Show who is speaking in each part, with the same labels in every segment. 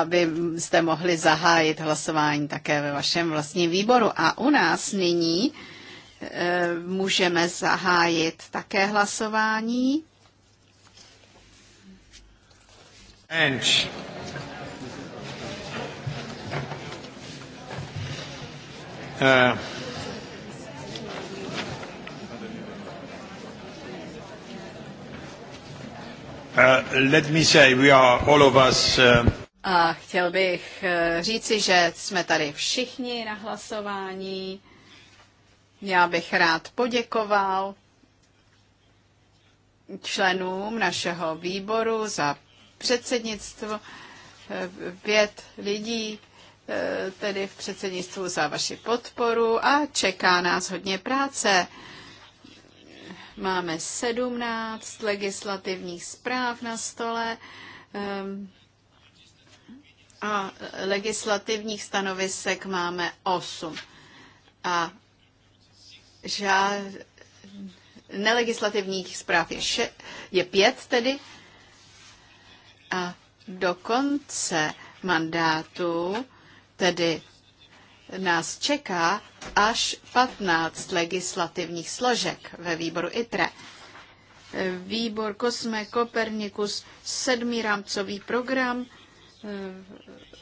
Speaker 1: aby jste mohli zahájit hlasování také ve vašem vlastním výboru. A u nás nyní e, můžeme zahájit také hlasování.
Speaker 2: Bench. Uh, uh, let me say, we are all of us. Uh,
Speaker 1: a chtěl bych eh, říci, že jsme tady všichni na hlasování. Já bych rád poděkoval členům našeho výboru za předsednictvo eh, pět lidí, eh, tedy v předsednictvu za vaši podporu a čeká nás hodně práce. Máme 17 legislativních zpráv na stole. Ehm, a legislativních stanovisek máme osm, A žád... nelegislativních zpráv je, še... je pět tedy. A do konce mandátu tedy nás čeká až 15 legislativních složek ve výboru ITRE. Výbor Kosme Kopernikus, sedmý rámcový program, Eh,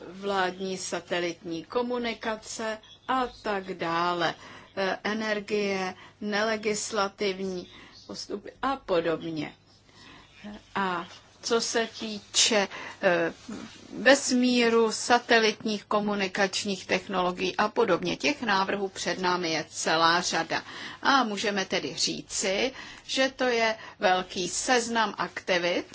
Speaker 1: vládní satelitní komunikace a tak dále, eh, energie, nelegislativní postupy a podobně. A co se týče eh, vesmíru, satelitních komunikačních technologií a podobně. Těch návrhů před námi je celá řada. A můžeme tedy říci, že to je velký seznam aktivit,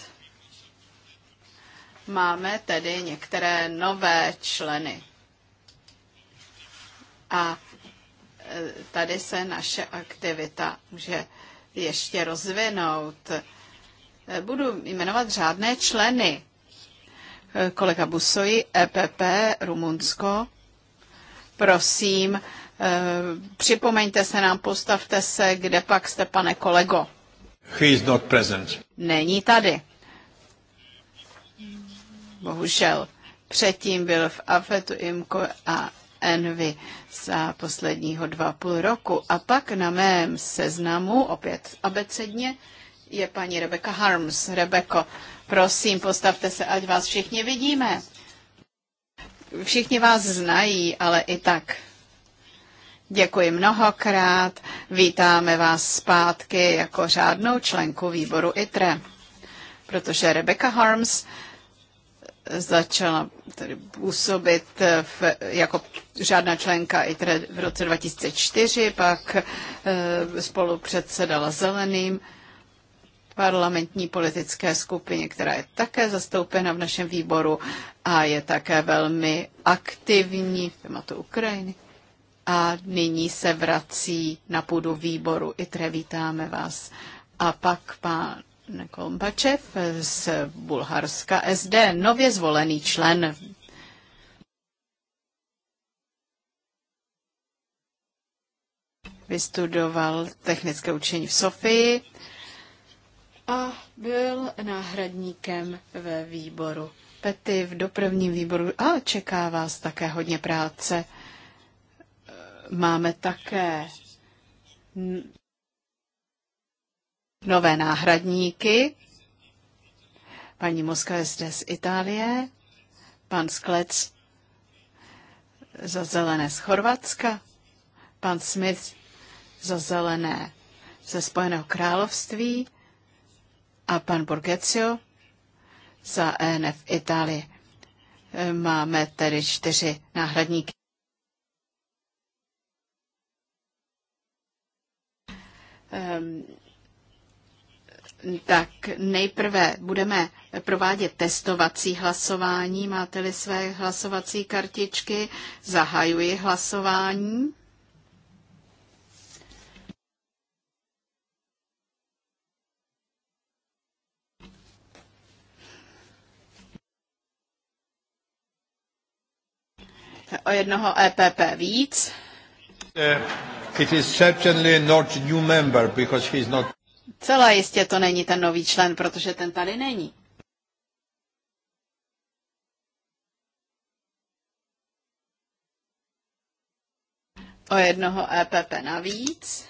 Speaker 1: Máme tedy některé nové členy. A e, tady se naše aktivita může ještě rozvinout. E, budu jmenovat řádné členy. E, kolega Busoji, EPP, Rumunsko. Prosím, připomeňte se nám, postavte se, kde pak jste, pane kolego.
Speaker 2: He is not present.
Speaker 1: Není tady. Bohužel. Předtím byl v AFETu imko a Envy za posledního dva půl roku. A pak na mém seznamu, opět abecedně, je paní Rebecca Harms. Rebeko, prosím, postavte se, ať vás všichni vidíme. Všichni vás znají, ale i tak. Děkuji mnohokrát. Vítáme vás zpátky jako řádnou členku výboru ITRE, protože Rebecca Harms začala tedy působit v, jako řádná členka i tedy v roce 2004, pak eh, spolu předsedala Zeleným parlamentní politické skupině, která je také zastoupena v našem výboru a je také velmi aktivní v tématu Ukrajiny. A nyní se vrací na půdu výboru. I vítáme vás. A pak pan Kolbačev z Bulharska SD, nově zvolený člen vystudoval technické učení v Sofii a byl náhradníkem ve výboru Pety v dopravním výboru a čeká vás také hodně práce. Máme také nové náhradníky. Paní Moska je zde z Itálie, pan Sklec za zelené z Chorvatska, pan Smith za zelené ze Spojeného království a pan Borgezio za ENF Itálie. Máme tedy čtyři náhradníky. Um, tak nejprve budeme provádět testovací hlasování. Máte-li své hlasovací kartičky, zahajuji hlasování. O jednoho EPP víc.
Speaker 2: Uh, it is certainly not new member because he's not
Speaker 1: Celá jistě to není ten nový člen, protože ten tady není. O jednoho EPP navíc.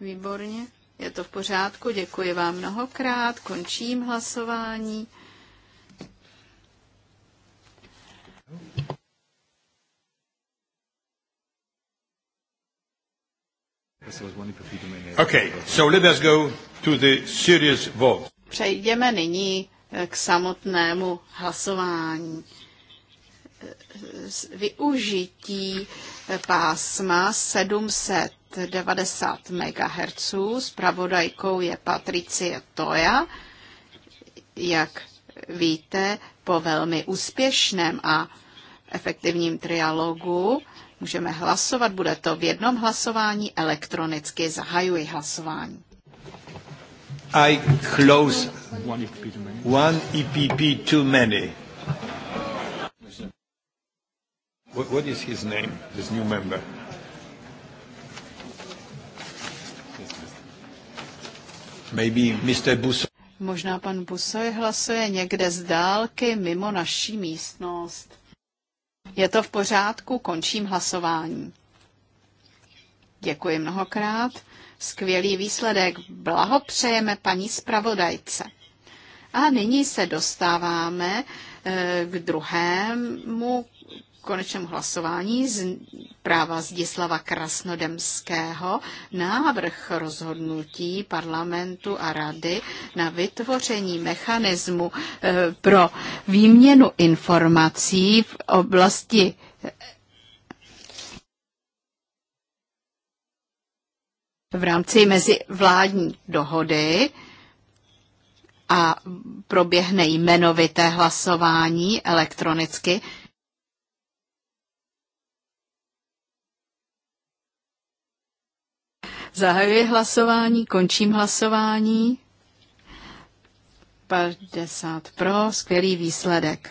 Speaker 1: Výborně. Je to v pořádku. Děkuji vám mnohokrát. Končím hlasování.
Speaker 3: Okay, so let us go to
Speaker 2: the serious vote.
Speaker 1: Přejdeme nyní eh, k samotnému hlasování. Eh, využití eh, pásma 790 MHz pravodajkou je Patricie Toja. Jak víte, po velmi úspěšném a efektivním trialogu Můžeme hlasovat, bude to v jednom hlasování elektronicky. Zahajuji hlasování.
Speaker 2: I close one EPP too many. What, what is his name, this new member?
Speaker 3: Maybe Mr. Busso.
Speaker 1: Možná pan Busoy hlasuje někde z dálky mimo naší místnost. Je to v pořádku, končím hlasování. Děkuji mnohokrát. Skvělý výsledek. Blahopřejeme paní zpravodajce. A nyní se dostáváme eh, k druhému konečném hlasování z práva Zdislava Krasnodemského návrh rozhodnutí parlamentu a rady na vytvoření mechanismu eh, pro výměnu informací v oblasti v rámci mezivládní dohody a proběhne jmenovité hlasování elektronicky. Zahajuji hlasování, končím hlasování. 50 pro, skvělý výsledek.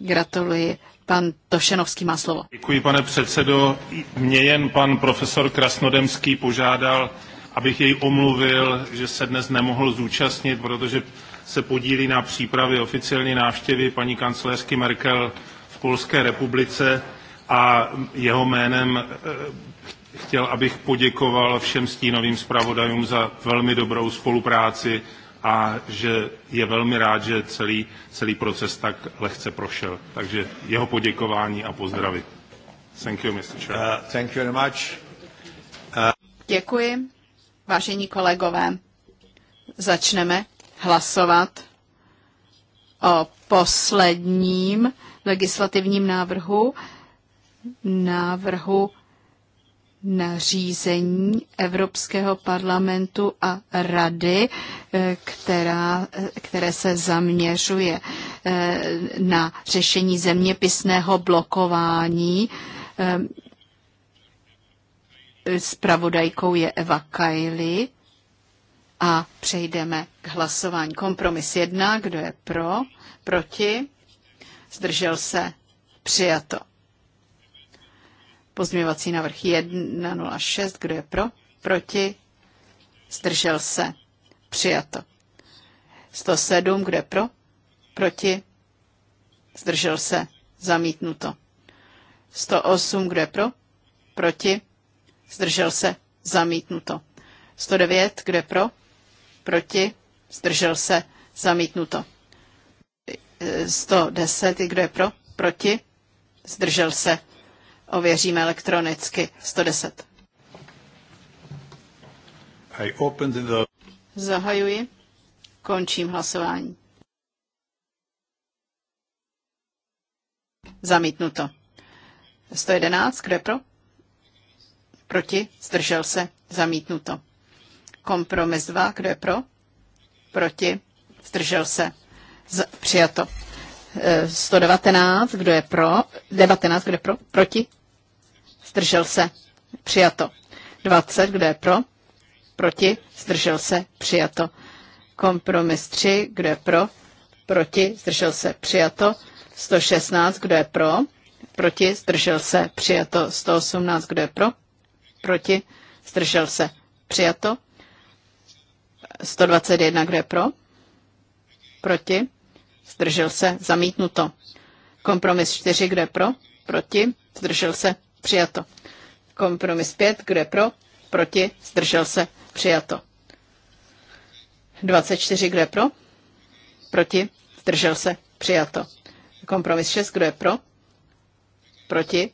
Speaker 1: Gratuluji. Pan Tošenovský má slovo.
Speaker 2: Děkuji, pane předsedo. Mě jen pan profesor Krasnodemský požádal, abych jej omluvil, že se dnes nemohl zúčastnit, protože se podílí na přípravě oficiální návštěvy paní kancelářky Merkel v Polské republice a jeho jménem chtěl, abych poděkoval všem stínovým zpravodajům za velmi dobrou spolupráci a že je velmi rád, že celý, celý proces tak lehce prošel. Takže jeho poděkování a pozdravy. Thank you, Mr. Chair. Uh, thank you very much. Uh...
Speaker 1: Děkuji, vážení kolegové. Začneme hlasovat o posledním legislativním návrhu, návrhu nařízení Evropského parlamentu a rady, eh, která, eh, které se zaměřuje eh, na řešení zeměpisného blokování. Spravodajkou je Eva Kaili a přejdeme k hlasování. Kompromis jedna, kdo je pro, proti, zdržel se, přijato. Pozměňovací návrh 106, kdo je pro? Proti? Zdržel se. Přijato. 107, kdo je pro? Proti? Zdržel se. Zamítnuto. 108, kdo je pro? Proti? Zdržel se. Zamítnuto. 109, kdo je pro? Proti? Zdržel se. Zamítnuto. 110, kdo je pro? Proti? Zdržel se. Ověříme elektronicky. 110.
Speaker 2: I opened the...
Speaker 1: Zahajuji. Končím hlasování. Zamítnuto. 111, kdo je pro? Proti, zdržel se, zamítnuto. Kompromis 2, kdo je pro? Proti, zdržel se, Z- přijato. 119, eh, kdo je pro? 19, kdo je pro? Proti, zdržel se, přijato. 20, kdo je pro, proti, zdržel se, přijato. Kompromis 3, kdo je pro, proti, zdržel se, přijato. 116, kdo je pro, proti, zdržel se, přijato. 118, kdo je pro, proti, zdržel se, přijato. 121, kdo je pro, proti, zdržel se, zamítnuto. Kompromis 4, kdo je pro, proti, zdržel se, Přijato. Kompromis 5. Kdo je pro? Proti? Zdržel se? Přijato. 24. Kdo je pro? Proti? Zdržel se? Přijato. Kompromis 6. Kdo je pro? Proti?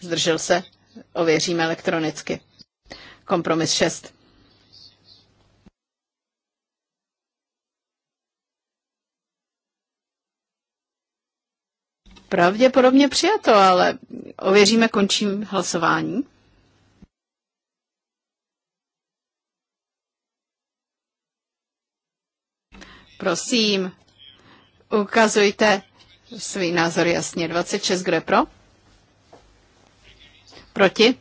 Speaker 1: Zdržel se? Ověříme elektronicky. Kompromis 6. Pravděpodobně přijato, ale ověříme, končím hlasování. Prosím, ukazujte svý názor jasně. 26, kdo je pro? Proti?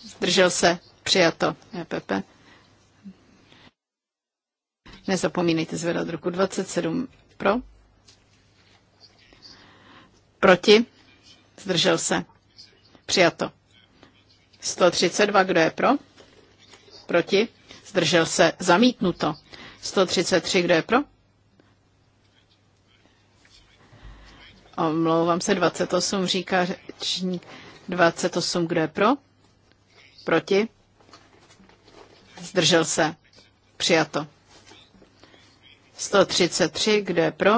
Speaker 1: Zdržel se. Přijato. EPP. Nezapomínejte zvedat ruku 27 pro. Proti? Zdržel se. Přijato. 132, kdo je pro? Proti? Zdržel se. Zamítnuto. 133, kdo je pro? Omlouvám se, 28, říká řečník. 28, kdo je pro? Proti? Zdržel se. Přijato. 133, kdo je pro?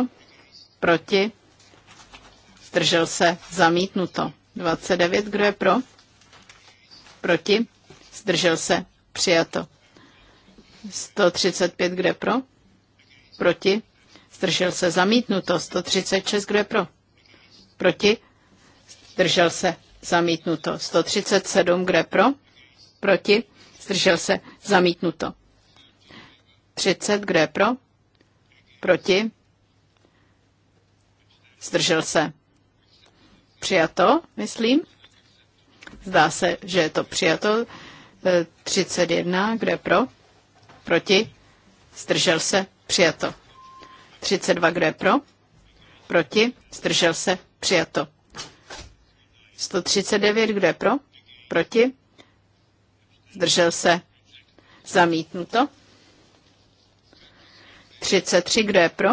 Speaker 1: Proti? Zdržel se? Zamítnuto. 29. Kdo je pro? Proti? Zdržel se? Přijato. 135. Kdo je pro? Proti? Zdržel se? Zamítnuto. 136. Kdo je pro? Proti? Zdržel se? Zamítnuto. 137. Kdo je pro? Proti? Zdržel se? Zamítnuto. 30. Kdo je pro? Proti? Zdržel se? Přijato, myslím. Zdá se, že je to přijato. 31, kde pro? Proti? Zdržel se? Přijato. 32, kde pro? Proti? Zdržel se? Přijato. 139, kde pro? Proti? Zdržel se? Zamítnuto. 33, kdo je pro?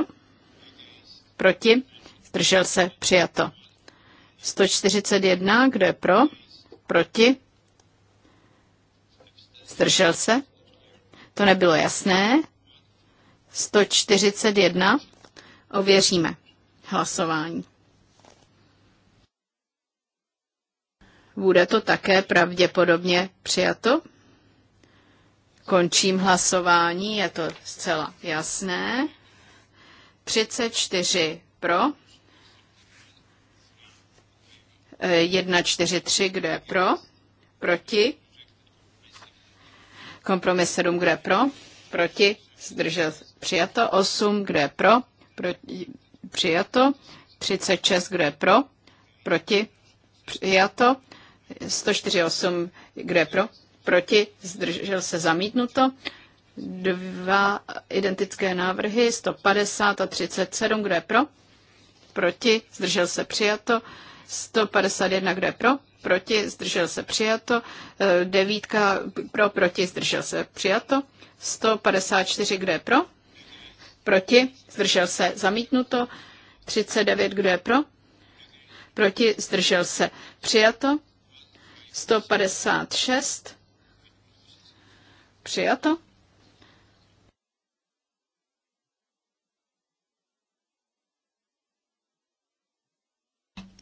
Speaker 1: Proti? Zdržel se? Přijato. 141, kdo je pro? Proti? Zdržel se? To nebylo jasné. 141. Ověříme hlasování. Bude to také pravděpodobně přijato? Končím hlasování, je to zcela jasné. 34 pro, 143, kdo je pro, proti, kompromis 7, kdo je pro, proti, zdržel přijato, 8, kdo je pro, proti, přijato, 36, kdo je pro, proti, přijato, 148, kdo je pro, proti, zdržel se zamítnuto, dva identické návrhy, 150 a 37, kdo je pro, proti, zdržel se přijato, 151, kdo je pro, proti, zdržel se přijato, eh, devítka pro, proti, zdržel se přijato, 154, kdo je pro, proti, zdržel se zamítnuto, 39, kdo je pro, proti, zdržel se přijato, 156, přijato,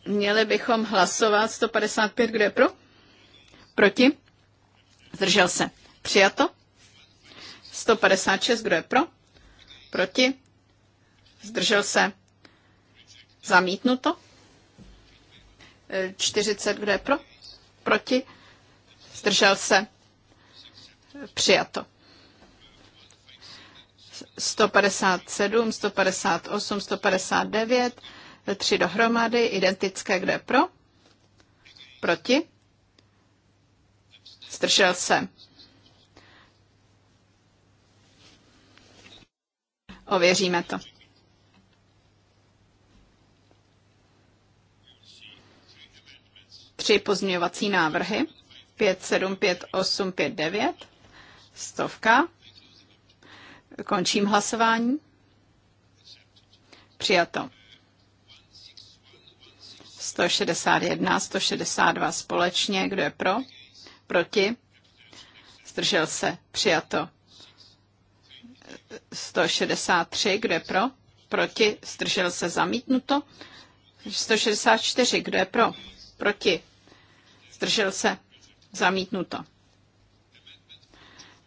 Speaker 1: Měli bychom hlasovat 155, kdo je pro? Proti? Zdržel se. Přijato. 156, kdo je pro? Proti? Zdržel se. Zamítnuto. 40, kdo je pro? Proti? Zdržel se. Přijato. 157, 158, 159, Tři dohromady, identické, kde pro? Proti? Zdržel se. Ověříme to. Tři pozměňovací návrhy. 5, 7, 5, 8, 5, 9. Stovka. Končím hlasování. Přijato. 161, 162 společně. Kdo je pro? Proti? Zdržel se. Přijato. 163. Kdo je pro? Proti? Zdržel se. Zamítnuto. 164. Kdo je pro? Proti? Zdržel se. Zamítnuto.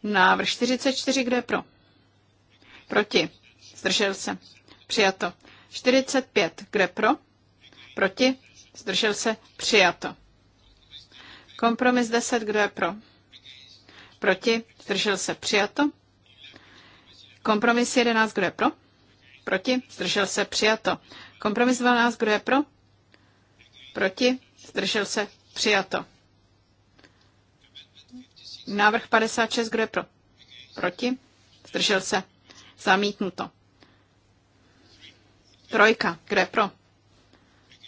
Speaker 1: Návrh 44. Kdo je pro? Proti? Zdržel se. Přijato. 45. Kdo je pro? Proti? Zdržel se? Přijato. Kompromis 10. Kdo je pro? Proti? Zdržel se? Přijato. Kompromis 11. Kdo je pro? Proti? Zdržel se? Přijato. Kompromis 12. Kdo je pro? Proti? Zdržel se? Přijato. Návrh 56. Kdo je pro? Proti? Zdržel se? Zamítnuto. Trojka. Kdo je pro?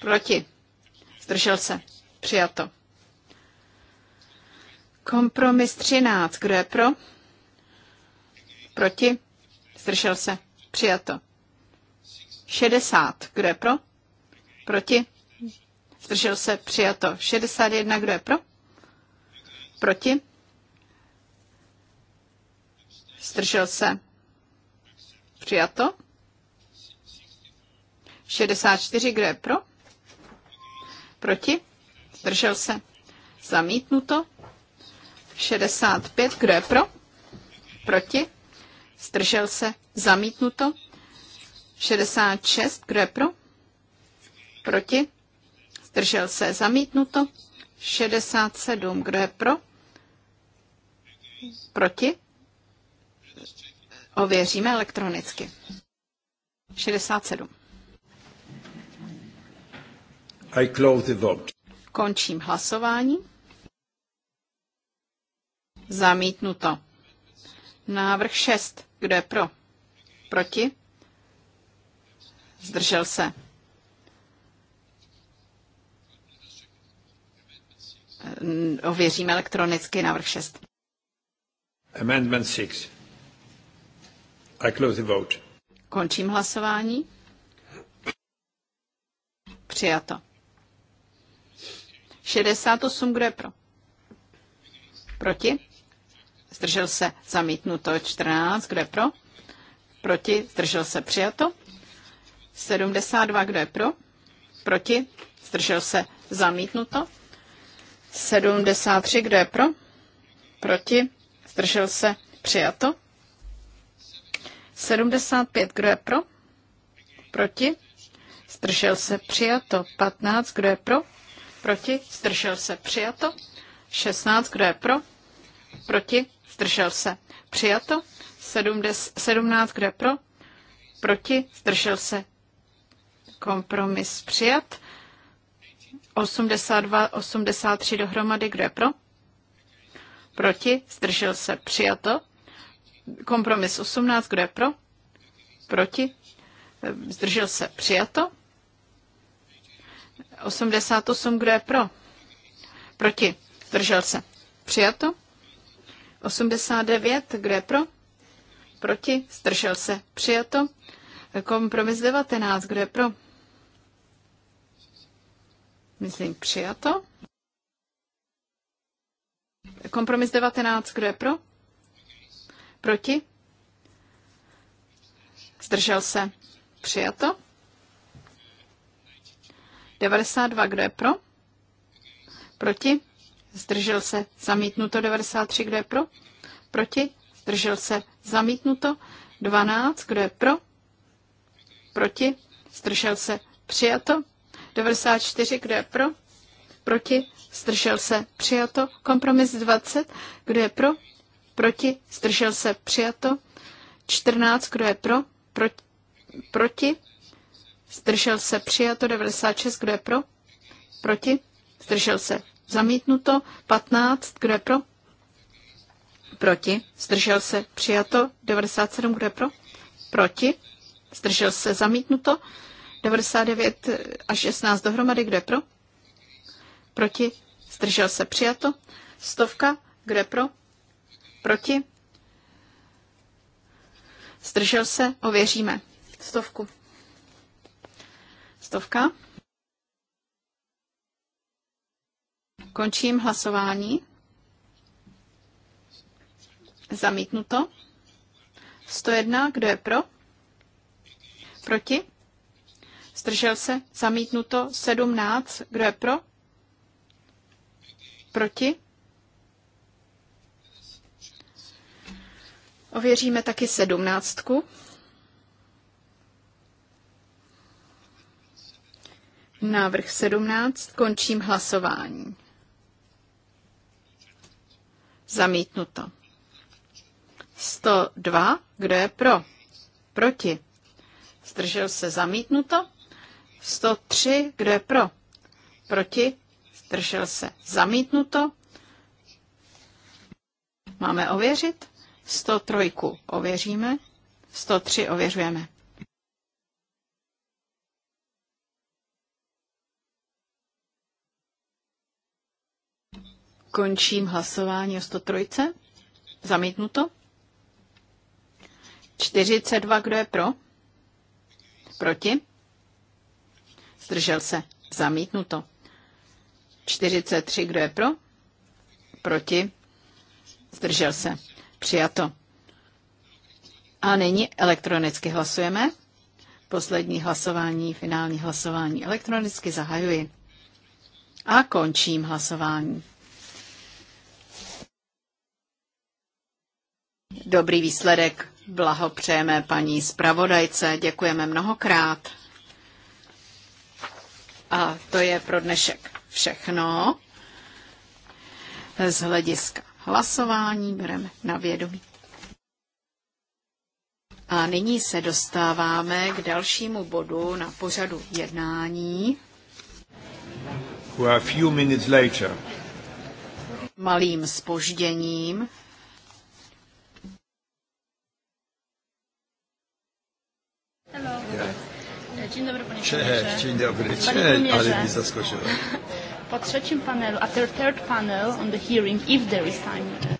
Speaker 1: Proti zdržel se, přijato. Kompromis 13, kdo je pro? Proti, zdržel se, přijato. 60, kdo je pro? Proti, zdržel se, přijato. 61, kdo je pro? Proti, zdržel se, přijato. 64, kdo je pro? Proti? Zdržel se. Zamítnuto. 65. Kdo je pro? Proti? Zdržel se. Zamítnuto. 66. Kdo je pro? Proti? Zdržel se. Zamítnuto. 67. Kdo je pro? Proti? Ověříme elektronicky. 67.
Speaker 2: I close the vote.
Speaker 1: Končím hlasování. Zamítnuto. Návrh 6. Kdo je pro? Proti? Zdržel se. Ověříme elektronicky návrh 6.
Speaker 2: Amendment 6. I close the vote.
Speaker 1: Končím hlasování. Přijato. 68, kdo je pro? Proti? Zdržel se zamítnuto 14, kdo je pro? Proti? Zdržel se přijato? 72, kdo je pro? Proti? Zdržel se zamítnuto? 73, kdo je pro? Proti? Zdržel se přijato? 75, kdo je pro? Proti? Zdržel se přijato? 15, kdo je pro? Proti? Zdržel se. Přijato. 16. Kdo je pro? Proti? Zdržel se. Přijato. 17. Kdo je pro? Proti? Zdržel se. Kompromis přijat. 82, 83 dohromady. Kdo je pro? Proti? Zdržel se. Přijato. Kompromis 18. Kdo je pro? Proti? Zdržel se. Přijato. 88, kdo je pro? Proti. Držel se. Přijato. 89, kdo je pro? Proti. Zdržel se. Přijato. Kompromis 19, kdo je pro? Myslím přijato. Kompromis 19, kdo je pro? Proti? Zdržel se. Přijato. 92, kdo je pro? Proti? Zdržel se. Zamítnuto 93, kdo je pro? Proti? Zdržel se. Zamítnuto 12, kdo je pro? Proti? Zdržel se. Přijato 94, kdo je pro? Proti? Zdržel se. Přijato. Kompromis 20, kdo je pro? Proti? Zdržel se. Přijato. 14, kdo je pro? Proti? proti Zdržel se přijato 96, kdo je pro? Proti? Zdržel se zamítnuto 15, kdo je pro? Proti? Zdržel se přijato 97, kdo je pro? Proti? Zdržel se zamítnuto 99 až 16 dohromady, kdo je pro? Proti? Zdržel se přijato. Stovka, kdo je pro? Proti? Zdržel se, ověříme. Stovku. Stovka. Končím hlasování. Zamítnuto. 101. Kdo je pro? Proti? Zdržel se? Zamítnuto. 17. Kdo je pro? Proti? Ověříme taky sedmnáctku. Návrh 17. Končím hlasování. Zamítnuto. 102. Kdo je pro? Proti. Zdržel se zamítnuto. 103. Kdo je pro? Proti. Zdržel se zamítnuto. Máme ověřit. 103. Ověříme. 103 ověřujeme. Končím hlasování o 103. Zamítnuto. 42, kdo je pro? Proti? Zdržel se. Zamítnuto. 43, kdo je pro? Proti? Zdržel se. Přijato. A nyní elektronicky hlasujeme. Poslední hlasování, finální hlasování elektronicky zahajuji. A končím hlasování. Dobrý výsledek. Blahopřejeme paní zpravodajce. Děkujeme mnohokrát. A to je pro dnešek všechno. Z hlediska hlasování bereme na vědomí. A nyní se dostáváme k dalšímu bodu na pořadu jednání. Malým spožděním Dzień dobry panie Cześć, dzień dobry. Cześć, ale mi zaskoczyło. Po trzecim panelu, after third panel on the hearing, if there is time,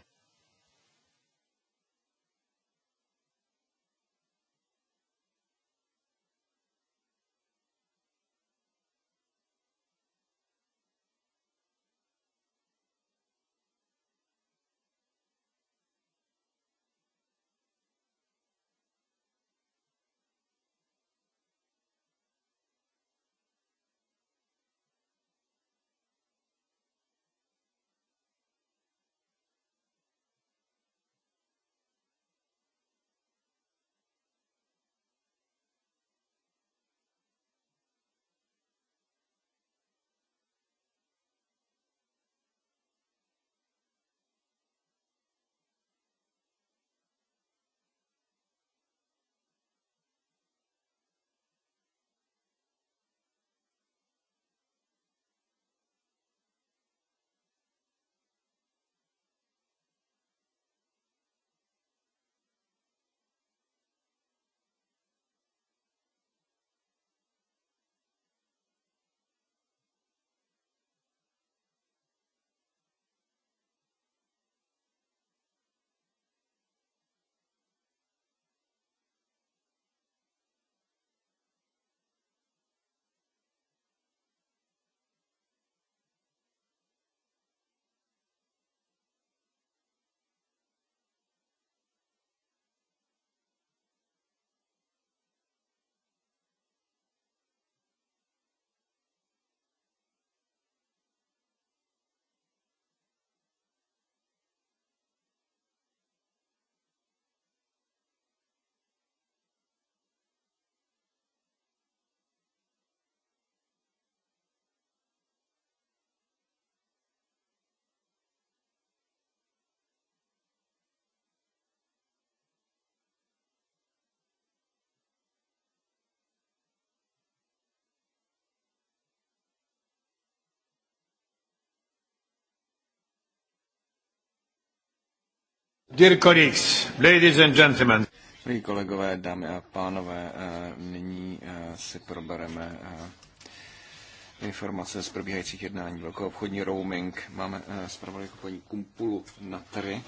Speaker 3: Dear colleagues, ladies and gentlemen. Milí kolegové, dámy a pánové, eh, nyní eh, si probereme eh, informace z probíhajících jednání velkou obchodní roaming. Máme zpravodajku paní Kumpulu na tři.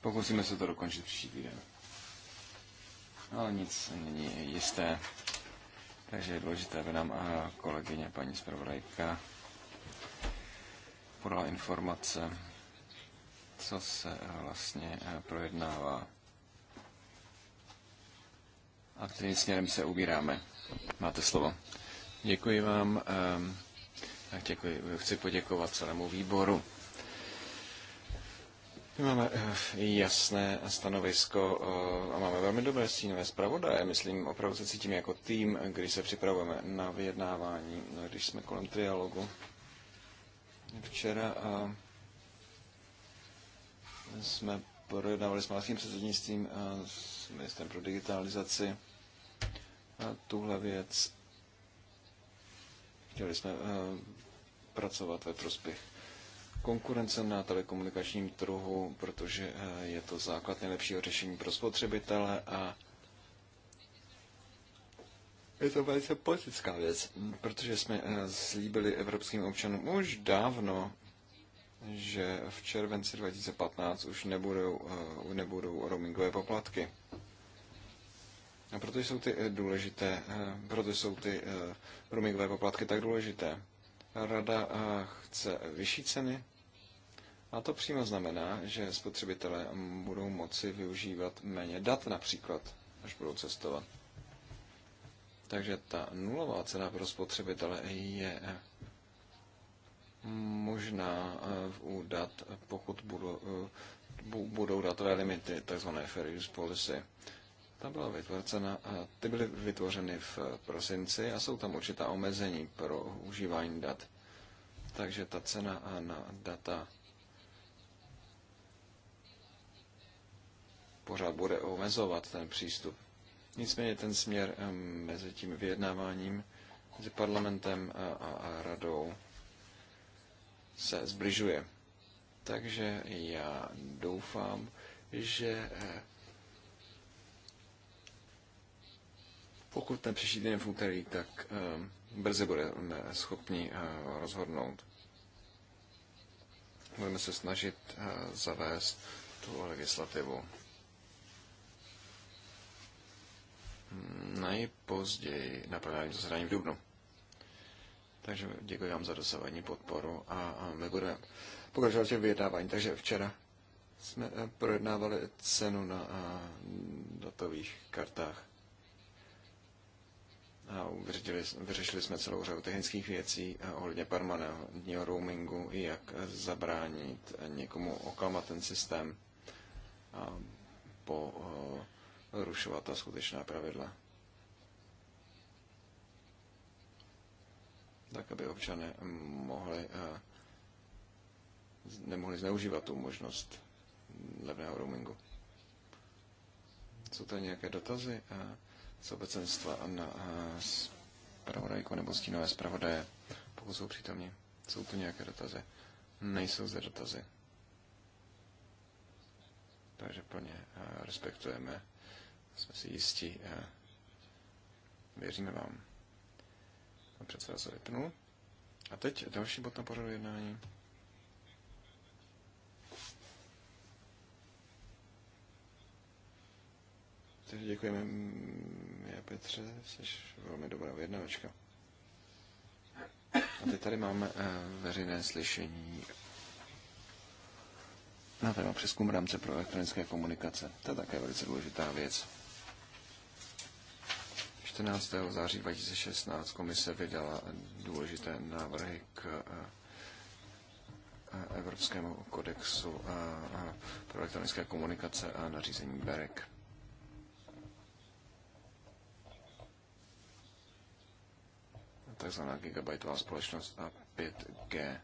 Speaker 3: Pokusíme se to dokončit příští týden. Ale nic není jisté. Takže je důležité, aby nám kolegyně paní zpravodajka podala informace, co se eh, vlastně eh, projednává a kterým směrem se ubíráme. Máte slovo. Děkuji vám ehm, a děkuji, chci poděkovat celému výboru. My máme eh, jasné stanovisko a máme velmi dobré stínové zpravodaje. Myslím, opravdu se cítím jako tým, když se připravujeme na vyjednávání, no, když jsme kolem trialogu. Včera a jsme projednávali s malým předsednictvím a s ministrem pro digitalizaci a tuhle věc. Chtěli jsme pracovat ve prospěch konkurence na telekomunikačním trhu, protože je to základ nejlepšího řešení pro spotřebitele a je to velice politická věc, protože jsme eh, slíbili evropským občanům už dávno, že v červenci 2015 už nebudou, eh, nebudou roamingové poplatky. A proto jsou ty eh, důležité, proto jsou ty roamingové poplatky tak důležité. Rada chce vyšší ceny, a to přímo znamená, že spotřebitelé budou moci využívat méně dat například, až budou cestovat. Takže ta nulová cena pro spotřebitele je možná eh, u dat, pokud budou, eh, budou datové limity, takzvané fair use policy. Ta byla vytvořena, ty byly vytvořeny v prosinci a jsou tam určitá omezení pro užívání dat. Takže ta cena na data pořád bude omezovat ten přístup Nicméně ten směr mezi tím vyjednáváním mezi parlamentem a, a, a radou se zbližuje. Takže já doufám, že eh, pokud ten příští den v úterý, tak brzy budeme schopni eh, rozhodnout. Budeme se snažit eh, zavést tu legislativu nejpozději na plenárním zasedání v Dubnu. Takže děkuji vám za dosavadní podporu a my budeme pokračovat v vyjednávání. Takže včera jsme eh, projednávali cenu na eh, datových kartách a vyřešili, vyřešili jsme celou řadu technických věcí eh, ohledně permanentního roamingu i jak zabránit někomu oklamat ten systém a po rušovat ta skutečná pravidla. Tak, aby občané mohli, eh, nemohli zneužívat tu možnost levného roamingu. Jsou tady nějaké dotazy eh, z obecenstva na eh, zpravodajku nebo stínové zpravodaje, pokud jsou přítomní? Jsou tu nějaké dotazy? Nejsou zde dotazy. Takže plně respektujeme jsme si jistí. Věříme vám. Pan předseda se vypnul. A teď další bod na pořadu jednání. Takže děkujeme, já Petře, jsi velmi dobrá vyjednavačka. A teď tady máme eh, veřejné slyšení na téma přeskum rámce pro elektronické komunikace. To je také velice důležitá věc. 14. září 2016 komise vydala důležité návrhy k eh, eh, Evropskému kodexu eh, pro elektronické komunikace a nařízení BEREC. Takzvaná gigabajtová společnost a 5G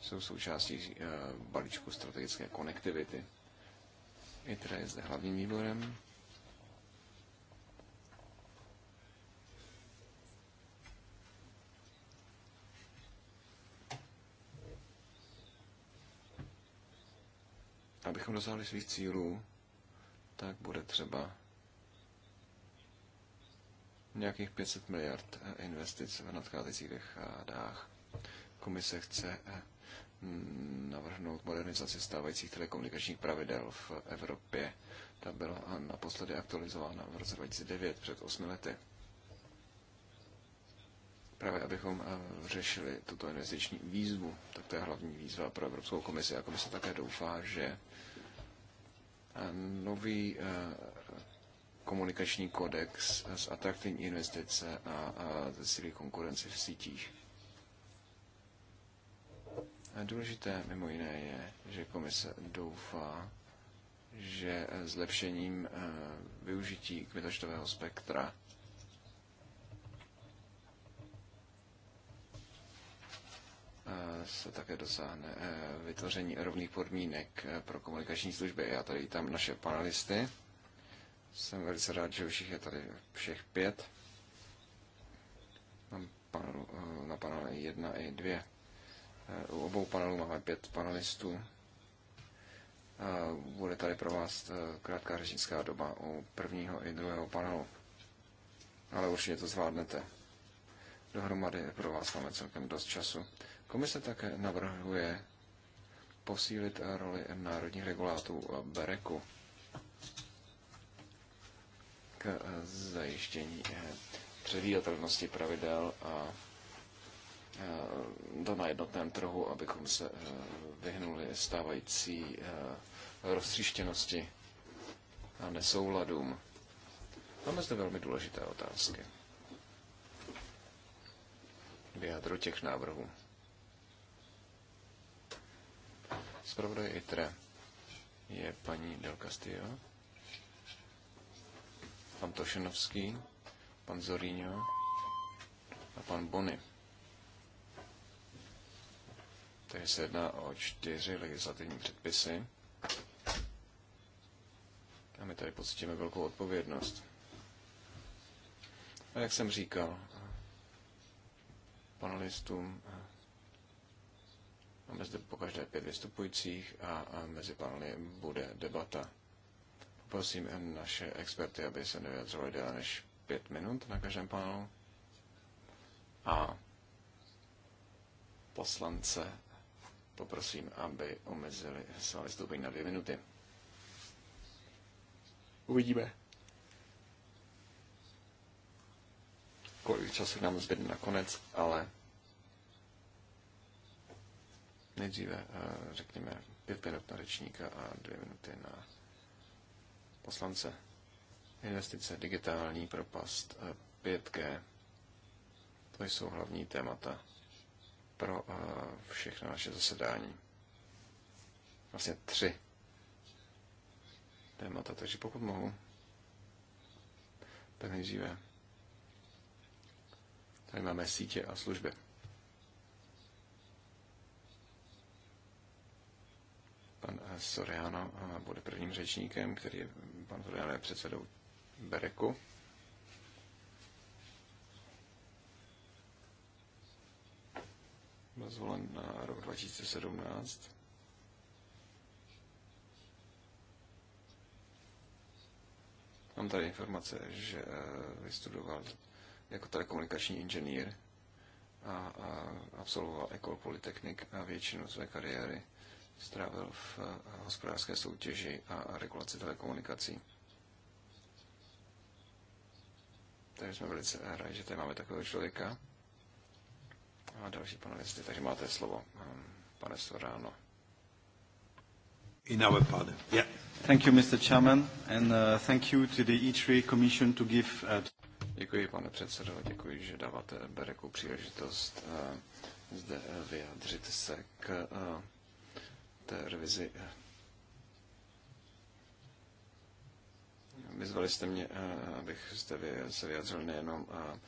Speaker 3: jsou součástí balíčku strategické konektivity. ITRA je zde hlavním výborem. Abychom dosáhli svých cílů, tak bude třeba nějakých 500 miliard eh, investic v nadcházejících dekádách. Komise chce eh, navrhnout modernizaci stávajících telekomunikačních pravidel v Evropě. Ta byla eh, naposledy aktualizována v roce 2009, před 8 lety. Právě abychom řešili tuto investiční výzvu, tak to je hlavní výzva pro Evropskou komisi. A komise také doufá, že nový eh, komunikační kodex s atraktivní investice a zesílí konkurenci v sítích. A důležité mimo jiné je, že komise doufá, že zlepšením eh, využití kmitočtového spektra Eh, se také dosáhne eh, vytvoření rovných podmínek eh, pro komunikační služby. Já tady vítám naše panelisty. Jsem velice rád, že všech je tady všech pět. Mám panelu, na panelu jedna i dvě. U obou panelů máme pět panelistů. Bude tady pro vás krátká řečnická doba u prvního i druhého panelu. Ale určitě to zvládnete dohromady pro vás máme celkem dost času. Komise také navrhuje posílit roli národních regulátů BEREKu k zajištění předvídatelnosti pravidel a e, to na jednotném trhu, abychom se e, vyhnuli stávající e, roztříštěnosti a nesouladům. Máme zde velmi důležité otázky v těch návrhů. Zpravodaj ITRE je paní Del Castillo, pan Tošenovský, pan Zorino a pan Bony. Takže se jedná o čtyři legislativní předpisy. A my tady pocítíme velkou odpovědnost. A jak jsem říkal, panelistům Máme zde po každé pět vystupujících a, mezi panely bude debata. Poprosím naše experty, aby se nevyjadřovali déle než pět minut na každém panelu. A poslance poprosím, aby omezili své vystoupení na dvě minuty. Uvidíme, kolik času nám zbyde nakonec, ale Nejdříve eh, řekněme pět minut na řečníka a dvě minuty na poslance. Investice, digitální propast, 5G. Eh, to jsou hlavní témata pro eh, všechna naše zasedání. Vlastně tři témata, takže pokud mohu, tak nejdříve. Tady máme sítě a služby. Pan Soriano bude prvním řečníkem, který je, pan Soriano je předsedou Bereku. Byl zvolen na rok 2017. Mám tady informace, že eh, vystudoval jako telekomunikační inženýr a, a absolvoval Ecole Polytechnic a většinu své kariéry strávil v eh, hospodářské soutěži a regulaci telekomunikací. Takže jsme velice rádi, že tady máme takového člověka. A další panelisty. Takže máte slovo, ehm, pane Soráno. In our panel. Yeah. Thank you, Mr. Chairman, and uh, thank you to the E3 Commission to give... Uh, Děkuji, pane předsedo, děkuji, že dáváte Bereku příležitost uh, zde eh, vyjádřit se k uh, té revizi. Vyzvali jste mě, eh, abych se vyjadřil nejenom eh,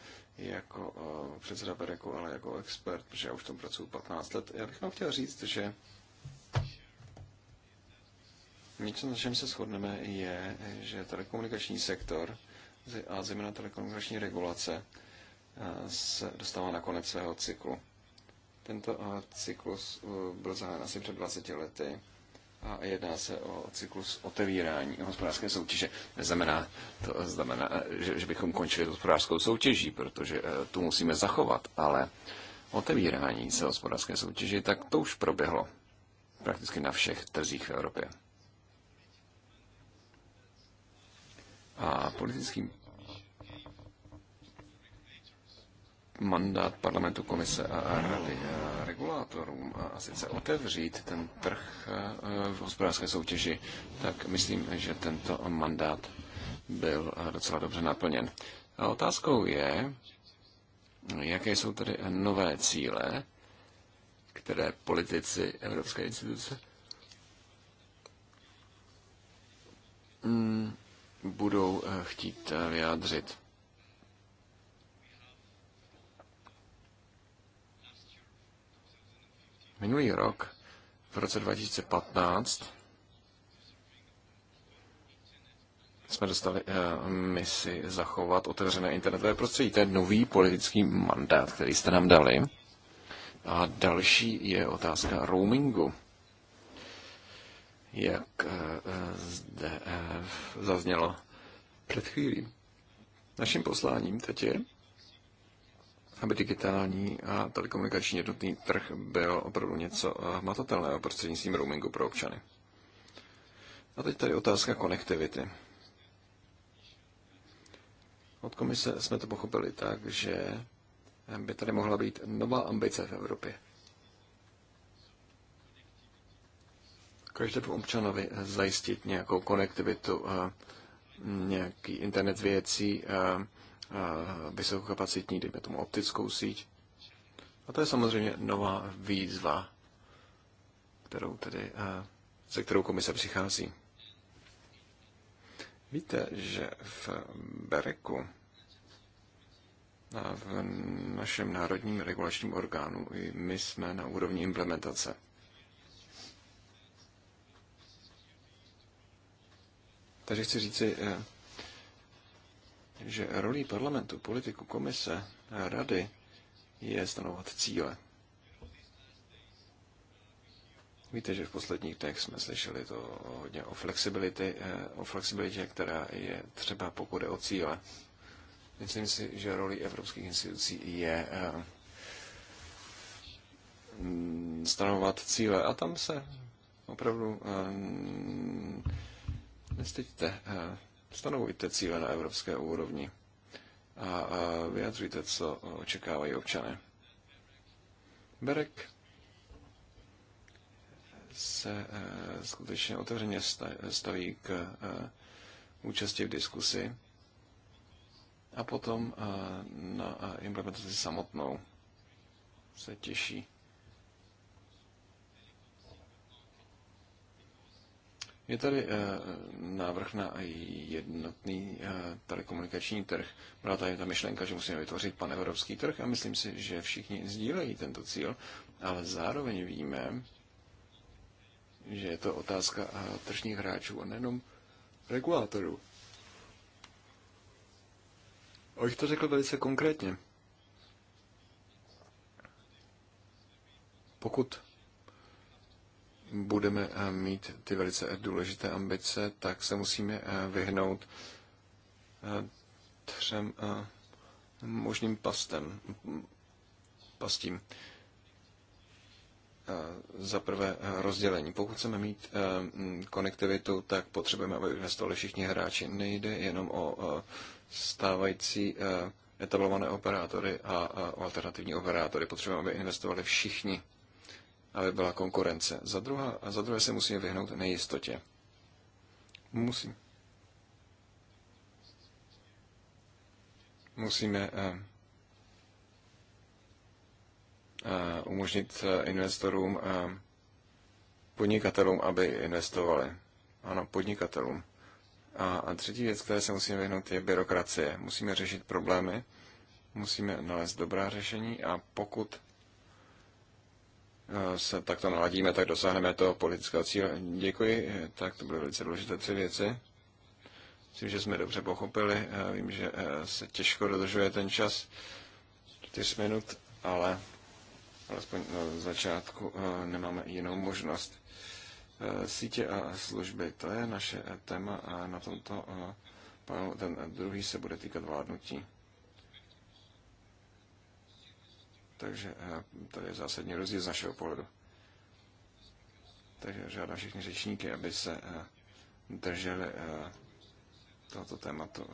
Speaker 3: jako eh, předseda Bereku, ale jako expert, protože já už tom pracuji 15 let. Já bych vám chtěl říct, že něco, na čem se shodneme, je, že telekomunikační sektor a zejména telekomunikační regulace se dostává na konec svého cyklu. Tento eh, cyklus eh, byl zahájen asi před 20 lety a jedná se o cyklus otevírání hospodářské soutěže. Neznamená, to znamená, eh, že, že bychom končili s hospodářskou soutěží, protože tu musíme zachovat, ale otevírání se hospodářské soutěži, tak to už proběhlo prakticky na všech trzích v Evropě. A politickým mandát parlamentu, komise a rady a regulátorům a sice otevřít ten trh v hospodářské soutěži, tak myslím, že tento mandát byl docela dobře naplněn. A otázkou je, jaké jsou tedy nové cíle, které politici Evropské instituce mm, budou eh, chtít eh, vyjádřit. Minulý rok, v roce 2015, jsme dostali uh, misi zachovat otevřené internetové prostředí. To je nový politický mandát, který jste nám dali. A další je otázka roamingu. Jak uh, zde uh, zaznělo před chvílí. Naším posláním teď je, aby digitální a telekomunikační jednotný trh byl opravdu něco eh, hmatatelného prostřednictvím roamingu pro občany. A teď tady otázka konektivity. Od komise jsme to pochopili tak, že by tady mohla být nová ambice v Evropě. Každému občanovi eh, zajistit nějakou konektivitu, eh, nějaký internet věcí, vysokokapacitní, dejme tomu optickou síť. A to je samozřejmě nová výzva, kterou tedy, se kterou komise přichází. Víte, že v Bereku a v našem národním regulačním orgánu i my jsme na úrovni implementace. Takže chci říci, že rolí parlamentu, politiku, komise, rady je stanovat cíle. Víte, že v posledních dnech jsme slyšeli to hodně o, flexibility, eh, o flexibilitě, která je třeba pokud je o cíle. Myslím si, že roli evropských institucí je eh, stanovat cíle. A tam se opravdu eh, nestyďte Stanovujte cíle na evropské úrovni a, vyjadřujte, co očekávají občané. Berek se e, skutečně otevřeně staví k e, účasti v diskusi a potom e, na implementaci samotnou se těší. Je tady eh, návrh na jednotný eh, telekomunikační trh. Byla tady ta myšlenka, že musíme vytvořit panevropský trh a myslím si, že všichni sdílejí tento cíl, ale zároveň víme, že je to otázka eh, tržních hráčů a nejenom regulátorů. Už to řekl velice konkrétně. Pokud budeme eh, mít ty velice důležité ambice, tak se musíme eh, vyhnout eh, třem možným pastem, pastím. Za prvé rozdělení. Pokud chceme mít konektivitu, tak potřebujeme, aby investovali všichni hráči. Nejde jenom o stávající etablované operátory a alternativní operátory. Potřebujeme, aby investovali všichni aby byla konkurence. Za, druhá, a za druhé se musíme vyhnout nejistotě. Musím. Musíme eh, eh, umožnit eh, investorům, podnikatelům, aby investovali. Ano, podnikatelům. A třetí věc, které se musíme vyhnout, je byrokracie. Musíme řešit problémy, musíme nalézt dobrá řešení a pokud Eh, se takto naladíme, tak dosáhneme toho politického cíle. Děkuji, eh, tak to byly velice důležité tři věci. Myslím, že jsme dobře pochopili. Eh, vím, že se těžko dodržuje ten čas, 4 minut, ale alespoň na začátku nemáme jinou možnost. Sítě a služby, to je naše téma a na tomto panelu ten druhý se bude týkat vládnutí. Takže eh, to je zásadní rozdíl z našeho pohledu. Takže žádám všechny řečníky, aby se eh, drželi eh, tohoto tématu,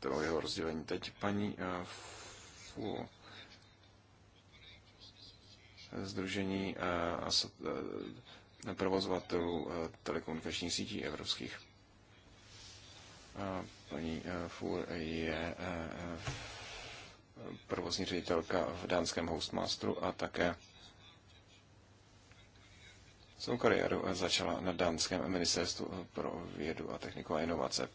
Speaker 3: toho jeho rozdělení. Teď paní Fu, Združení provozovatelů telekomunikačních sítí evropských. Paní Fur je v provozní ředitelka v dánském Hostmasteru a také svou kariéru začala na dánském ministerstvu pro vědu a techniku a inovace.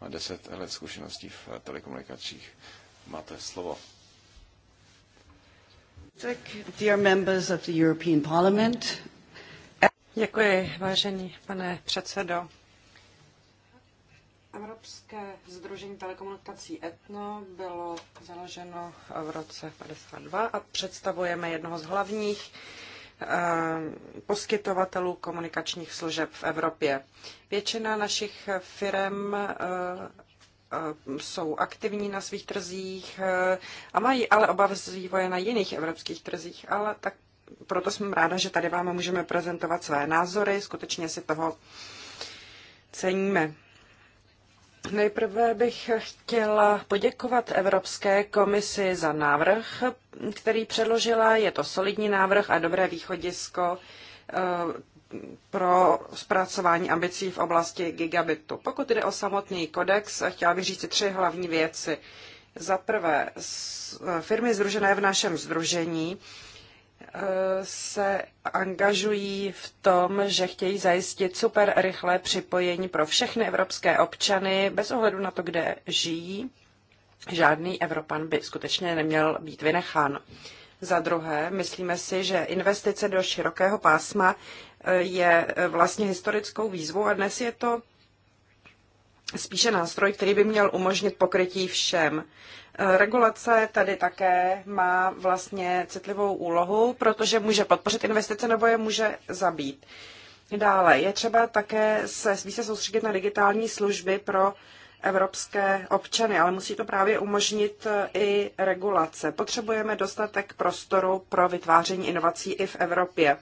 Speaker 3: Má 10 let zkušeností v telekomunikacích. Máte slovo.
Speaker 4: dear members of the European Parliament. Děkuji, vážený pane předsedo. Evropské združení telekomunikací Etno bylo založeno v roce 52 a představujeme jednoho z hlavních eh, poskytovatelů komunikačních služeb v Evropě. Většina našich firm eh, eh, jsou aktivní na svých trzích a mají ale obav z vývoje na jiných evropských trzích, ale tak proto jsem ráda, že tady vám můžeme prezentovat své názory, skutečně si toho ceníme. Nejprve bych chtěla poděkovat Evropské komisi za návrh, který předložila. Je to solidní návrh a dobré východisko eh, pro zpracování ambicí v oblasti gigabitu. Pokud jde o samotný kodex, chtěla bych říct tři hlavní věci. Za prvé, eh, firmy združené v našem združení se angažují v tom, že chtějí zajistit super rychlé připojení pro všechny evropské občany, bez ohledu na to, kde žijí. Žádný Evropan by skutečně neměl být vynechán. Za druhé, myslíme si, že investice do širokého pásma eh, je eh, vlastně historickou výzvou a dnes je to spíše nástroj, který by měl umožnit pokrytí všem. Regulace tady také má vlastně citlivou úlohu, protože může podpořit investice nebo je může zabít. Dále je třeba také se více soustředit na digitální služby pro evropské občany, ale musí to právě umožnit e, i regulace. Potřebujeme dostatek prostoru pro vytváření inovací i v Evropě.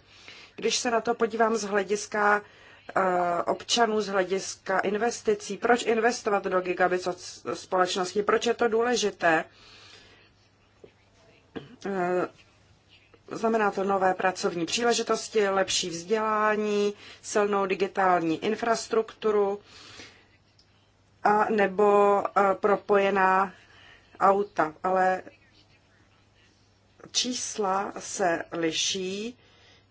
Speaker 4: Když se na to podívám z hlediska Eh, občanů z hlediska investicí. Proč investovat do gigabit společnosti? Proč je to důležité? Eh, znamená to nové pracovní příležitosti, lepší vzdělání, silnou digitální infrastrukturu a nebo eh, propojená auta. Ale čísla se liší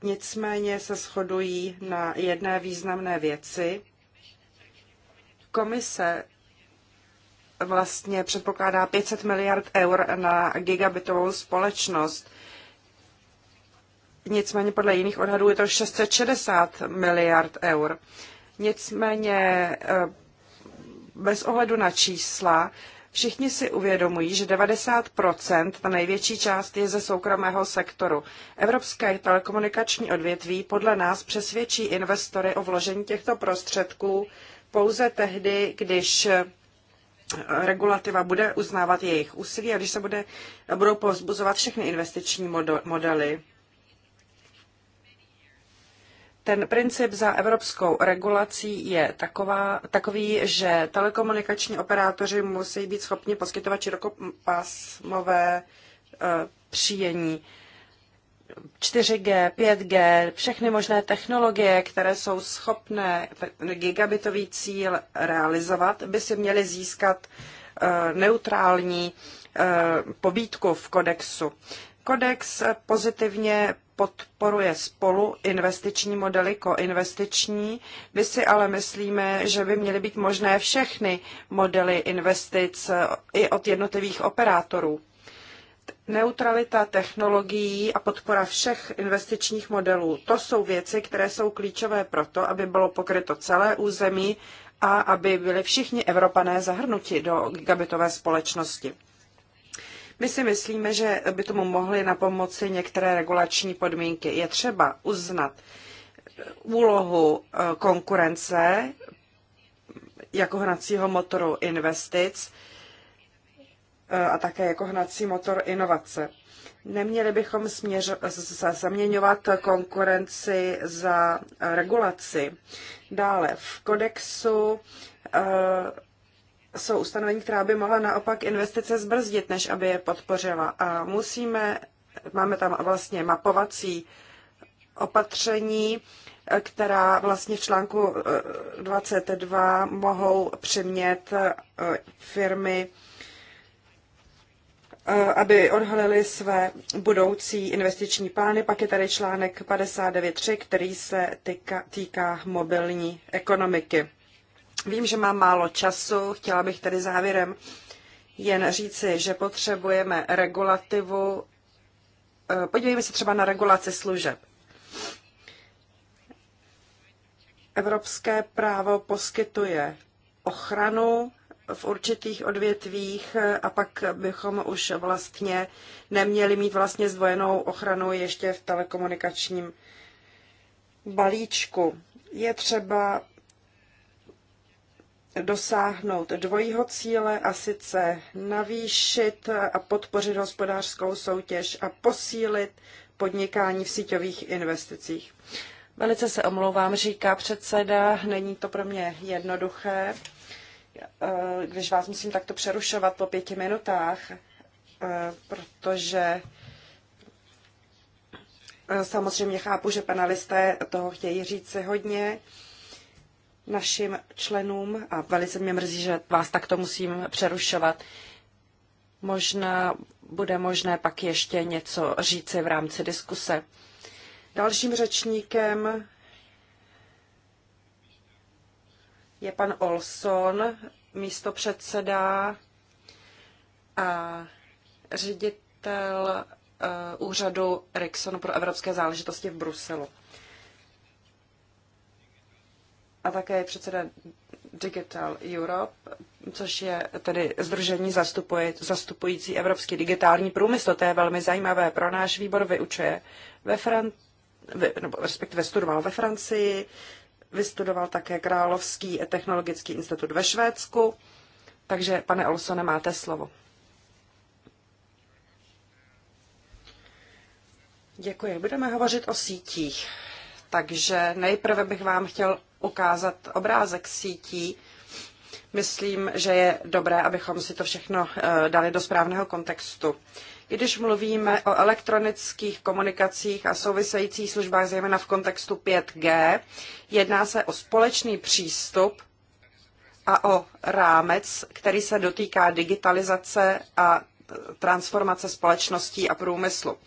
Speaker 4: nicméně se shodují na jedné významné věci. Komise vlastně předpokládá 500 miliard eur na gigabitovou společnost. Nicméně podle jiných odhadů je to 660 miliard eur. Nicméně eh, bez ohledu na čísla Všichni si uvědomují, že 90%, ta největší část, je ze soukromého sektoru. Evropské telekomunikační odvětví podle nás přesvědčí investory o vložení těchto prostředků pouze tehdy, když eh, regulativa bude uznávat jejich úsilí a když se bude, budou pozbuzovat všechny investiční modely ten princip za evropskou regulací je taková, takový, že telekomunikační operátoři musí být schopni poskytovat širokopásmové eh, příjení. 4G, 5G, všechny možné technologie, které jsou schopné gigabitový cíl realizovat, by si měly získat eh, neutrální eh, pobídku v kodexu. Kodex pozitivně podporuje spolu investiční modely koinvestiční. My si ale myslíme, že by měly být možné všechny modely investic eh, i od jednotlivých operátorů. Neutralita technologií a podpora všech investičních modelů, to jsou věci, které jsou klíčové pro to, aby bylo pokryto celé území a aby byli všichni Evropané zahrnuti do gigabitové společnosti. My si myslíme, že by tomu mohly na pomoci některé regulační podmínky. Je třeba uznat úlohu eh, konkurence jako hnacího motoru investic eh, a také jako hnací motor inovace. Neměli bychom směř, zaměňovat konkurenci za regulaci. Dále v kodexu eh, jsou ustanovení, která by mohla naopak investice zbrzdit, než aby je podpořila. A musíme, máme tam vlastně mapovací opatření, která vlastně v článku 22 eh, mohou přimět eh, firmy, eh, aby odhalili své budoucí investiční plány. Pak je tady článek 59.3, který se týka, týká mobilní ekonomiky. Vím, že mám málo času, chtěla bych tedy závěrem jen říci, že potřebujeme regulativu. Eh, podívejme se třeba na regulaci služeb. Evropské právo poskytuje ochranu v určitých odvětvích eh, a pak bychom už vlastně neměli mít vlastně zdvojenou ochranu ještě v telekomunikačním balíčku. Je třeba dosáhnout dvojího cíle a sice navýšit a podpořit hospodářskou soutěž a posílit podnikání v síťových investicích. Velice se omlouvám, říká předseda, není to pro mě jednoduché, eh, když vás musím takto přerušovat po pěti minutách, eh, protože eh, samozřejmě chápu, že panelisté toho chtějí říct si hodně našim členům a velice mě mrzí, že vás takto musím přerušovat. Možná bude možné pak ještě něco říci v rámci diskuse. Dalším řečníkem je pan Olson, místo předseda a ředitel eh, úřadu Rickson pro evropské záležitosti v Bruselu a také je předseda Digital Europe, což je tedy združení zastupuje, zastupující evropský digitální průmysl. To je velmi zajímavé. Pro náš výbor vyučuje ve Fran... nebo respektive studoval ve Francii, vystudoval také Královský technologický institut ve Švédsku. Takže, pane Olsone, máte slovo. Děkuji. Budeme hovořit o sítích. Takže nejprve bych vám chtěl ukázat obrázek sítí. Myslím, že je dobré, abychom si to všechno eh, dali do správného kontextu. když mluvíme o elektronických komunikacích a souvisejících službách, zejména v kontextu 5G, jedná se o společný přístup a o rámec, který se dotýká digitalizace a eh, transformace společností a průmyslu.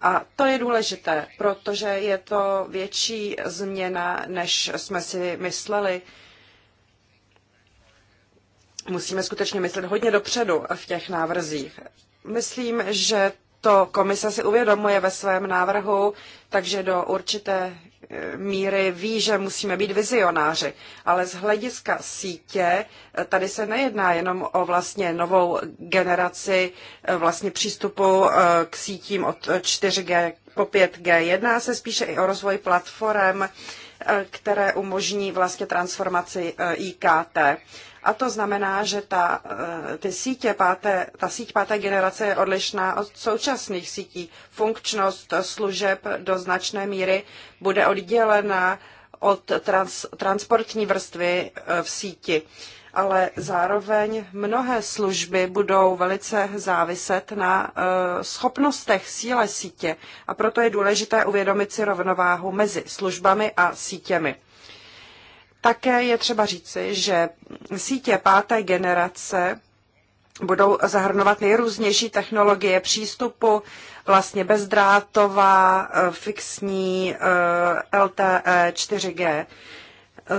Speaker 4: A to je důležité, protože je to větší změna, než jsme si mysleli. Musíme skutečně myslet hodně dopředu v těch návrzích. Myslím, že to komise si uvědomuje ve svém návrhu, takže do určité míry ví, že musíme být vizionáři, ale z hlediska sítě eh, tady se nejedná jenom o vlastně novou generaci eh, vlastně přístupu eh, k sítím od 4G po 5G. Jedná se spíše i o rozvoj platform, které umožní vlastně transformaci IKT. A to znamená, že ta, eh, ty sítě páté, ta síť páté generace je odlišná od současných sítí. Funkčnost služeb do značné míry bude oddělena od trans, transportní vrstvy eh, v síti. Ale zároveň mnohé služby budou velice záviset na eh, schopnostech síle sítě. A proto je důležité uvědomit si rovnováhu mezi službami a sítěmi. Také je třeba říci, že sítě páté generace budou zahrnovat nejrůznější technologie přístupu, vlastně bezdrátová, eh, fixní, eh, LTE, 4G.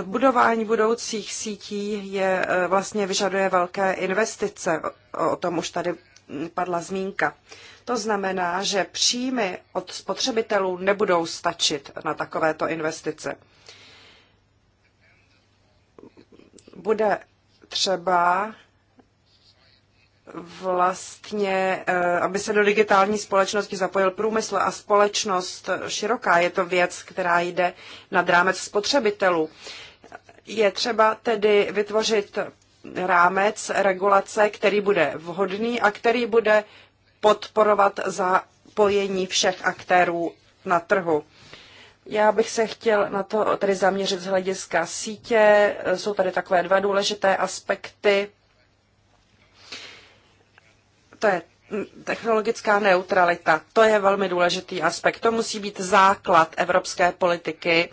Speaker 4: Budování budoucích sítí je, eh, vlastně vyžaduje velké investice, o tom už tady padla zmínka. To znamená, že příjmy od spotřebitelů nebudou stačit na takovéto investice. bude třeba vlastně, eh, aby se do digitální společnosti zapojil průmysl a společnost široká. Je to věc, která jde nad rámec spotřebitelů. Je třeba tedy vytvořit rámec regulace, který bude vhodný a který bude podporovat zapojení všech aktérů na trhu. Já bych se chtěl na to tedy zaměřit z hlediska sítě. Jsou tady takové dva důležité aspekty. To je technologická neutralita. To je velmi důležitý aspekt. To musí být základ evropské politiky.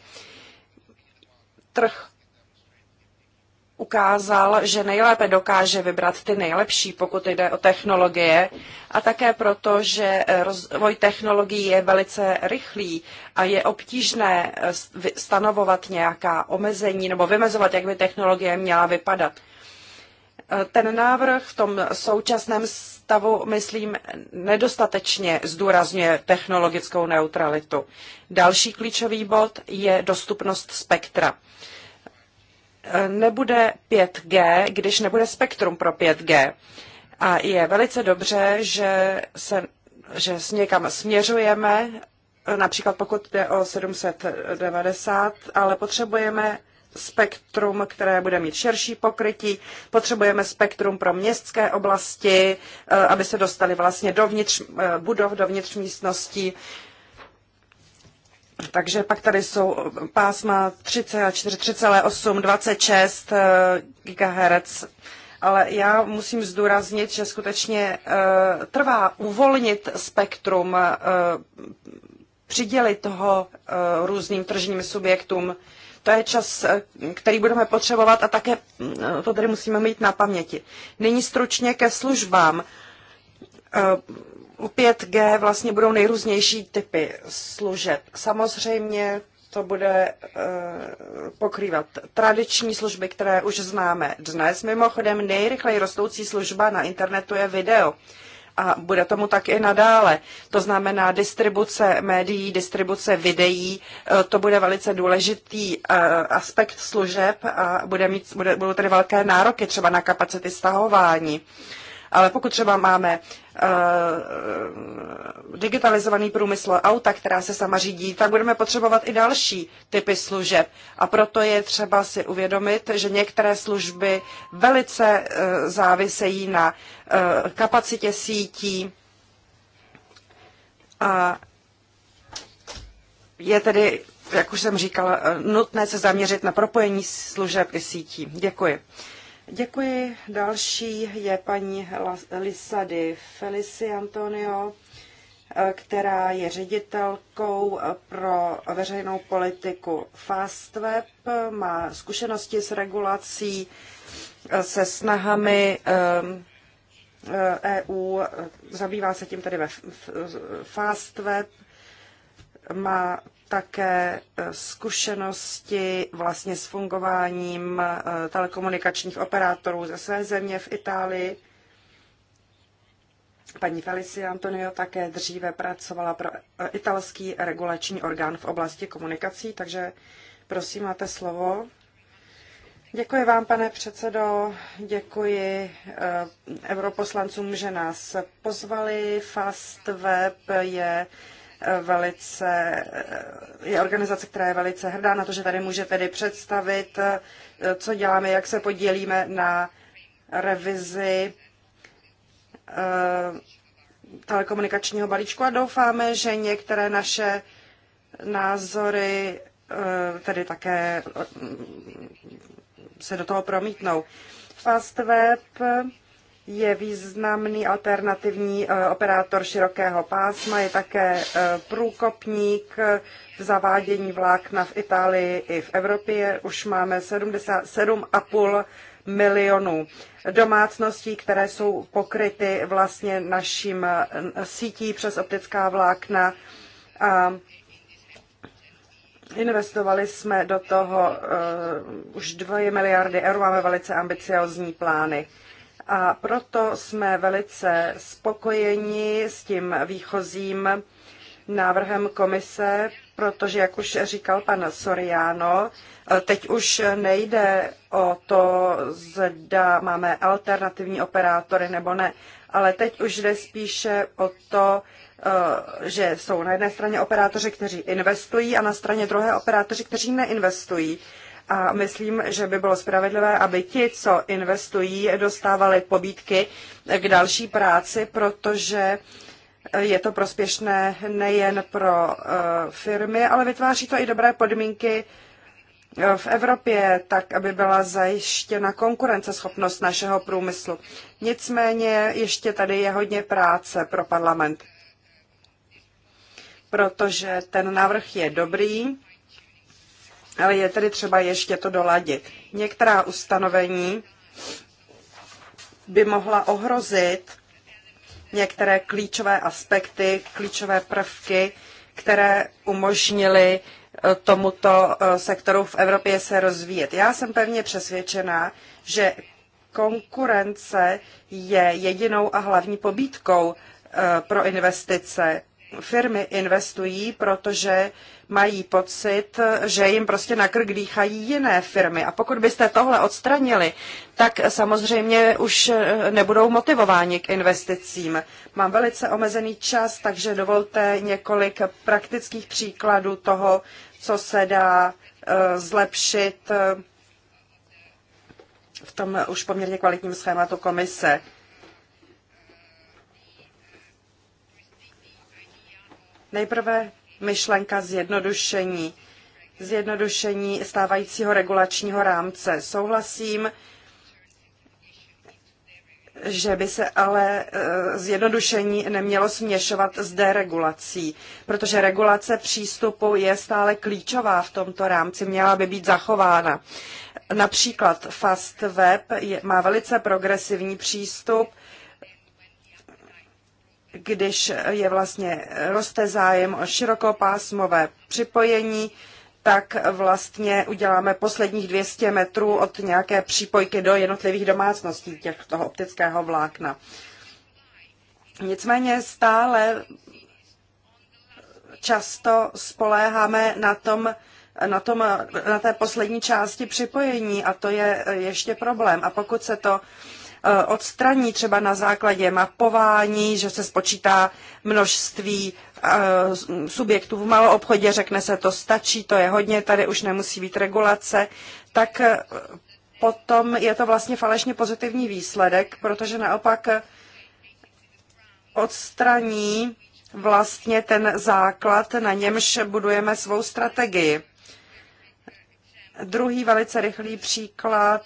Speaker 4: Trh ukázal, že nejlépe dokáže vybrat ty nejlepší, pokud jde o technologie, a také proto, že eh, rozvoj technologií je velice rychlý a je obtížné eh, stanovovat nějaká omezení nebo vymezovat, jak by technologie měla vypadat. Eh, ten návrh v tom současném stavu, myslím, nedostatečně zdůrazňuje technologickou neutralitu. Další klíčový bod je dostupnost spektra. E, nebude 5G, když nebude spektrum pro 5G. A je velice dobře, že se že s někam směřujeme, například pokud jde o 790, ale potřebujeme spektrum, které bude mít širší pokrytí. Potřebujeme spektrum pro městské oblasti, e, aby se dostali vlastně dovnitř e, budov, dovnitř místností. Takže pak tady jsou pásma 3,8, 26 GHz. Ale já musím zdůraznit, že skutečně uh, trvá uvolnit spektrum, uh, přidělit toho uh, různým tržním subjektům. To je čas, který budeme potřebovat a také to tady musíme mít na paměti. Nyní stručně ke službám. Uh, u 5G vlastně budou nejrůznější typy služeb. Samozřejmě to bude eh, pokrývat tradiční služby, které už známe dnes. Mimochodem nejrychleji rostoucí služba na internetu je video. A bude tomu tak i nadále. To znamená distribuce médií, distribuce videí, eh, to bude velice důležitý eh, aspekt služeb a bude mít, bude, budou tady velké nároky třeba na kapacity stahování. Ale pokud třeba máme eh, digitalizovaný průmysl auta, která se sama řídí, tak budeme potřebovat i další typy služeb. A proto je třeba si uvědomit, že některé služby velice eh, závisejí na eh, kapacitě sítí a je tedy, jak už jsem říkala, nutné se zaměřit na propojení služeb i sítí. Děkuji. Děkuji. Další je paní Lisady Felici Antonio, eh, která je ředitelkou eh, pro veřejnou politiku FastWeb, má zkušenosti s regulací, eh, se snahami EU, ehm, e zabývá se tím tedy ve FastWeb, má také eh, zkušenosti vlastně s fungováním eh, telekomunikačních operátorů ze své země v Itálii. Paní Felicia Antonio také dříve pracovala pro eh, italský regulační orgán v oblasti komunikací, takže prosím, máte slovo. Děkuji vám, pane předsedo, děkuji europoslancům, že nás pozvali. Fast Web je velice, je organizace, která je velice hrdá na to, že tady může tedy představit, co děláme, jak se podílíme na revizi eh, telekomunikačního balíčku a doufáme, že některé naše názory eh, tedy také eh, se do toho promítnou. Fast Web je významný alternativní eh, operátor širokého pásma, je také eh, průkopník eh, v zavádění vlákna v Itálii i v Evropě. Už máme 77,5 milionů domácností, které jsou pokryty vlastně naším sítí přes optická vlákna. A investovali jsme do toho uh, už 2 miliardy eur, máme velice ambiciozní plány a proto jsme velice spokojeni s tím výchozím návrhem komise, protože, jak už říkal pan Soriano, teď už nejde o to, zda máme alternativní operátory nebo ne, ale teď už jde spíše o to, eh, že jsou na jedné straně operátoři, kteří investují a na straně druhé operátoři, kteří neinvestují a myslím, že by bylo spravedlivé, aby ti, co investují, dostávali pobídky k další práci, protože je to prospěšné nejen pro eh, firmy, ale vytváří to i dobré podmínky eh, v Evropě, tak aby byla zajištěna konkurenceschopnost našeho průmyslu. Nicméně ještě tady je hodně práce pro parlament, protože ten návrh je dobrý, ale je tedy třeba ještě to doladit. Některá ustanovení by mohla ohrozit některé klíčové aspekty, klíčové prvky, které umožnily eh, tomuto eh, sektoru v Evropě se rozvíjet. Já jsem pevně přesvědčená, že konkurence je jedinou a hlavní pobídkou eh, pro investice firmy investují, protože mají pocit, že jim prostě na krk dýchají jiné firmy. A pokud byste tohle odstranili, tak samozřejmě už eh, nebudou motivováni k investicím. Mám velice omezený čas, takže dovolte několik praktických příkladů toho, co se dá eh, zlepšit eh, v tom už poměrně kvalitním schématu komise. Nejprve myšlenka zjednodušení. Zjednodušení stávajícího regulačního rámce. Souhlasím, že by se ale eh, zjednodušení nemělo směšovat s deregulací, protože regulace přístupu je stále klíčová v tomto rámci, měla by být zachována. Například Fast Web má velice progresivní přístup, když je vlastně roste zájem o širokopásmové připojení, tak vlastně uděláme posledních 200 metrů od nějaké přípojky do jednotlivých domácností těch, toho optického vlákna. Nicméně stále často spoléháme na, tom, na, tom, na té poslední části připojení a to je ještě problém. A pokud se to uh, Eh, odstraní třeba na základě mapování, že se spočítá množství eh, subjektů v maloobchodě, řekne se to stačí, to je hodně, tady už nemusí být regulace, tak eh, potom je to vlastně falešně pozitivní výsledek, protože naopak odstraní vlastně ten základ, na němž budujeme svou strategii. Druhý velice rychlý příklad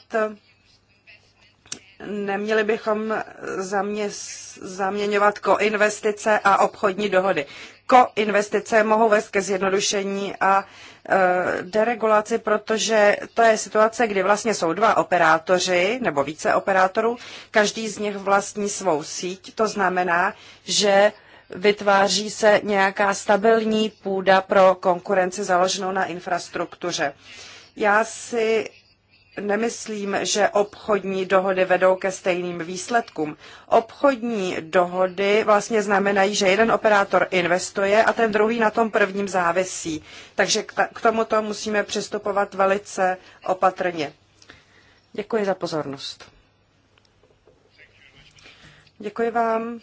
Speaker 4: Neměli bychom zaměs, zaměňovat koinvestice a obchodní dohody. Koinvestice mohou vést ke zjednodušení a e, deregulaci, protože to je situace, kdy vlastně jsou dva operátoři nebo více operátorů, každý z nich vlastní svou síť, to znamená, že vytváří se nějaká stabilní půda pro konkurenci založenou na infrastruktuře. Já si nemyslím, že obchodní dohody vedou ke stejným výsledkům. Obchodní dohody vlastně znamenají, že jeden operátor investuje a ten druhý na tom prvním závisí. Takže k tomuto musíme přistupovat velice opatrně. Děkuji za pozornost. Děkuji vám.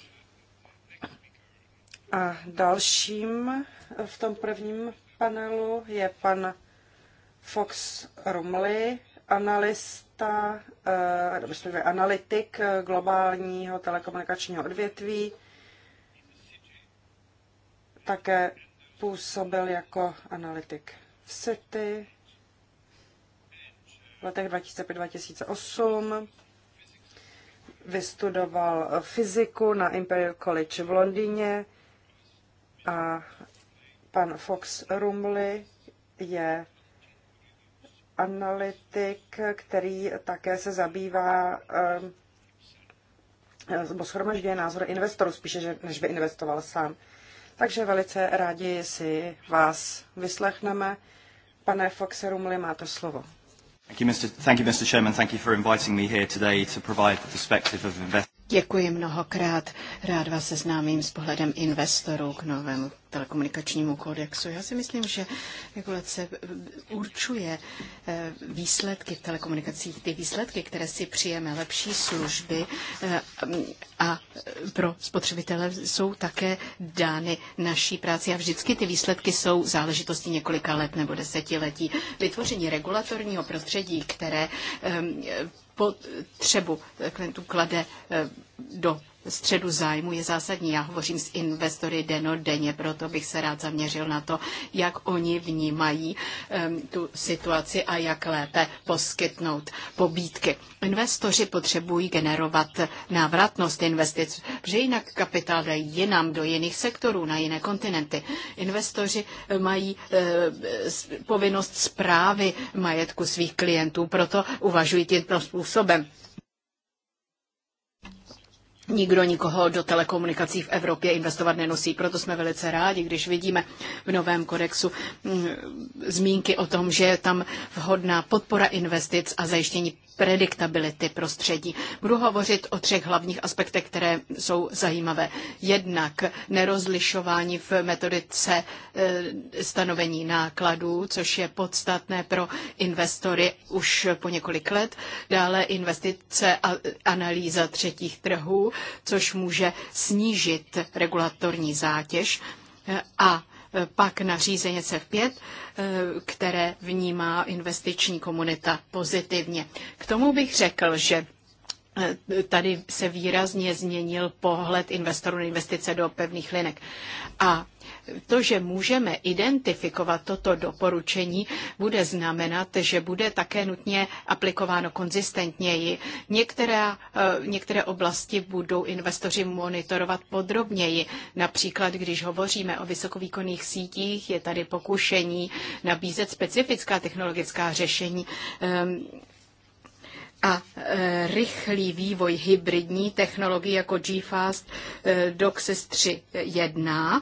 Speaker 4: A dalším v tom prvním panelu je pan Fox Rumley, analista, eh, respektive analytik globálního telekomunikačního odvětví. Také působil jako analytik v City v letech 2005-2008. Vystudoval fyziku na Imperial College v Londýně a pan Fox Rumley je analytik, který také se zabývá eh, nebo shromažďuje názory investorů spíše, než by investoval sám. Takže velice rádi si vás vyslechneme. Pane Foxerumli, máte slovo.
Speaker 1: Děkuji mnohokrát. Rád vás seznámím s pohledem investorů k novému telekomunikačnímu kodexu. Já si myslím, že regulace eh, určuje eh, výsledky v telekomunikacích, ty výsledky, které si přijeme, lepší služby eh, a pro spotřebitele jsou také dány naší práci a vždycky ty výsledky jsou záležitostí několika let nebo desetiletí. Vytvoření regulatorního prostředí, které potřebu klientů klade do středu zájmu je zásadní. Já hovořím s investory denodenně, proto bych se rád zaměřil na to, jak oni vnímají um, tu situaci a jak lépe poskytnout pobídky. Investoři potřebují generovat návratnost investic, protože jinak kapitál dají jinam do jiných sektorů, na jiné kontinenty. Investoři eh, mají uh, povinnost zprávy majetku svých klientů, proto uvažují tímto způsobem. Nikdo nikoho do telekomunikací v Evropě investovat nenosí. Proto jsme velice rádi, když vidíme v novém kodexu mm, zmínky o tom, že je tam vhodná podpora investic a zajištění prediktability prostředí. Budu hovořit o třech hlavních aspektech, které jsou zajímavé. Jednak nerozlišování v metodice eh, stanovení nákladů, což je podstatné pro investory už po několik let. Dále investice a analýza třetích trhů což může snížit regulatorní zátěž a pak nařízení CEF5, které vnímá investiční komunita pozitivně. K tomu bych řekl, že eh, tady se výrazně změnil pohled investorů na investice do pevných linek. A to, že můžeme identifikovat toto doporučení, bude znamenat, že bude také nutně aplikováno konzistentněji. Některá, eh, některé oblasti budou investoři monitorovat podrobněji. Například, když hovoříme o vysokovýkonných sítích, je tady pokušení nabízet specifická technologická řešení ehm, a eh, rychlý vývoj hybridní technologií jako GFast eh, DOCSIS 3.1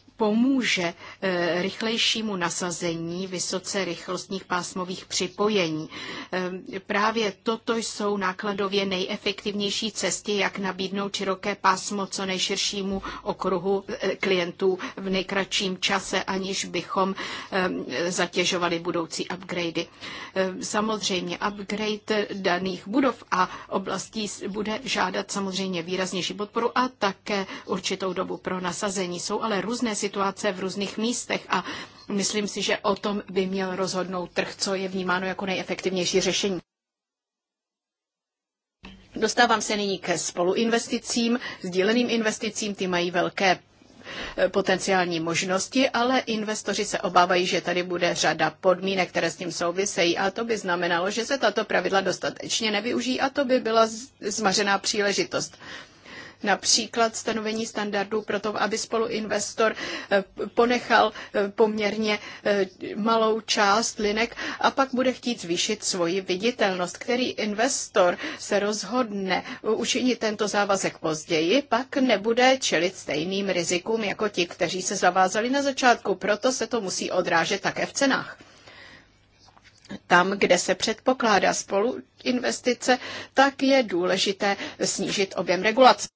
Speaker 1: pomůže eh, rychlejšímu nasazení vysoce rychlostních pásmových připojení. Eh, právě toto jsou nákladově nejefektivnější cesty, jak nabídnout široké pásmo co nejširšímu okruhu eh, klientů v nejkratším čase, aniž bychom zatěžovali budoucí upgradey. Samozřejmě upgrade daných budov a oblastí bude žádat samozřejmě výraznější podporu a také určitou dobu pro nasazení. Jsou ale různé situace, situace v různých místech a myslím si, že o tom by měl rozhodnout trh, co je vnímáno jako nejefektivnější řešení. Dostávám se nyní ke spoluinvesticím, sdíleným investicím, ty mají velké eh, potenciální možnosti, ale investoři se obávají, že tady bude řada podmínek, které s tím souvisejí a to by znamenalo, že se tato pravidla dostatečně nevyužijí a to by byla zmařená příležitost. Například stanovení standardů pro to, aby spoluinvestor eh, ponechal eh, poměrně eh, malou část linek a pak bude chtít zvýšit svoji viditelnost. Který investor se rozhodne učinit tento závazek později, pak nebude čelit stejným rizikům jako ti, kteří se zavázali na začátku. Proto se to musí odrážet také v cenách tam, kde se předpokládá spoluinvestice, tak je důležité snížit objem regulace.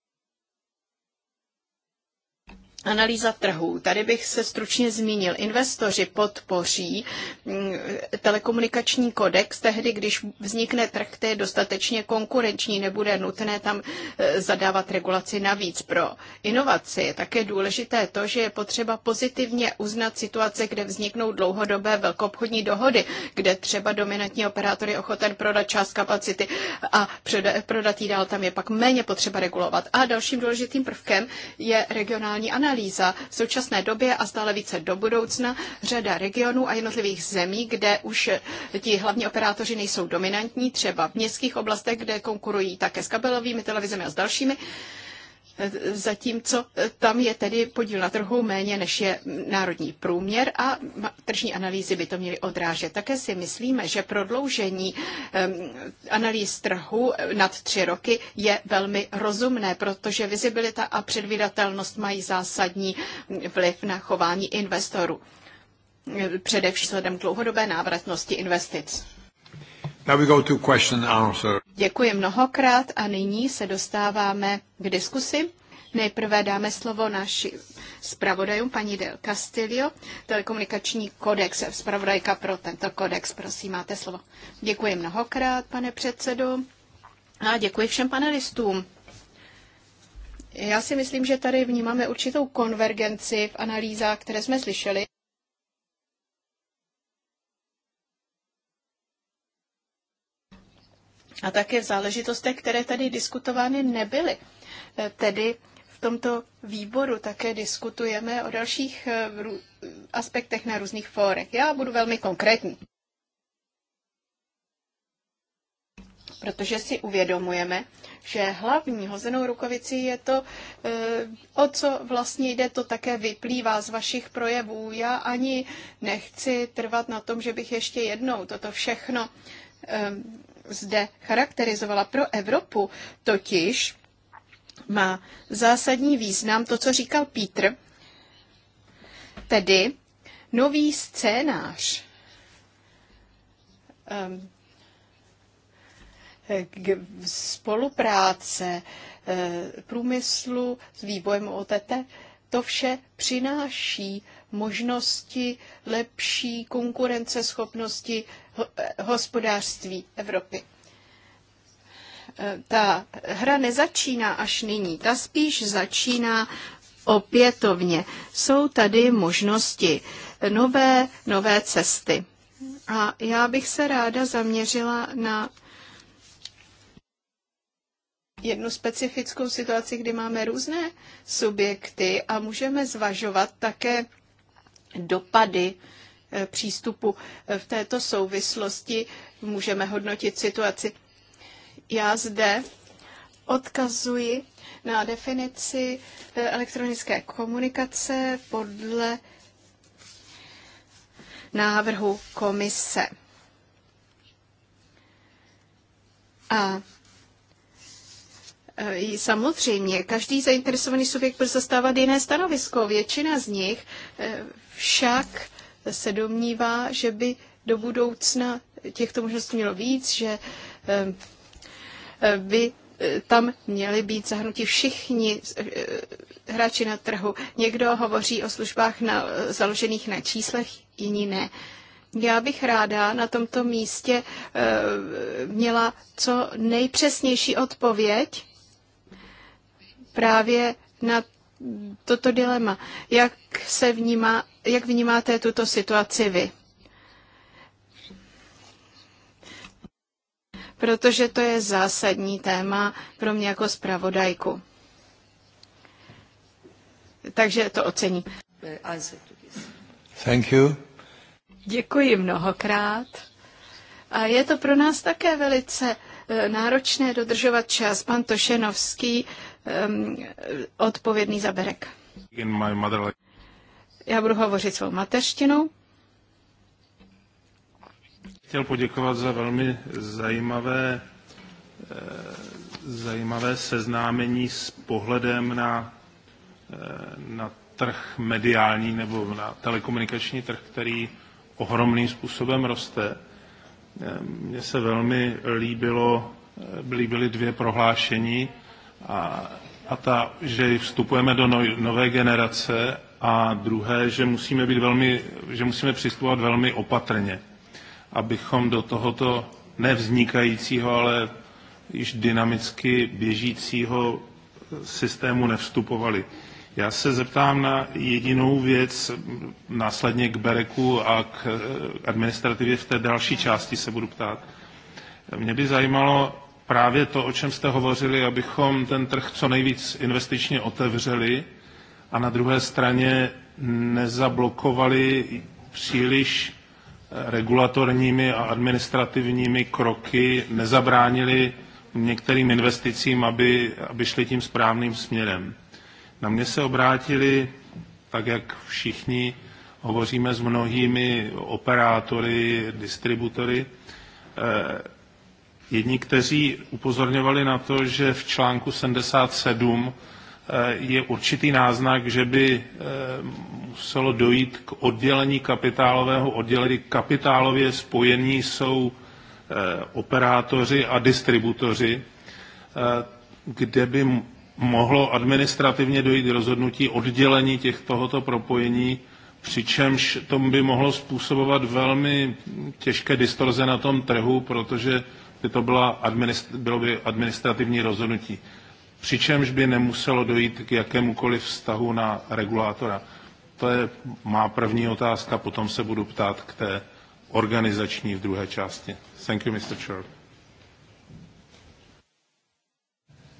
Speaker 1: Analýza trhů. Tady bych se stručně zmínil. Investoři podpoří mm, telekomunikační kodex tehdy, když vznikne trh, který je dostatečně konkurenční, nebude nutné tam e, zadávat regulaci navíc. Pro inovaci je také důležité to, že je potřeba pozitivně uznat situace, kde vzniknou dlouhodobé velkoobchodní dohody, kde třeba dominantní operátor je ochoten prodat část kapacity a prodat ji dál, tam je pak méně potřeba regulovat. A dalším důležitým prvkem je regionální analýza analýza v současné době a stále více do budoucna řada regionů a jednotlivých zemí, kde už ti hlavní operátoři nejsou dominantní, třeba v městských oblastech, kde konkurují také s kabelovými televizemi a s dalšími, zatímco tam je tedy podíl na trhu méně, než je národní průměr a tržní analýzy by to měly odrážet. Také si myslíme, že prodloužení analýz trhu nad tři roky je velmi rozumné, protože vizibilita a předvídatelnost mají zásadní vliv na chování investorů, především vzhledem k dlouhodobé návratnosti investic. Děkuji mnohokrát a nyní se dostáváme k diskusi. Nejprve dáme slovo naši zpravodajům, paní Del Castillo, telekomunikační kodex, zpravodajka pro tento kodex, prosím, máte slovo. Děkuji mnohokrát, pane předsedu, a děkuji všem panelistům. Já si myslím, že tady vnímáme určitou konvergenci v analýzách, které jsme slyšeli. a také v záležitostech, které tady diskutovány nebyly. E, tedy v tomto výboru také diskutujeme o dalších e, aspektech na různých fórech. Já budu velmi konkrétní. protože si uvědomujeme, že hlavní hozenou rukovicí je to, e, o co vlastně jde, to také vyplývá z vašich projevů. Já ani nechci trvat na tom, že bych ještě jednou toto všechno zde charakterizovala pro Evropu, totiž má zásadní význam to, co říkal Pítr, tedy nový scénář. Um, k spolupráce eh, průmyslu s vývojem OTT, to vše přináší možnosti lepší konkurenceschopnosti hospodářství Evropy. E, ta hra nezačíná až nyní, ta spíš začíná opětovně. Jsou tady možnosti, nové, nové cesty. A já bych se ráda zaměřila na jednu specifickou situaci, kdy máme různé subjekty a můžeme zvažovat také dopady Eh, přístupu. Eh, v této souvislosti můžeme hodnotit situaci. Já zde odkazuji na definici eh, elektronické komunikace podle návrhu komise. A Samozřejmě, každý zainteresovaný subjekt bude zastávat jiné stanovisko. Většina z nich však se domnívá, že by do budoucna těchto možností mělo víc, že eh, eh, by eh, tam měli být zahrnuti všichni hráči na trhu. Někdo hovoří o službách na, založených na číslech, jiní ne. Já bych ráda na tomto místě měla co nejpřesnější odpověď právě na toto dilema. Jak se vnímá jak vnímáte tuto situaci vy? Protože to je zásadní téma pro mě jako zpravodajku. Takže to ocení. Thank you. Děkuji mnohokrát. A je to pro nás také velice eh, náročné dodržovat čas. Pan Tošenovský, um, odpovědný za Berek. Já budu hovořit svou mateřštinou.
Speaker 2: Chtěl poděkovat za velmi zajímavé, eh, zajímavé seznámení s pohledem na, eh, na trh mediální nebo na telekomunikační trh, který ohromným způsobem roste. Eh, mně se velmi líbilo, líbily dvě prohlášení a, a ta, že vstupujeme do no, nové generace a druhé, že musíme, být velmi, že musíme přistupovat velmi opatrně, abychom do tohoto nevznikajícího, ale již dynamicky běžícího systému nevstupovali. Já se zeptám na jedinou věc, následně k Bereku a k eh, administrativě v té další části se budu ptát. Mě by zajímalo právě to, o čem jste hovořili, abychom ten trh co nejvíc investičně otevřeli, a na druhé straně nezablokovali příliš eh, regulatorními a administrativními kroky, nezabránili některým investicím, aby, aby šli tím správným směrem. Na mě se obrátili, tak jak všichni, hovoříme s mnohými operátory, distributory, eh, jedni, kteří upozorňovali na to, že v článku 77 Eh, je určitý náznak, že by eh, muselo dojít k oddělení kapitálového oddělení. Kapitálově spojení jsou eh, operátoři a distributoři, kde by mohlo administrativně dojít rozhodnutí oddělení těch tohoto propojení, přičemž tomu by mohlo způsobovat velmi těžké distorze na tom trhu, protože by to byla administ- bylo by administrativní rozhodnutí přičemž by nemuselo dojít k jakémukoliv vztahu na regulátora. To je má první otázka, potom se budu ptát k té organizační v druhé části. Thank you, Mr. Chair.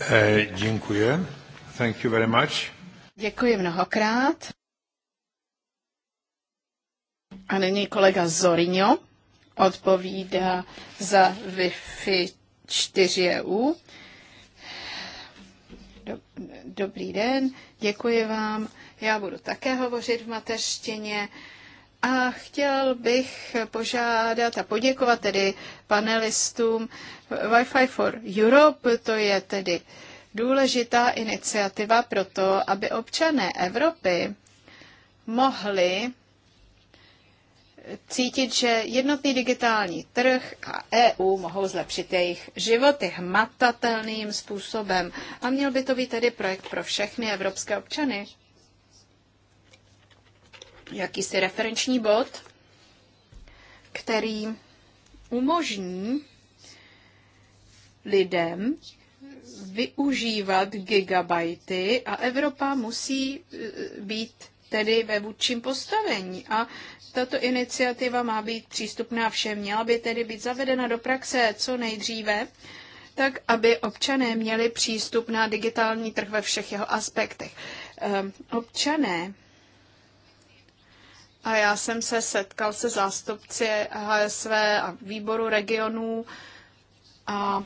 Speaker 2: Eh, děkuji. Thank you very much.
Speaker 1: Děkuji mnohokrát. A nyní kolega Zorino odpovídá za Wi-Fi 4EU do, dobrý den, děkuji vám. Já budu také hovořit v mateřštině. A chtěl bych požádat a poděkovat tedy panelistům Wi-Fi for Europe, to je tedy důležitá iniciativa pro to, aby občané Evropy mohli cítit, že jednotný digitální trh a EU mohou zlepšit jejich životy hmatatelným způsobem. A měl by to být tedy projekt pro všechny evropské občany. Jakýsi referenční bod, který umožní lidem využívat gigabajty a Evropa musí e, být tedy ve vůdčím postavení. A tato iniciativa má být přístupná všem, měla by tedy být zavedena do praxe co nejdříve, tak aby občané měli přístup na digitální trh ve všech jeho aspektech. Ehm, občané a já jsem se setkal se zástupci HSV a výboru regionů a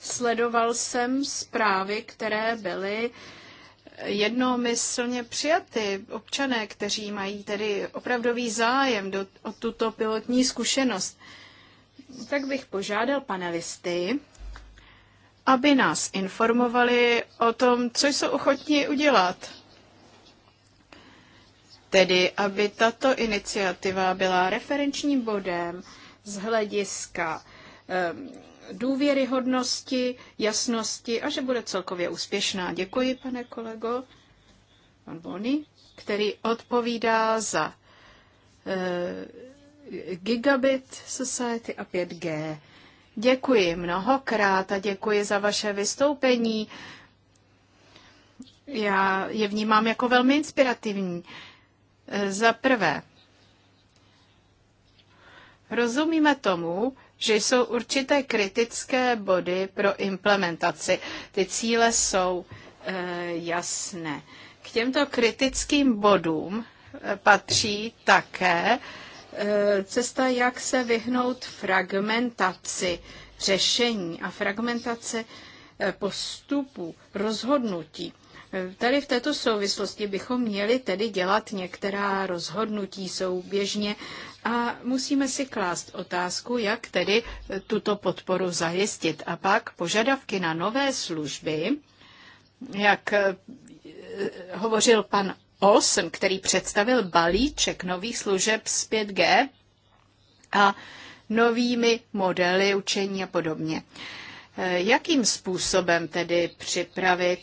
Speaker 1: sledoval jsem zprávy, které byly jednomyslně přijaty občané, kteří mají tedy opravdový zájem do, o tuto pilotní zkušenost, tak bych požádal panelisty, aby nás informovali o tom, co jsou ochotní udělat. Tedy, aby tato iniciativa byla referenčním bodem z hlediska um, důvěryhodnosti, jasnosti a že bude celkově úspěšná. Děkuji, pane kolego. Pan Bony, který odpovídá za e, Gigabit Society a 5G. Děkuji mnohokrát a děkuji za vaše vystoupení. Já je vnímám jako velmi inspirativní. Eh, za prvé, rozumíme tomu, že jsou určité kritické body pro implementaci. Ty cíle jsou eh, jasné. K těmto kritickým bodům eh, patří také eh, cesta, jak se vyhnout fragmentaci řešení a fragmentace postupů, rozhodnutí. Tady v této souvislosti bychom měli tedy dělat některá rozhodnutí souběžně a musíme si klást otázku, jak tedy tuto podporu zajistit. A pak požadavky na nové služby, jak eh, hovořil pan Olsen, který představil balíček nových služeb z 5G a novými modely učení a podobně. Eh, jakým způsobem tedy připravit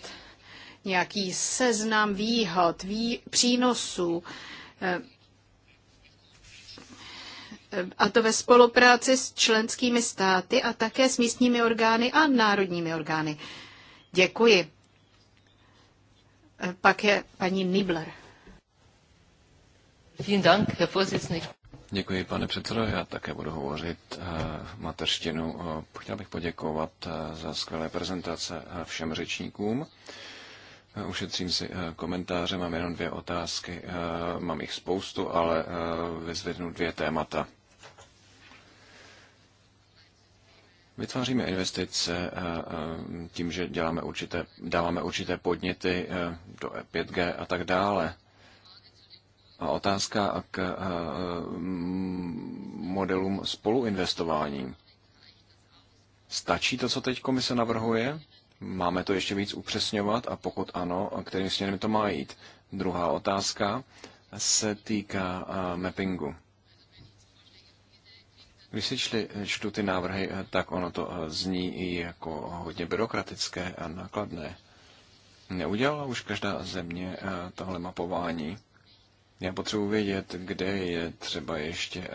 Speaker 1: nějaký seznam výhod, vý, přínosů, e, e, a to ve spolupráci s členskými státy a také s místními orgány a národními orgány. Děkuji. E, pak je paní Nibler.
Speaker 3: Děkuji, pane předsedo. Já také budu hovořit mateřštinu. Chtěl bych poděkovat za skvělé prezentace všem řečníkům. Eh, ušetřím si eh, komentáře, mám jenom dvě otázky, eh, mám jich spoustu, ale vyzvednu dvě témata. Vytváříme investice tím, že děláme určité, dáváme určité podněty do 5G a tak dále. A otázka k modelům spoluinvestování. Stačí to, co teď komise navrhuje? Máme to ještě víc upřesňovat a pokud ano, kterým směrem to má jít? Druhá otázka se týká mappingu. Když si čli, čtu ty návrhy, tak ono to zní i jako hodně byrokratické a nákladné. Neudělala už každá země tohle mapování? Já potřebuji vědět, kde je třeba ještě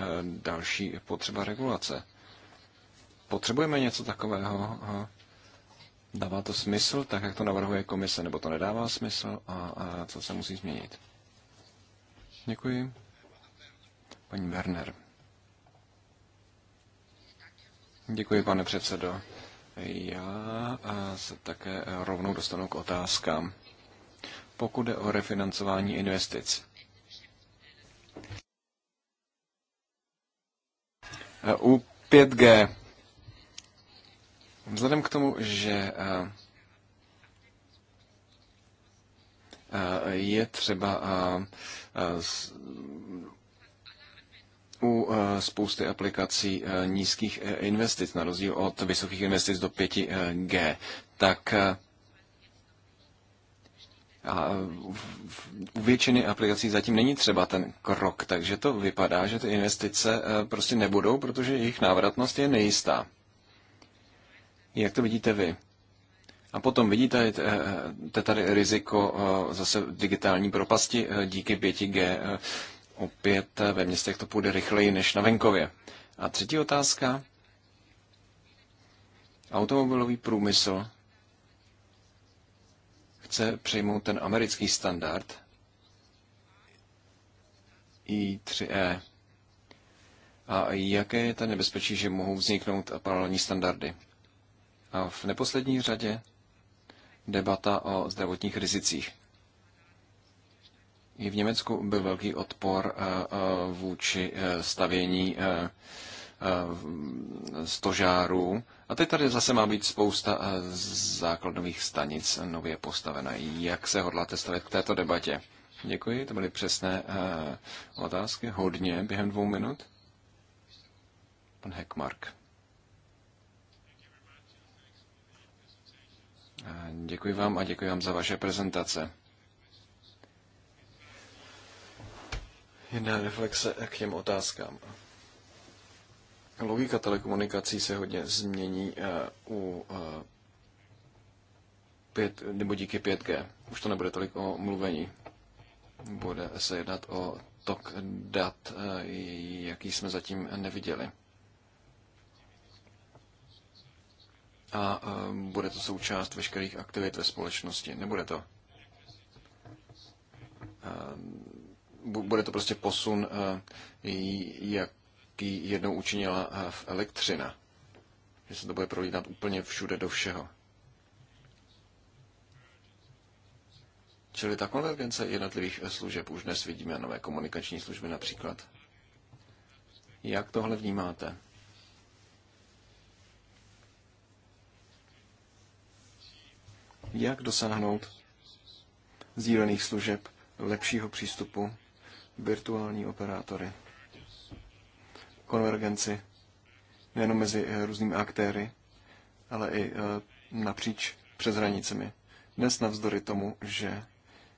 Speaker 3: další potřeba regulace. Potřebujeme něco takového? Dává to smysl, tak jak to navrhuje komise, nebo to nedává smysl a, a co se musí změnit? Děkuji. Paní Werner. Děkuji, pane předsedo. Já se také rovnou dostanu k otázkám. Pokud jde o refinancování investic. U 5G Vzhledem k tomu, že eh, eh, je třeba eh, u spousty aplikací nízkých investic, na rozdíl od vysokých investic do 5G, tak a u většiny aplikací zatím není třeba ten krok, takže to vypadá, že ty investice prostě nebudou, protože jejich návratnost je nejistá. Jak to vidíte vy? A potom vidíte eh, eh, tady riziko eh, zase digitální propasti díky 5G. Opět ve městech to půjde rychleji než na venkově. A třetí otázka. Automobilový průmysl chce přejmout ten americký standard I3E. A jaké je ta nebezpečí, že mohou vzniknout paralelní standardy? A v neposlední řadě debata o zdravotních rizicích. I v Německu byl velký odpor eh, eh, vůči eh, stavění stožárů. A teď tady zase má být spousta základových stanic nově postavené. Jak se hodláte stavět k této debatě? Děkuji, to byly přesné otázky. Hodně během dvou minut. Pan Heckmark. Děkuji vám a děkuji vám za vaše prezentace. Jedna reflexe k těm otázkám. Logika telekomunikací se hodně změní eh, u eh, pět, nebo díky 5G. Už to nebude tolik o mluvení. Bude se jednat o tok dat, eh, jaký jsme zatím neviděli. a eh, bude to součást veškerých aktivit ve společnosti. Nebude to. Eh, bude to prostě posun, eh, jaký jednou učinila v elektřina. Že se to bude prolítat úplně všude do všeho. Čili ta konvergence jednotlivých služeb už dnes vidíme, nové komunikační služby například. Jak tohle vnímáte? jak dosáhnout sdílených služeb, lepšího přístupu, virtuální operátory, konvergenci nejen mezi eh, různými aktéry, ale i eh, napříč přes hranicemi. Dnes navzdory tomu, že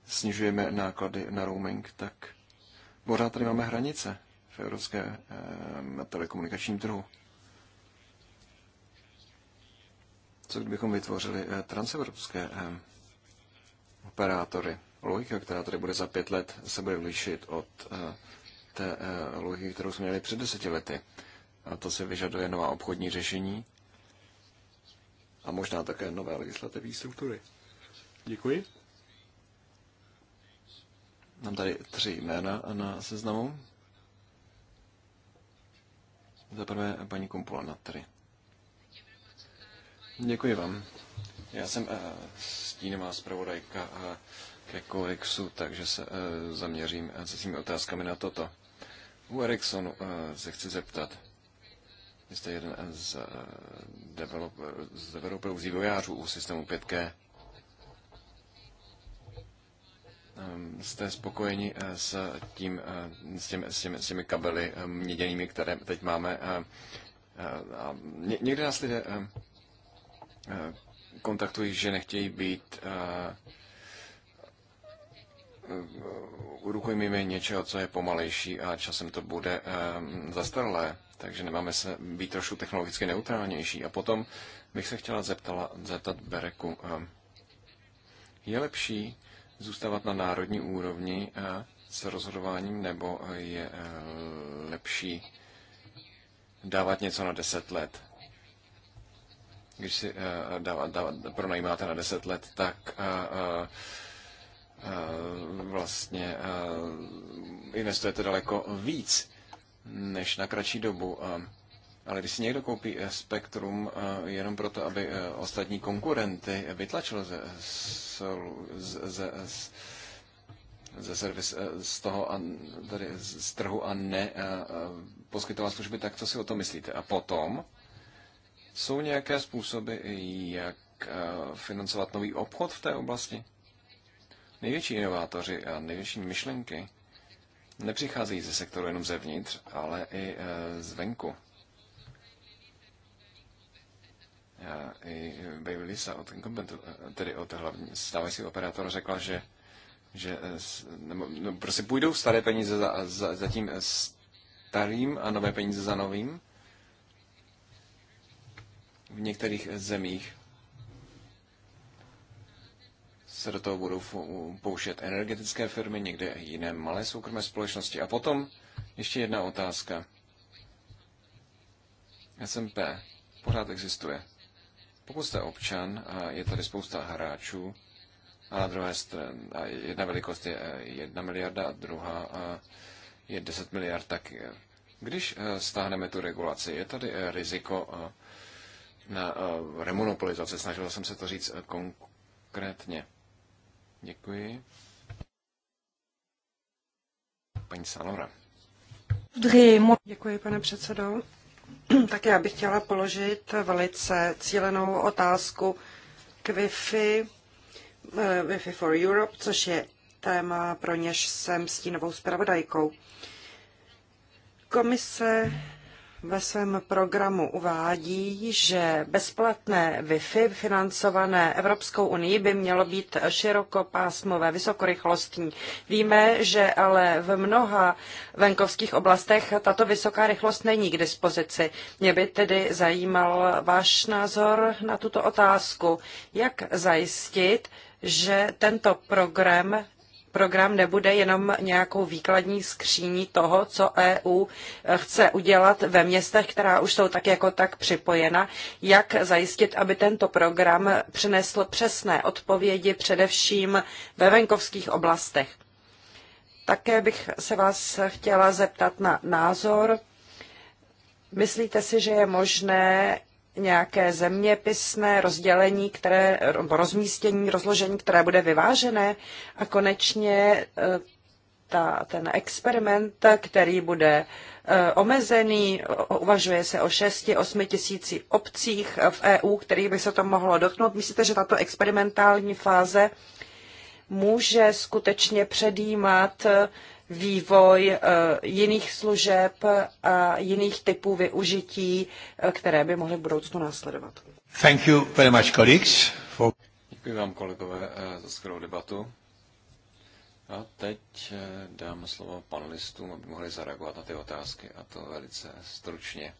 Speaker 3: snižujeme náklady na roaming, tak pořád tady máme hranice v evropském eh, telekomunikačním trhu. Co kdybychom vytvořili eh, transevropské eh, operátory? Logika, která tady bude za pět let, se bude lišit od eh, té logiky, kterou jsme měli před deseti lety. A to se vyžaduje nová obchodní řešení a možná také nové legislativní struktury. Děkuji. Mám tady tři jména na seznamu. Za prvé paní Kumpula na tři. Děkuji vám. Já jsem uh, stínová zpravodajka uh, ke Kolexu, takže se uh, zaměřím uh, se svými otázkami na toto. U Ericssonu uh, se chci zeptat. Vy jste jeden z, uh, developer, z developerů, z vývojářů u systému 5G. Um, ehm, jste spokojeni uh, s, tím, uh, s, těmi, s, těmi, s těmi kabely měděnými, které teď máme? Uh, uh, někde nás lidé... Uh, Eh, kontaktují, že nechtějí být eh, eh, rukojmími něčeho, co je pomalejší a časem to bude zastaralé, takže nemáme se být trošku technologicky neutrálnější. A potom bych se chtěla zeptala, zeptat Bereku, je lepší zůstávat na národní úrovni s rozhodováním, nebo je lepší dávat něco na deset let? když si uh, eh, dává, dává, pronajímáte na 10 let, tak uh, uh, vlastně uh, investujete daleko víc než na kratší dobu. Uh, Ale když si někdo koupí spektrum uh, jenom proto, aby uh, ostatní konkurenty vytlačil ze, z, ze, ze, servis, z toho a tady z trhu a ne a, a poskytovat služby, tak co si o to myslíte? A potom jsou nějaké způsoby, jak eh, financovat nový obchod v té oblasti? Největší inovátoři a největší myšlenky nepřicházejí ze sektoru jenom zevnitř, ale i eh, zvenku. Já i Baby Lisa od, eh, tedy od hlavní stávající operátora řekla, že, že nebo, no, prostě půjdou staré peníze za, za, za tím starým a nové peníze za novým v některých zemích se do toho budou pouštět energetické firmy, někde jiné malé soukromé společnosti. A potom ještě jedna otázka. SMP pořád existuje. Pokud jste občan a je tady spousta hráčů, a na druhé straně jedna velikost je eh, jedna miliarda a druhá a eh, je 10 miliard, tak když eh, stáhneme tu regulaci, je tady riziko na eh, remonopolizace. Snažil jsem se to říct eh, konkrétně. Děkuji. Paní Sanora.
Speaker 4: Děkuji, pane předsedo. Tak já bych chtěla položit velice cílenou otázku k Wi-Fi, eh, Wi-Fi for Europe, což je téma, pro něž jsem stínovou zpravodajkou. Komise ve svém programu uvádí, že bezplatné Wi-Fi financované Evropskou unii by mělo být širokopásmové, vysokorychlostní. Víme, že ale v mnoha venkovských oblastech tato vysoká rychlost není k dispozici. Mě by tedy zajímal váš názor na tuto otázku. Jak zajistit, že tento program program nebude jenom nějakou výkladní skříní toho, co EU chce udělat ve městech, která už jsou tak jako tak připojena, jak zajistit, aby tento program přinesl přesné odpovědi především ve venkovských oblastech. Také bych se vás chtěla zeptat na názor. Myslíte si, že je možné nějaké zeměpisné rozdělení, které, rozmístění, rozložení, které bude vyvážené. A konečně eh, ta, ten experiment, který bude eh, omezený, uvažuje se o 6-8 tisíci obcích v EU, kterých by se to mohlo dotknout. Myslíte, že tato experimentální fáze může skutečně předjímat vývoj eh, jiných služeb a jiných typů využití, eh, které by mohly v budoucnu následovat.
Speaker 2: Thank you very much, colleagues. For...
Speaker 3: Děkuji vám, kolegové, eh, za skvělou debatu. A teď dám slovo panelistům, aby mohli zareagovat na ty otázky, a to velice stručně.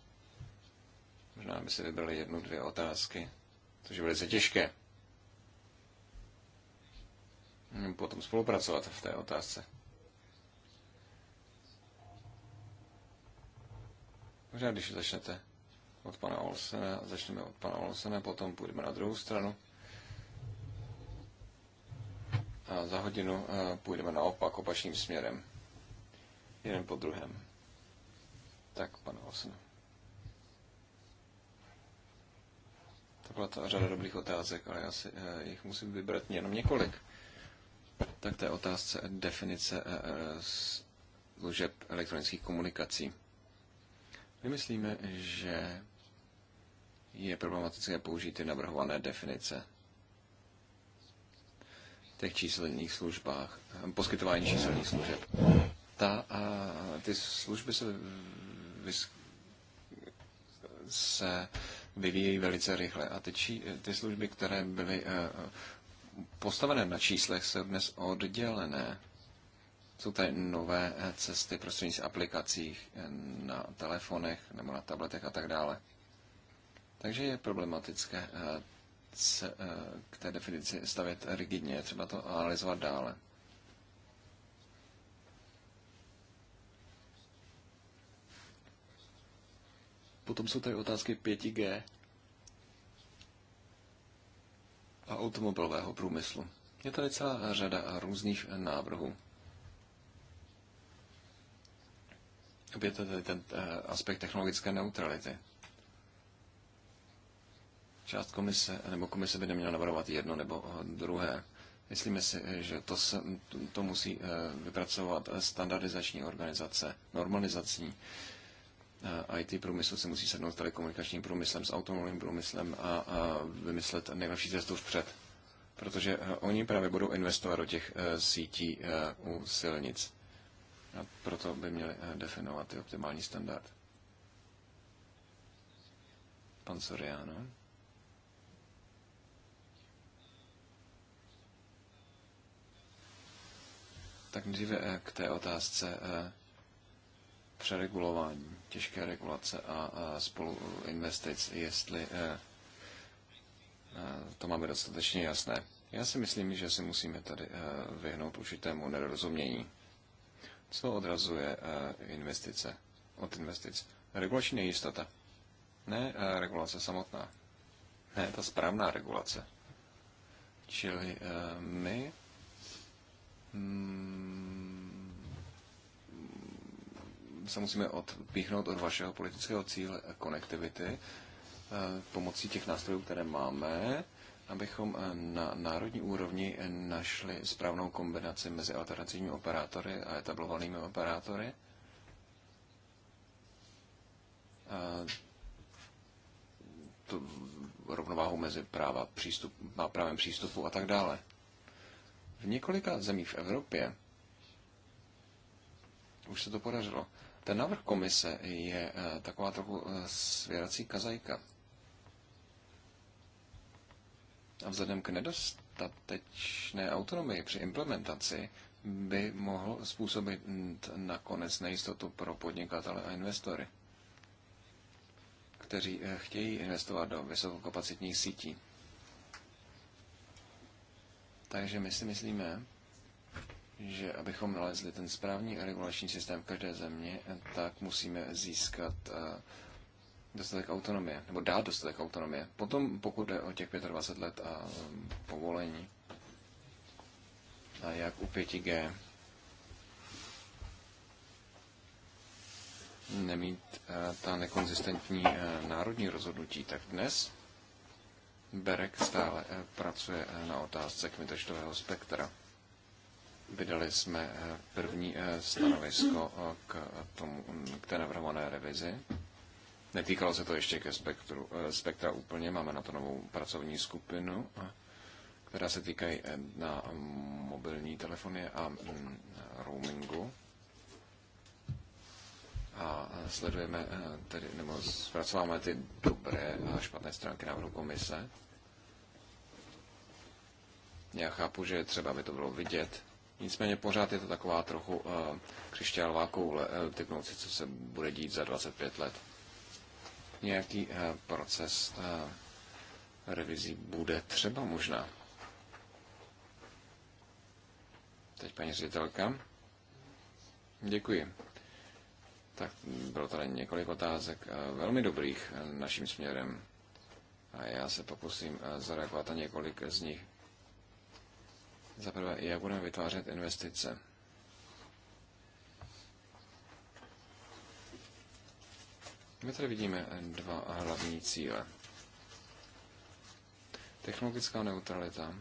Speaker 3: Možná by si vybrali jednu, dvě otázky, což je velice těžké. Hm, potom spolupracovat v té otázce. Možná když začnete od pana Olsena, začneme od pana Olsena, potom půjdeme na druhou stranu. A za hodinu eh, půjdeme naopak opačným směrem. Jeden po druhém. Tak, pane Olsen. To byla ta řada dobrých otázek, ale já si eh, jich musím vybrat jenom několik. Tak je otázce definice eh, služeb elektronických komunikací. My myslíme, že je problematické použít ty navrhované definice těch číselných službách, poskytování číselných služeb. Ta, a, ty služby se, vys, se vyvíjejí velice rychle a ty, či, ty služby, které byly eh, postavené na číslech, jsou dnes oddělené. Jsou tady nové eh, cesty prostřednictvím aplikací eh, na telefonech nebo na tabletech a tak dále. Takže je problematické eh, se k té definici stavět rigidně, je třeba to analyzovat dále. Potom jsou tady otázky 5G a automobilového průmyslu. Je tady celá řada různých návrhů. opět tady ten eh, aspekt technologické neutrality. Část komise, nebo komise by neměla navrhovat jedno nebo eh, druhé. Myslíme si, eh, že to, se, to musí vypracovat standardizační organizace, normalizační. IT průmysl se musí sednout s telekomunikačním průmyslem, s automobilovým průmyslem a, a vymyslet nejlepší cestu vpřed. Protože oni právě budou investovat do těch sítí u silnic. A proto by měli eh, definovat ty optimální standard. Pan Soriano. Tak nejdříve eh, k té otázce eh, přeregulování, těžké regulace a spolu investic, jestli to máme dostatečně jasné. Já si myslím, že si musíme tady vyhnout určitému nedorozumění. Co odrazuje eh, investice od investic? Regulační nejistota. Ne eh, regulace samotná. Ne, ta správná regulace. Čili eh, my mm, se musíme odpíchnout od vašeho politického cíle konektivity pomocí těch nástrojů, které máme, abychom eh, na národní úrovni eh, našli správnou kombinaci mezi alternativními operátory a etablovanými operátory. A tu rovnováhu mezi práva přístup, právem přístupu a tak dále. V několika zemích v Evropě už se to podařilo. Ten návrh komise je eh, taková trochu svěrací kazajka. A vzhledem k nedostatečné autonomii při implementaci by mohl způsobit nakonec nejistotu pro podnikatele a investory, kteří eh, chtějí investovat do vysokokapacitních sítí. Takže my si myslíme, že abychom nalezli ten správný regulační systém v každé země, eh, tak musíme získat eh, dostatek autonomie, nebo dát dostatek autonomie. Potom, pokud jde o těch 25 let a um, povolení, a jak u 5G, nemít eh, ta nekonzistentní eh, národní rozhodnutí, tak dnes Berek stále eh, pracuje na otázce kmitočtového spektra. Vydali jsme první stanovisko k, tomu, k té navrhované revizi Netýkalo se to ještě ke spektru, eh, spektra úplně, máme na to novou pracovní skupinu, eh, která se týkají eh, na mobilní telefony a mm, roamingu. A sledujeme, tedy, nebo zpracováme ty dobré a špatné stránky návrhu komise. Já chápu, že třeba by to bylo vidět, Nicméně pořád je to taková trochu uh, křišťálová koule, uh, typnout si, co se bude dít za 25 let nějaký eh, proces eh, revizí bude třeba možná. Teď paní ředitelka. Děkuji. Tak bylo tady několik otázek eh, velmi dobrých naším směrem a já se pokusím zareagovat na několik z nich. Za prvé, jak budeme vytvářet investice? My tady vidíme dva hlavní cíle. Technologická neutralita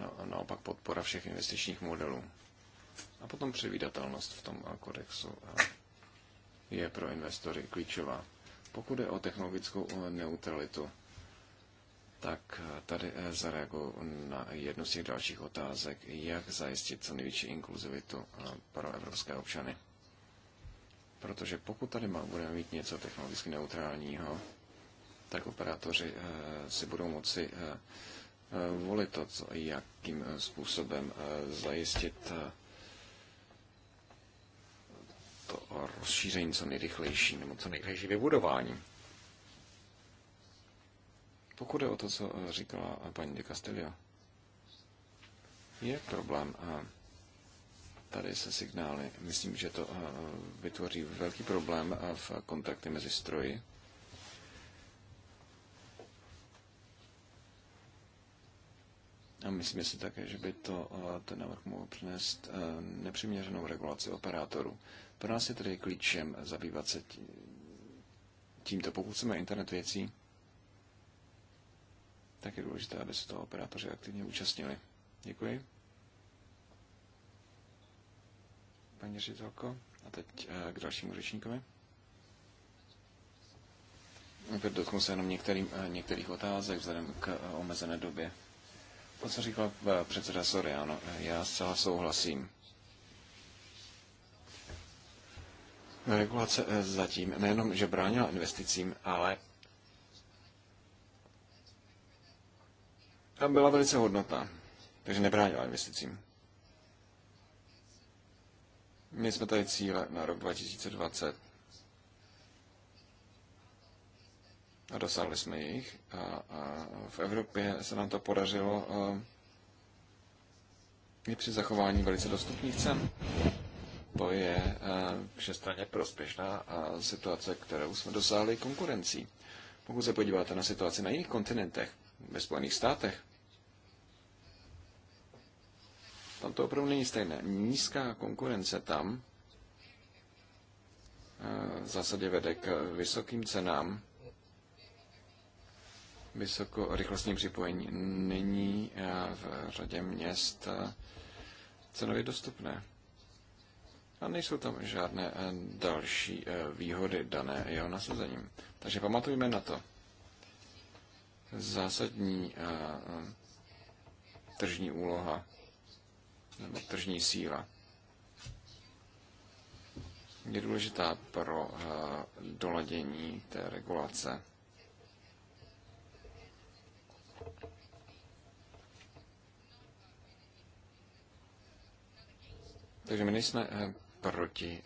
Speaker 3: no, a naopak podpora všech investičních modelů. A potom předvídatelnost v tom kodexu je pro investory klíčová. Pokud je o technologickou eh, neutralitu, tak eh, tady eh, zareaguju na jednu z těch dalších otázek, jak zajistit co největší inkluzivitu pro evropské občany. Protože pokud tady má, budeme mít něco technologicky neutrálního, tak operátoři eh, si budou moci eh, eh, volit to, co, jakým způsobem zajistit to rozšíření co nejrychlejší nebo co nejrychlejší vybudování. Pokud je o to, co říkala paní de Castillo, je problém tady se signály. Myslím, že to eh, vytvoří velký problém eh, v kontakty mezi stroji. A myslím si také, že by to eh, ten návrh mohl přinést nepřiměřenou regulaci operátorů. Pro nás je tedy klíčem zabývat se tímto. Pokud chceme internet věcí, tak je důležité, aby se toho operátoři aktivně účastnili. Děkuji. paní ředitelko. A teď eh, k dalšímu řečníkovi. Dotknu se jenom některým, eh, některých otázek vzhledem k eh, omezené době. To, co říkal předseda Soriano, já zcela souhlasím. Regulace zatím nejenom, že bránila investicím, ale byla velice hodnota, takže nebránila investicím. My jsme tady cíle na rok 2020 a dosáhli jsme jich. A, a v Evropě se nám to podařilo i při zachování velice dostupných cen. To je všestranně prospěšná a situace, kterou jsme dosáhli konkurencí. Pokud se podíváte na situaci na jiných kontinentech, ve Spojených státech, Tam to opravdu není stejné. Nízká konkurence tam eh, v zásadě vede k vysokým cenám. Vysokorychlostní připojení není eh, v řadě měst eh, cenově dostupné. A nejsou tam žádné další výhody dané jeho nasazením. Takže pamatujme na to. Zásadní tržní úloha nebo tržní síla je důležitá pro eh, doladění té regulace. Takže my nejsme eh, proti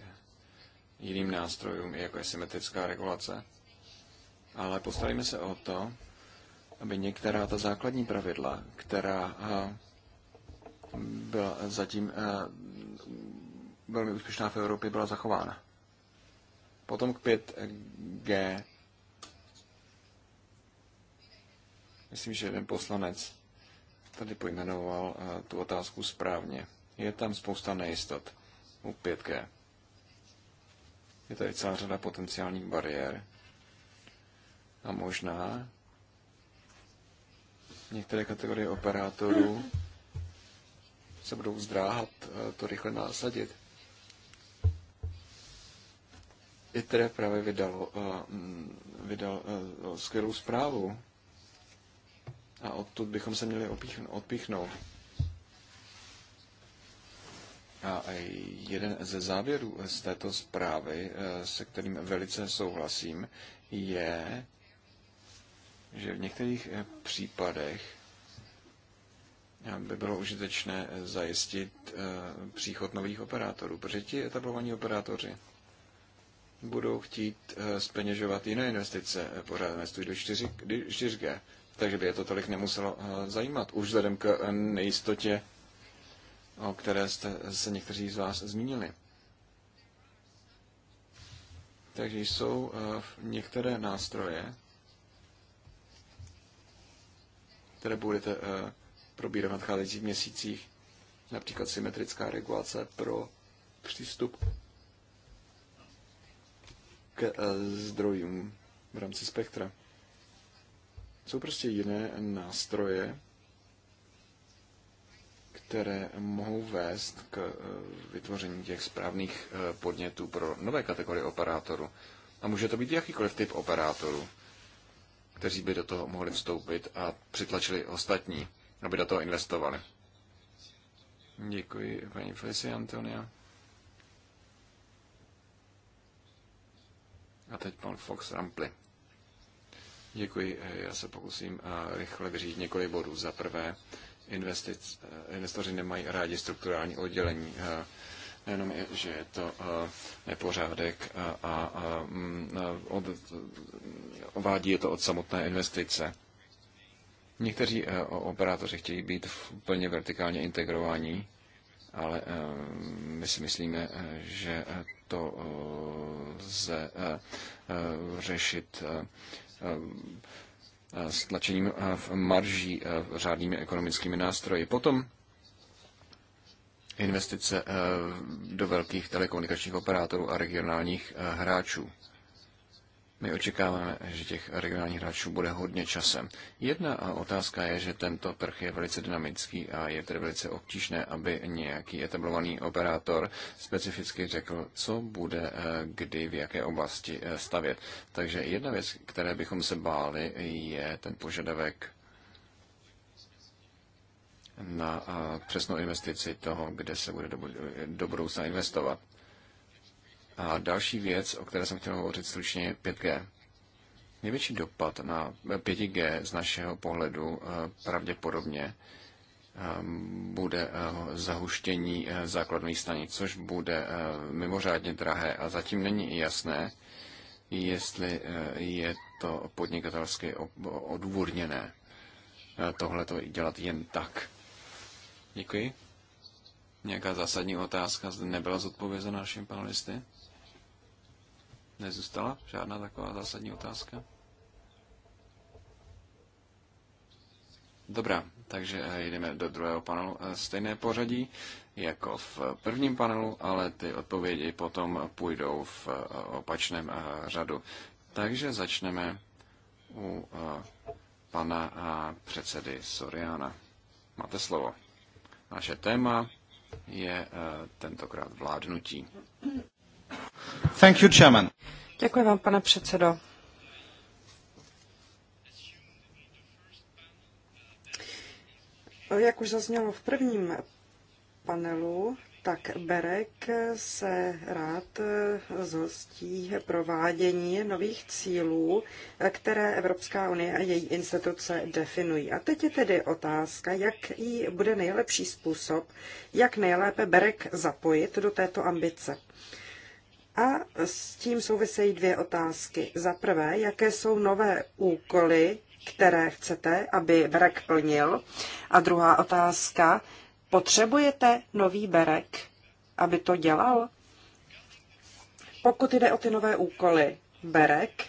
Speaker 3: jiným nástrojům, jako je symetrická regulace, ale postavíme se o to, aby některá ta základní pravidla, která eh, byla zatím eh, velmi úspěšná v Evropě, byla zachována. Potom k 5G. Myslím, že jeden poslanec tady pojmenoval eh, tu otázku správně. Je tam spousta nejistot u 5G. Je tady celá řada potenciálních bariér. A možná některé kategorie operátorů se budou zdráhat eh, to rychle násadit. ITRE právě vydalo, eh, mm, vydal eh, skvělou zprávu a odtud bychom se měli odpíchnout. A jeden ze závěrů z této zprávy, se kterým velice souhlasím, je, že v některých případech by bylo užitečné eh, zajistit eh, příchod nových operátorů, protože ti etablovaní operátoři budou chtít speněžovat eh, jiné investice, pořád investují do 4, g takže by je to tolik nemuselo zajímat, už vzhledem k nejistotě, o které jste se někteří z vás zmínili. Takže jsou některé nástroje, které budete probírat v nadcházejících měsících, například symetrická regulace pro přístup k eh, zdrojům v rámci spektra. Jsou prostě jiné nástroje, které mohou vést k eh, vytvoření těch správných eh, podnětů pro nové kategorie operátorů. A může to být jakýkoliv typ operátorů, kteří by do toho mohli vstoupit a přitlačili ostatní aby do toho investovali. Děkuji, paní Felicie Antonia. A teď pan Fox Rampli. Děkuji, já se pokusím eh, rychle vyřídit několik bodů. Za prvé, investic, eh, investoři nemají rádi strukturální oddělení. Nejenom, eh, je, že je to nepořádek a, a, a mm, od, ovádí je to od samotné investice. Někteří eh, operátoři chtějí být plně vertikálně integrovaní, ale eh, my si myslíme, eh, že to lze řešit stlačením marží řádnými ekonomickými nástroji. Potom investice do velkých telekomunikačních operátorů a regionálních hráčů. My očekáváme, že těch regionálních hráčů bude hodně časem. Jedna otázka je, že tento trh je velice dynamický a je tedy velice obtížné, aby nějaký etablovaný operátor specificky řekl, co bude eh, kdy v jaké oblasti eh, stavět. Takže jedna věc, které bychom se báli, je ten požadavek na eh, přesnou investici toho, kde se bude do budoucna investovat. A další věc, o které jsem chtěl hovořit stručně, je 5G. Největší dopad na 5G z našeho pohledu eh, pravděpodobně eh, bude eh, zahuštění základních stanic, což bude mimořádně drahé a zatím není jasné, jestli je to podnikatelsky odůvodněné tohle to dělat jen tak. Děkuji. Nějaká zásadní otázka zde nebyla zodpovězena našim panelisty? nezůstala žádná taková zásadní otázka? Dobrá, takže eh, jdeme do druhého panelu. Eh, stejné pořadí jako v prvním panelu, ale ty odpovědi potom půjdou v eh, opačném řadu. Takže začneme u pana předsedy Soriana. Máte slovo. Naše téma je tentokrát vládnutí.
Speaker 4: Děkuji vám, pane předsedo. Jak už zaznělo v prvním panelu, tak Berek se rád zhostí provádění nových cílů, které Evropská unie a její instituce definují. A teď je tedy otázka, jaký bude nejlepší způsob, jak nejlépe Berek zapojit do této ambice. A s tím souvisejí dvě otázky. Za prvé, jaké jsou nové úkoly, které chcete, aby Berek plnil? A druhá otázka, potřebujete nový Berek, aby to dělal? Pokud jde o ty nové úkoly Berek,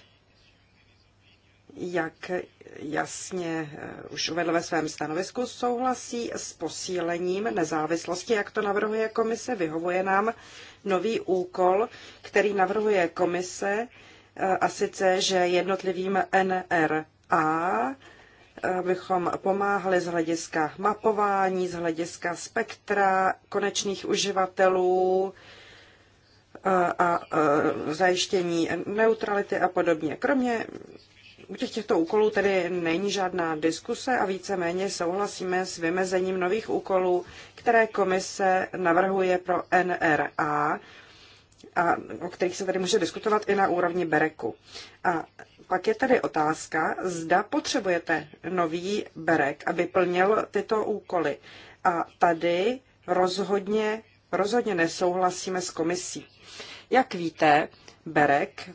Speaker 4: jak jasně eh, už uvedl ve svém stanovisku, souhlasí s posílením nezávislosti, jak to navrhuje komise. Vyhovuje nám nový úkol, který navrhuje komise, eh, a sice, že jednotlivým NRA eh, bychom pomáhali z hlediska mapování, z hlediska spektra konečných uživatelů, a zajištění neutrality a podobně. Kromě u těch těchto úkolů tedy není žádná diskuse a víceméně souhlasíme s vymezením nových úkolů, které komise navrhuje pro NRA, a o kterých se tady může diskutovat i na úrovni bereku. A pak je tady otázka, zda potřebujete nový berek, aby plnil tyto úkoly. A tady rozhodně, rozhodně nesouhlasíme s komisí. Jak víte, berek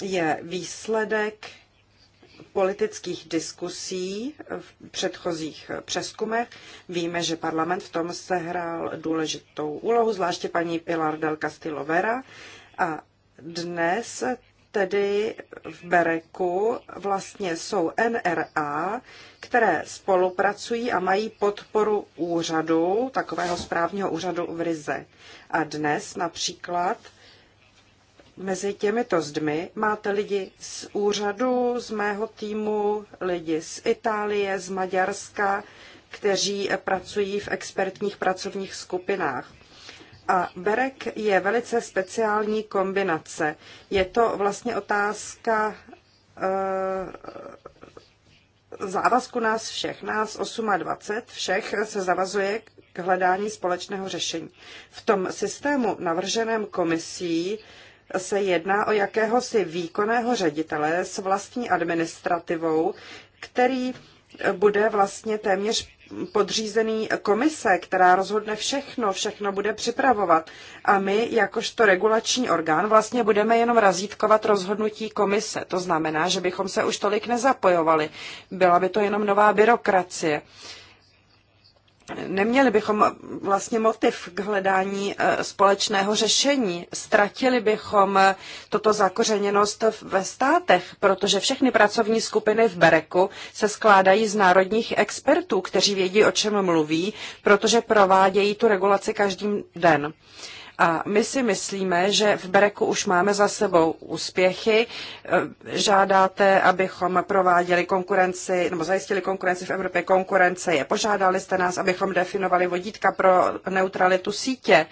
Speaker 4: je výsledek politických diskusí v předchozích přeskumech. Víme, že parlament v tom sehrál důležitou úlohu, zvláště paní Pilar del Castillo Vera. A dnes tedy v Bereku vlastně jsou NRA, které spolupracují a mají podporu úřadu, takového správního úřadu v Rize. A dnes například Mezi těmito zdmi máte lidi z úřadu, z mého týmu, lidi z Itálie, z Maďarska, kteří pracují v expertních pracovních skupinách. A Berek je velice speciální kombinace. Je to vlastně otázka e, závazku nás všech, nás 28, všech se zavazuje k hledání společného řešení. V tom systému navrženém komisí se jedná o jakéhosi výkonného ředitele s vlastní administrativou, který bude vlastně téměř podřízený komise, která rozhodne všechno, všechno bude připravovat. A my, jakožto regulační orgán, vlastně budeme jenom razítkovat rozhodnutí komise. To znamená, že bychom se už tolik nezapojovali. Byla by to jenom nová byrokracie. Uh, Neměli bychom vlastně motiv k hledání eh, společného řešení. Ztratili bychom eh, toto zakořeněnost ve státech, protože všechny pracovní skupiny v Bereku se skládají z národních expertů, kteří vědí, o čem mluví, protože provádějí tu regulaci každý den. A my si myslíme, že v Bereku už máme za sebou úspěchy. E, žádáte, abychom prováděli konkurenci, nebo zajistili konkurenci v Evropě. Konkurence je. Požádali jste nás, abychom definovali vodítka pro neutralitu sítě. E,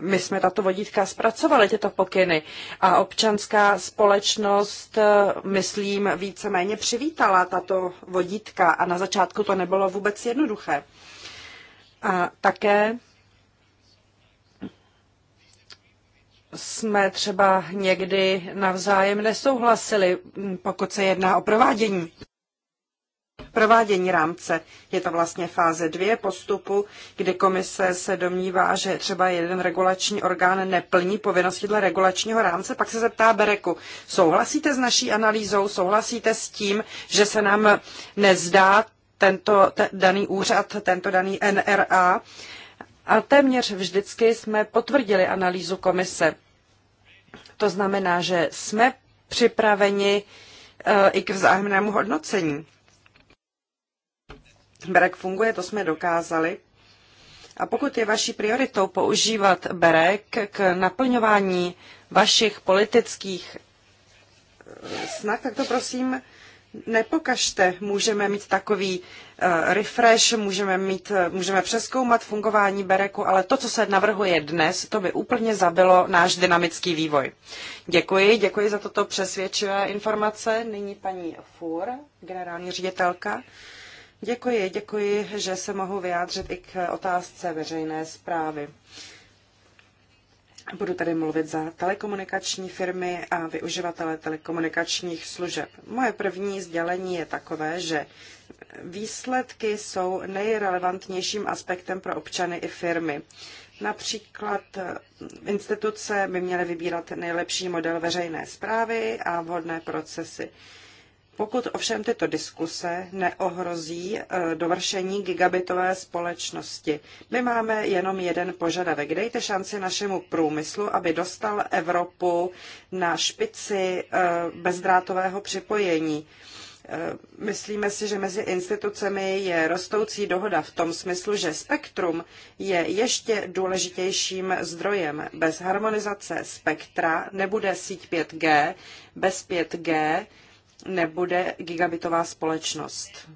Speaker 4: my jsme tato vodítka zpracovali, tyto pokyny. A občanská společnost, e, myslím, víceméně přivítala tato vodítka a na začátku to nebylo vůbec jednoduché. A také jsme třeba někdy navzájem nesouhlasili, mm, pokud se jedná o provádění. Provádění rámce je to vlastně fáze dvě postupu, kdy komise se domnívá, že třeba jeden regulační orgán neplní povinnosti dle regulačního rámce, pak se zeptá Bereku, souhlasíte s naší analýzou, souhlasíte s tím, že se nám nezdá tento te, daný úřad, tento daný NRA, a téměř vždycky jsme potvrdili analýzu komise. To znamená, že jsme připraveni eh, i k vzájemnému hodnocení. Berek funguje, to jsme dokázali. A pokud je vaší prioritou používat Berek k naplňování vašich politických eh, snah, tak to prosím nepokažte. Můžeme mít takový uh, refresh, můžeme, mít, eh, můžeme přeskoumat fungování Bereku, ale to, co se navrhuje dnes, to by úplně zabilo náš dynamický vývoj. Děkuji, děkuji za toto přesvědčivé informace. Nyní paní Fur, generální ředitelka. Děkuji, děkuji, že se mohu vyjádřit i k otázce veřejné zprávy. Uh, Budu tady mluvit za telekomunikační firmy a využivatele telekomunikačních služeb. Moje první sdělení je takové, že výsledky jsou nejrelevantnějším aspektem pro občany i firmy. Například eh, instituce by měly vybírat nejlepší model veřejné zprávy a vhodné procesy. Pokud ovšem tyto diskuse neohrozí eh, dovršení gigabitové společnosti, my máme jenom jeden požadavek. Dejte šanci našemu průmyslu, aby dostal Evropu na špici eh, bezdrátového připojení. Eh, myslíme si, že mezi institucemi je rostoucí dohoda v tom smyslu, že spektrum je ještě důležitějším zdrojem. Bez harmonizace spektra nebude síť 5G, bez 5G nebude gigabitová společnost.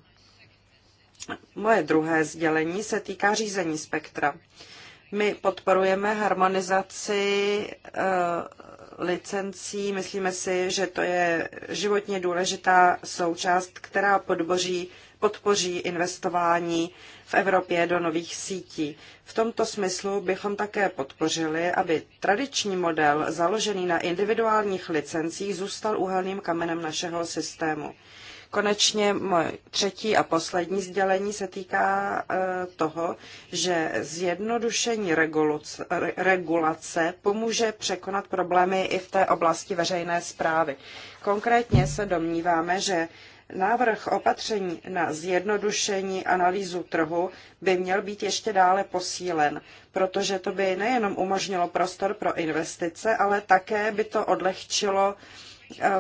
Speaker 4: Moje druhé sdělení se týká řízení spektra. My podporujeme harmonizaci eh, licencí. Myslíme si, že to je životně důležitá součást, která podboří podpoří investování v Evropě do nových sítí. V tomto smyslu bychom také podpořili, aby tradiční model založený na individuálních licencích zůstal uhelným kamenem našeho systému. Konečně moje třetí a poslední sdělení se týká eh, toho, že zjednodušení regulace pomůže překonat problémy i v té oblasti veřejné zprávy. Konkrétně se domníváme, že Návrh opatření na zjednodušení analýzu trhu by měl být ještě dále posílen, protože to by nejenom umožnilo prostor pro investice, ale také by to odlehčilo eh,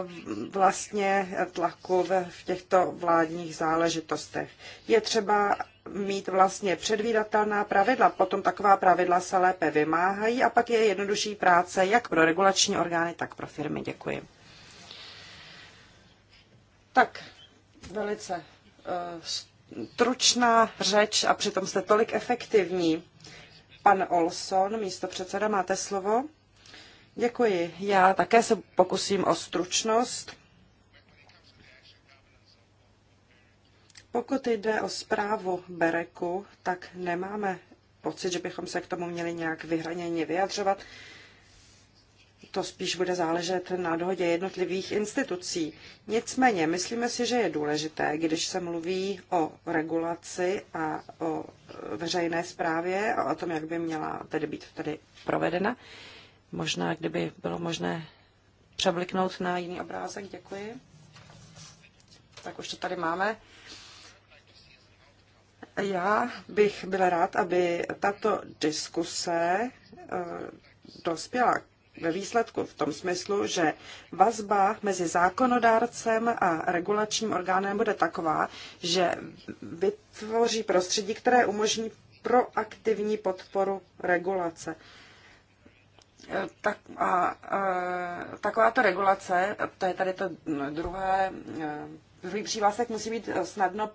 Speaker 4: vlastně tlaku v těchto vládních záležitostech. Je třeba mít vlastně předvídatelná pravidla, potom taková pravidla se lépe vymáhají a pak je jednodušší práce jak pro regulační orgány, tak pro firmy. Děkuji. Tak, velice eh, stručná řeč a přitom jste tolik efektivní. Pan Olson, místo předseda, máte slovo. Děkuji. Já také se pokusím o stručnost. Pokud jde o zprávu Bereku, tak nemáme pocit, že bychom se k tomu měli nějak vyhraněně vyjadřovat to spíš bude záležet na dohodě jednotlivých institucí. Nicméně, myslíme si, že je důležité, když se mluví o regulaci a o veřejné správě a o tom, jak by měla tedy být tady provedena. Možná, kdyby bylo možné přebliknout na jiný obrázek, děkuji. Tak už to tady máme. Já bych byla rád, aby tato diskuse eh, dospěla ve výsledku v tom smyslu, že vazba mezi zákonodárcem a regulačním orgánem bude taková, že vytvoří prostředí, které umožní proaktivní podporu regulace. Tak, a, a, takováto regulace, to je tady to druhé, eh, druhý přívlastek, musí být snadno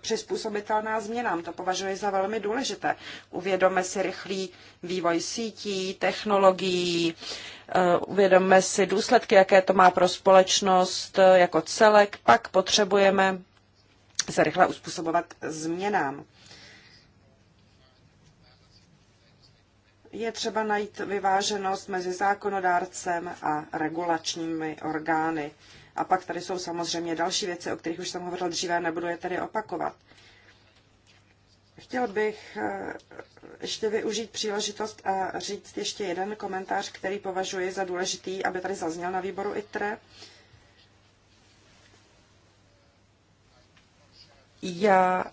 Speaker 4: přizpůsobitelná změnám. To považuji za velmi důležité. Uvědomme si rychlý vývoj sítí, technologií, eh, uvědomme si důsledky, jaké to má pro společnost eh, jako celek, pak potřebujeme se rychle uspůsobovat změnám. Je třeba najít vyváženost mezi zákonodárcem a regulačními orgány. A pak tady jsou samozřejmě další věci, o kterých už jsem hovořil dříve, nebudu je tady opakovat. Chtěl bych eh, ještě využít příležitost a říct ještě jeden komentář, který považuji za důležitý, aby tady zazněl na výboru ITRE. Já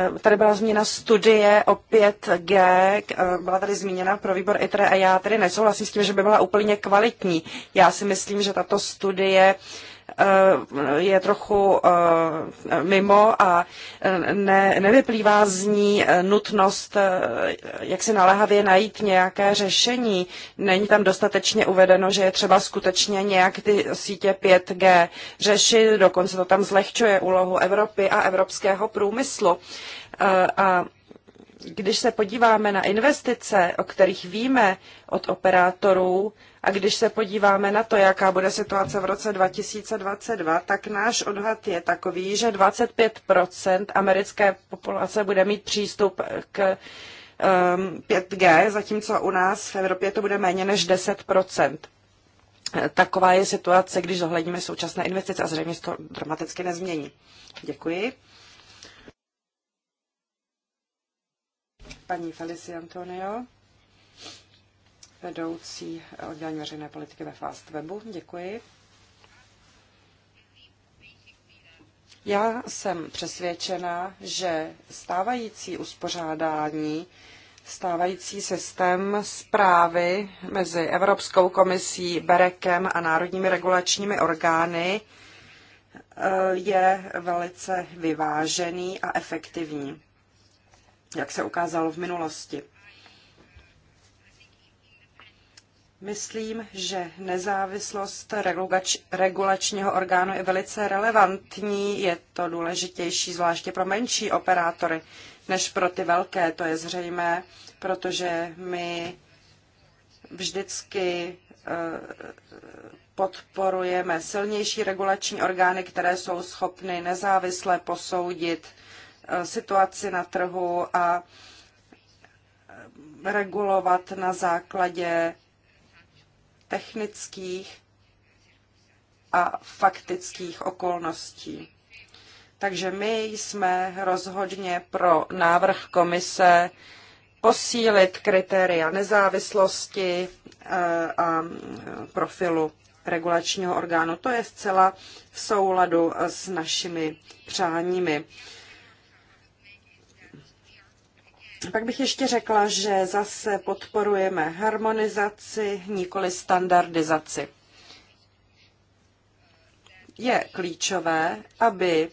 Speaker 4: Eh, tady byla zmíněna studie o 5G, eh, byla tady zmíněna pro výbor ITRE a já tedy nesouhlasím s tím, že by byla úplně kvalitní. Já si myslím, že tato studie je trochu eh, mimo a eh, ne, nevyplývá z ní eh, nutnost, jak si naléhavě najít nějaké řešení. Není tam dostatečně uvedeno, že je třeba skutečně nějak ty sítě 5G řešit, dokonce to tam zlehčuje úlohu Evropy a evropského průmyslu. A když se podíváme na investice, o kterých víme od operátorů, a když se podíváme na to, jaká bude situace v roce 2022, tak náš odhad je takový, že 25 americké populace bude mít přístup k 5G, ehm, zatímco u nás v Evropě to bude méně než 10 Taková je situace, když zohledníme současné investice a zřejmě se to dramaticky nezmění. Děkuji. paní Felici Antonio, vedoucí oddělení veřejné politiky ve Fastwebu. Děkuji. Já jsem přesvědčena, že stávající uspořádání, stávající systém zprávy mezi Evropskou komisí, Berekem a národními regulačními orgány eh, je velice vyvážený a efektivní jak se ukázalo v minulosti. Myslím, že nezávislost regulačního orgánu je velice relevantní. Je to důležitější zvláště pro menší operátory než pro ty velké. To je zřejmé, protože my vždycky eh, podporujeme silnější regulační orgány, které jsou schopny nezávisle posoudit situaci na trhu a regulovat na základě technických a faktických okolností. Takže my jsme rozhodně pro návrh komise posílit kritéria nezávislosti eh, a profilu regulačního orgánu. To je zcela v souladu s našimi přáními. Pak bych ještě řekla, že zase podporujeme harmonizaci, nikoli standardizaci. Je klíčové, aby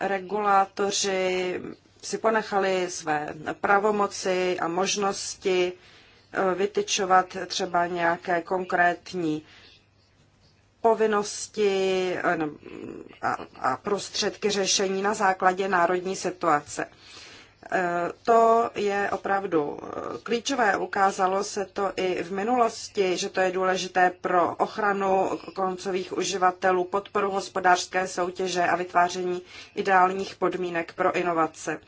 Speaker 4: regulátoři si ponechali své pravomoci a možnosti eh, vytyčovat třeba nějaké konkrétní povinnosti eh, no, a prostředky řešení na základě národní situace. Eh, to je opravdu eh, klíčové. Ukázalo se to i v minulosti, že to je důležité pro ochranu koncových uživatelů, podporu hospodářské soutěže a vytváření ideálních podmínek pro inovace.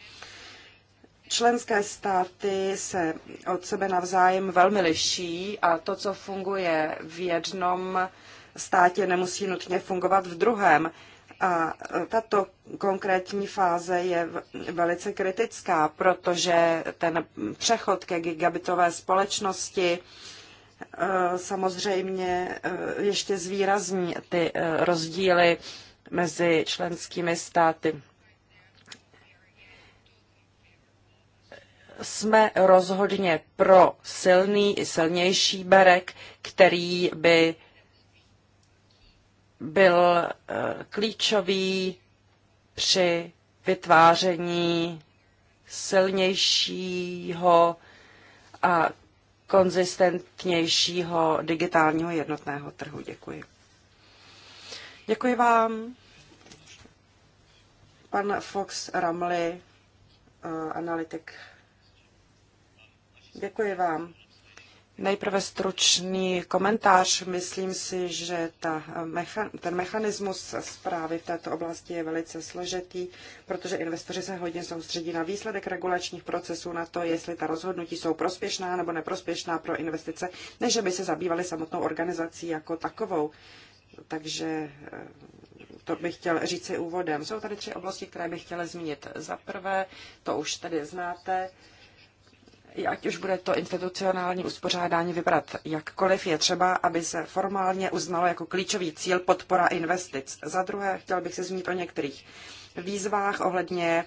Speaker 4: Členské státy se od sebe navzájem velmi liší a to, co funguje v jednom státě, nemusí nutně fungovat v druhém. A tato konkrétní fáze je velice kritická, protože ten přechod ke gigabitové společnosti e, samozřejmě e, ještě zvýrazní ty e, rozdíly mezi členskými státy. Jsme rozhodně pro silný, silnější berek, který by byl eh, klíčový při vytváření silnějšího a konzistentnějšího digitálního jednotného trhu. Děkuji. Děkuji vám. Pan Fox Ramley, eh, analytik. Děkuji vám. Nejprve stručný komentář. Myslím si, že ta mechan, ten mechanismus zprávy v této oblasti je velice složitý, protože investoři se hodně soustředí na výsledek regulačních procesů, na to, jestli ta rozhodnutí jsou prospěšná nebo neprospěšná pro investice, než by se zabývali samotnou organizací jako takovou. Takže eh, to bych chtěl říci úvodem. Jsou tady tři oblasti, které bych chtěla zmínit. Za prvé, to už tady znáte, ať už bude to institucionální uspořádání vybrat jakkoliv, je třeba, aby se formálně uznalo jako klíčový cíl podpora investic. Za druhé, chtěl bych se zmínit o některých výzvách ohledně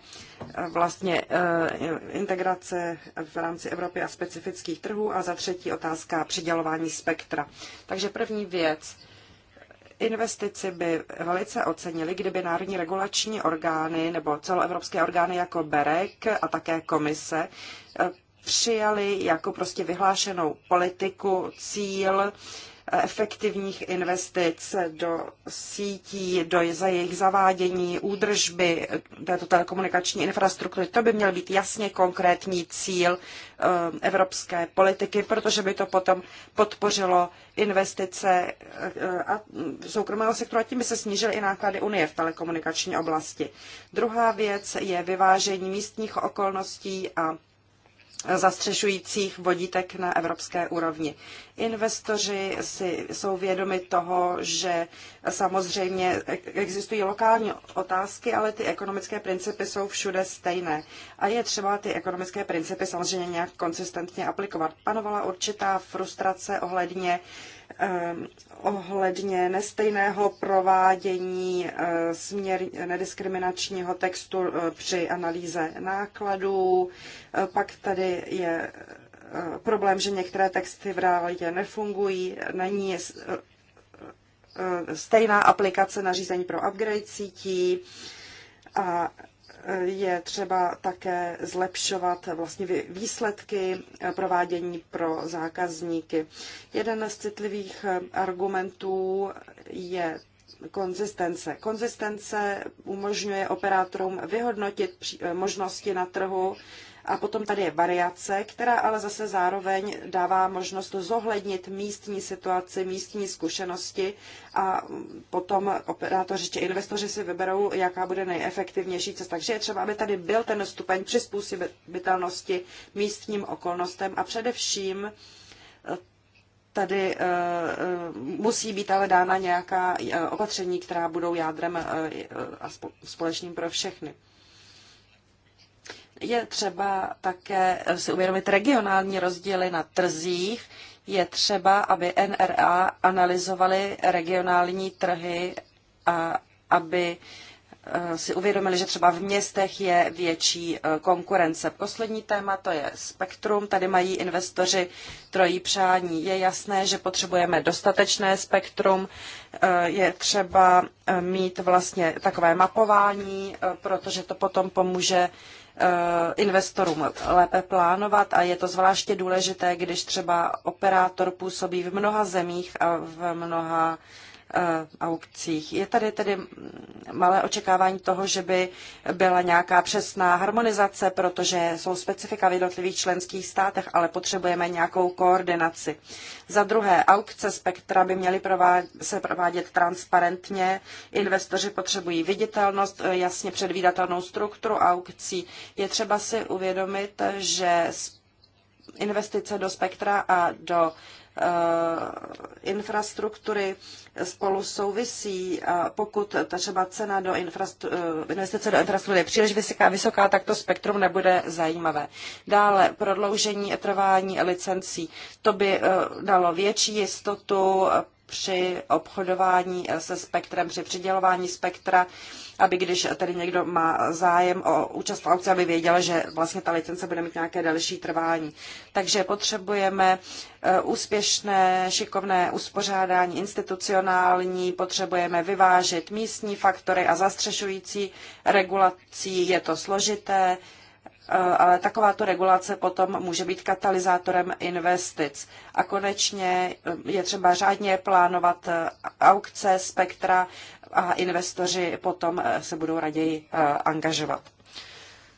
Speaker 4: eh, vlastně eh, integrace v rámci Evropy a specifických trhů a za třetí otázka přidělování spektra. Takže první věc, investici by velice ocenili, kdyby národní regulační orgány nebo celoevropské orgány jako BEREK a také komise eh, přijali jako prostě vyhlášenou politiku, cíl eh, efektivních investic do sítí, do za jejich zavádění, údržby eh, této telekomunikační infrastruktury. To by měl být jasně konkrétní cíl eh, evropské politiky, protože by to potom podpořilo investice a mm, soukromého sektoru a tím by se snížily i náklady Unie v telekomunikační oblasti. Druhá věc je vyvážení místních okolností a zastřešujících vodítek na evropské úrovni. Investoři si jsou vědomi toho, že samozřejmě existují lokální otázky, ale ty ekonomické principy jsou všude stejné. A je třeba ty ekonomické principy samozřejmě nějak konsistentně aplikovat. Panovala určitá frustrace ohledně uh, Ehm, ohledně nestejného provádění eh, směr, nediskriminačního textu eh, při analýze nákladů. Eh, pak tady je problém, že některé texty v realitě nefungují, není stejná aplikace nařízení pro upgrade sítí a je třeba také zlepšovat vlastně výsledky eh, provádění pro zákazníky. Jeden z citlivých eh, argumentů je konzistence. Konzistence umožňuje operátorům vyhodnotit eh, možnosti na trhu a potom tady je variace, která ale zase zároveň dává možnost zohlednit místní situaci, místní zkušenosti a potom operátoři či investoři si vyberou, jaká bude nejefektivnější cesta. Takže je třeba, aby tady byl ten stupeň přizpůsobitelnosti místním okolnostem a především eh, tady eh, eh, musí být ale dána nějaká opatření, která budou jádrem a společným pro všechny. Je třeba také si uvědomit regionální rozdíly na trzích. Je třeba, aby NRA analyzovali regionální trhy a aby eh, si uvědomili, že třeba v městech je větší eh, konkurence. Poslední téma to je spektrum. Tady mají investoři trojí přání. Je jasné, že potřebujeme dostatečné spektrum. Eh, je třeba mít vlastně takové mapování, protože to potom pomůže Eh, investorům lépe plánovat a je to zvláště důležité, když třeba operátor působí v mnoha zemích a v mnoha Eh, aukcích. Je tady tedy malé očekávání toho, že by byla nějaká přesná harmonizace, protože jsou specifika v jednotlivých členských státech, ale potřebujeme nějakou koordinaci. Za druhé, aukce spektra by měly se provádět transparentně. Investoři potřebují viditelnost, eh, jasně předvídatelnou strukturu aukcí. Je třeba si uvědomit, že investice do spektra a do Eh, infrastruktury spolu souvisí a pokud třeba cena do eh, investice do infrastruktury je příliš vysoká, vysoká, tak to spektrum nebude zajímavé. Dále prodloužení trvání licencí. To by eh, dalo větší jistotu při obchodování eh, se spektrem, při přidělování spektra, aby když tedy někdo má zájem o účast v aukci, aby věděl, že vlastně ta licence bude mít nějaké další trvání. Takže potřebujeme eh, úspěšné, šikovné uspořádání institucionální, potřebujeme vyvážit místní faktory a zastřešující regulací. Je to složité, Eh, ale takováto regulace potom může být katalyzátorem investic. A konečně eh, je třeba řádně plánovat eh, aukce, spektra a investoři potom se budou raději angažovat.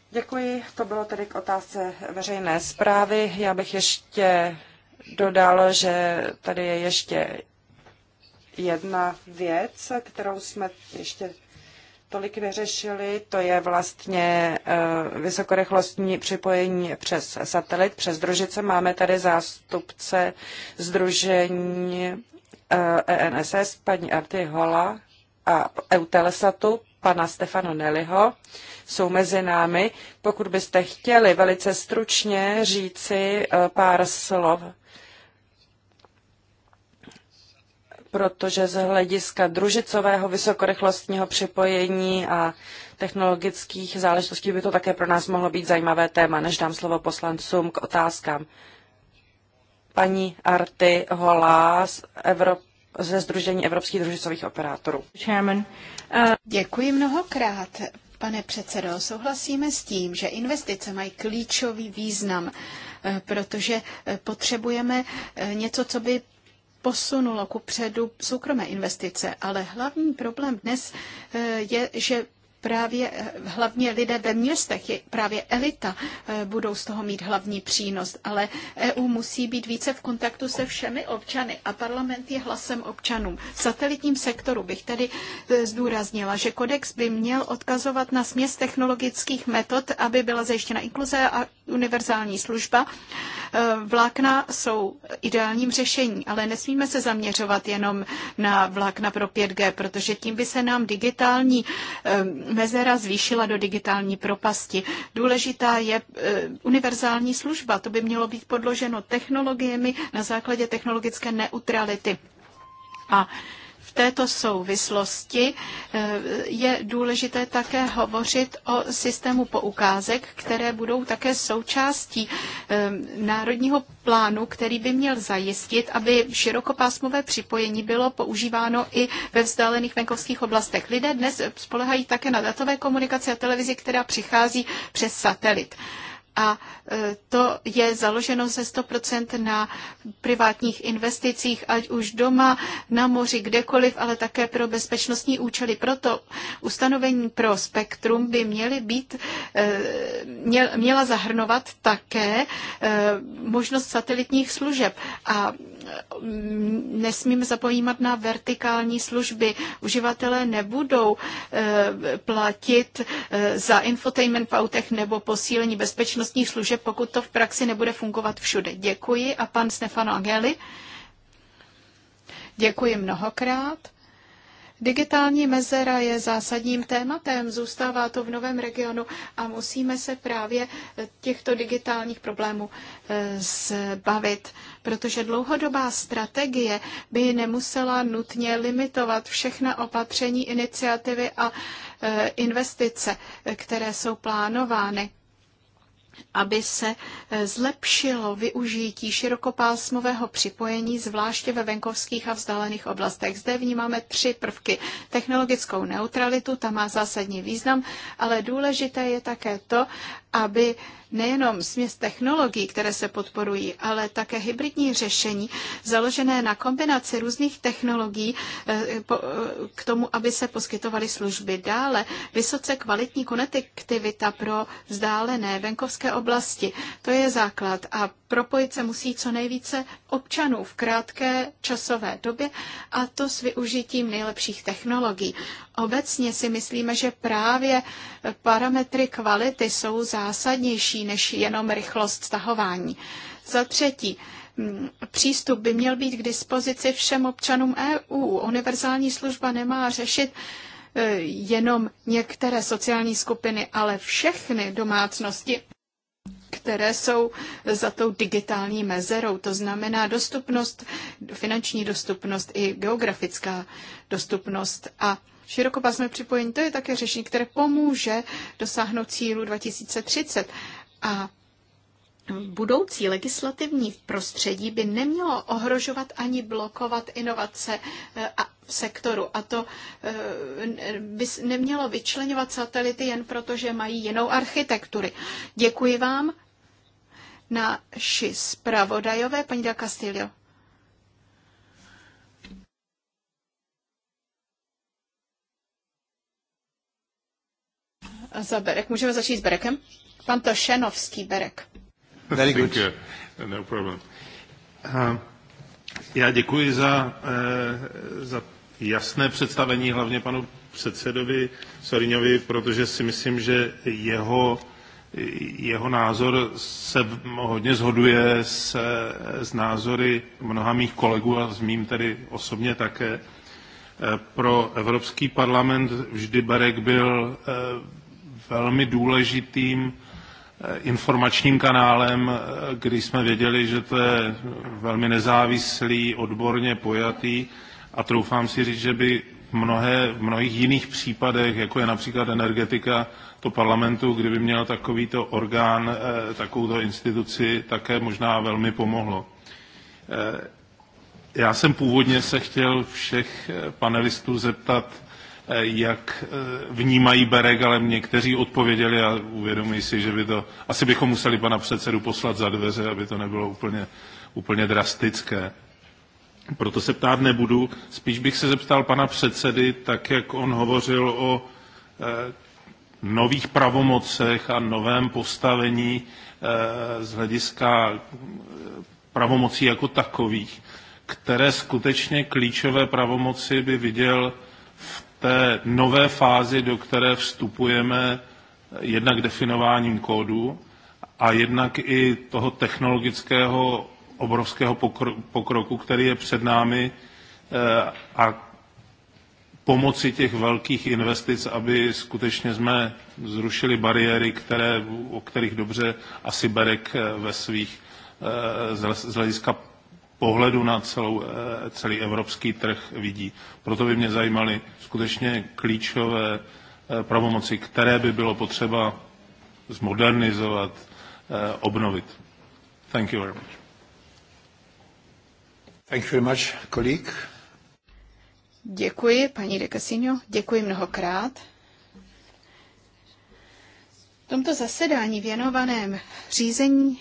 Speaker 4: Děkuji, to bylo tedy k otázce veřejné zprávy. Já bych ještě dodal, že tady je ještě jedna věc, kterou jsme ještě tolik vyřešili, to je vlastně eh, vysokorychlostní připojení přes satelit, přes družice. Máme tady zástupce združení ENSS, eh, e paní Arty Hola a Eutelesatu, pana Stefano Neliho, jsou mezi námi. Pokud byste chtěli velice stručně říci eh, pár slov protože z hlediska družicového vysokorychlostního připojení a technologických záležitostí by to také pro nás mohlo být zajímavé téma, než dám slovo poslancům k otázkám. Paní Arty Holá z Evropy ze Združení evropských družicových operátorů. Uh, Děkuji mnohokrát. Pane předsedo, souhlasíme s tím, že
Speaker 1: investice mají klíčový význam, eh, protože eh, potřebujeme eh, něco, co by posunulo ku předu soukromé investice, ale hlavní problém dnes eh, je, že právě eh, hlavně lidé ve městech, právě elita eh, budou z toho mít hlavní přínos, ale EU musí být více v kontaktu se všemi občany a parlament je hlasem občanům. V satelitním sektoru bych tedy eh, zdůraznila, že kodex by měl odkazovat na směs technologických metod, aby byla zajištěna inkluze a univerzální služba. Vlákna jsou ideálním řešením, ale nesmíme se zaměřovat jenom na vlákna pro 5G, protože tím by se nám digitální mezera zvýšila do digitální propasti. Důležitá je e, univerzální služba. To by mělo být podloženo technologiemi na základě technologické neutrality. A v této souvislosti eh, je důležité také hovořit o systému poukázek, které budou také součástí eh, národního plánu, který by měl zajistit, aby širokopásmové připojení bylo používáno i ve vzdálených venkovských oblastech. Lidé dnes spolehají také na datové komunikaci a televizi, která přichází přes satelit. A to je založeno ze 100% na privátních investicích, ať už doma, na moři, kdekoliv, ale také pro bezpečnostní účely. Proto ustanovení pro spektrum by měly být, eh, měla zahrnovat také eh, možnost satelitních služeb a mm, nesmíme zapojímat na vertikální služby. Uživatelé nebudou eh, platit za infotainment v autech nebo posílení bezpečnostních služeb pokud to v praxi nebude fungovat všude. Děkuji a pan Stefano Angeli. Děkuji mnohokrát. Digitální mezera je zásadním tématem, zůstává to v novém regionu a musíme se právě těchto digitálních problémů eh, zbavit, protože dlouhodobá strategie by nemusela nutně limitovat všechna opatření, iniciativy a eh, investice, které jsou plánovány aby se eh, zlepšilo využití širokopásmového připojení, zvláště ve venkovských a vzdálených oblastech. Zde vnímáme tři prvky. Technologickou neutralitu, ta má zásadní význam, ale důležité je také to, aby nejenom směs technologií, které se podporují, ale také hybridní řešení založené na kombinaci různých technologií eh, eh, k tomu, aby se poskytovaly služby. Dále vysoce kvalitní konektivita pro vzdálené venkovské oblasti. To je základ a propojit se musí co nejvíce občanů v krátké časové době a to s využitím nejlepších technologií. Obecně si myslíme, že právě parametry kvality jsou zásadnější širší než jenom rychlost stahování. Za třetí, mm, přístup by měl být k dispozici všem občanům EU. Univerzální služba nemá řešit e, jenom některé sociální skupiny, ale všechny domácnosti které jsou za tou digitální mezerou. To znamená dostupnost, finanční dostupnost i geografická dostupnost. A širokopásmé připojení, to je také řešení, které pomůže dosáhnout cílu 2030. A budoucí legislativní prostředí by nemělo ohrožovat ani blokovat inovace eh, a v sektoru. A to eh, by nemělo vyčlenovat satelity jen proto, že mají jinou architektury. Děkuji vám. Naši zpravodajové, paní Del Castillo. Za Berek. Můžeme začít s Berekem? Pan Tošenovský, Berek.
Speaker 2: Very good. No problem. Uh, já děkuji za, uh, za jasné představení, hlavně panu předsedovi Soriňovi, protože si myslím, že jeho, jeho názor se hodně zhoduje s, s názory mnoha mých kolegů a s mým tedy osobně také. Eh, pro Evropský parlament vždy Berek byl eh, velmi důležitým Eh, informačním kanálem, eh, kdy jsme věděli, že to je velmi nezávislý, odborně pojatý a troufám si říct, že by mnohé, v mnohých jiných případech, jako je například energetika, to parlamentu, kdyby měl takovýto orgán, eh, takovouto instituci, také možná velmi pomohlo. Já jsem původně se chtěl všech panelistů zeptat, jak eh, vnímají Berek, ale někteří odpověděli a uvědomují si, že by to, asi bychom museli pana předsedu poslat za dveře, aby to nebylo úplně, úplně drastické. Proto se ptát nebudu, spíš bych se zeptal pana předsedy, tak jak on hovořil o eh, nových pravomocech a novém postavení eh, z hlediska pravomocí jako takových, které skutečně klíčové pravomoci by viděl té nové fázi, do které vstupujeme jednak definováním kódu a jednak i toho technologického obrovského pokroku, který je před námi eh, a pomoci těch velkých investic, aby skutečně jsme zrušili bariéry, které, o kterých dobře asi Berek eh, ve svých eh, z hlediska pohledu na celou, eh, celý evropský trh vidí. Proto by mě zajímaly skutečně klíčové eh, pravomoci, které by bylo potřeba zmodernizovat, eh, obnovit. Thank you very much. Thank you very much, colleague.
Speaker 1: Děkuji, paní de Casino. Děkuji mnohokrát. V tomto zasedání věnovaném řízení,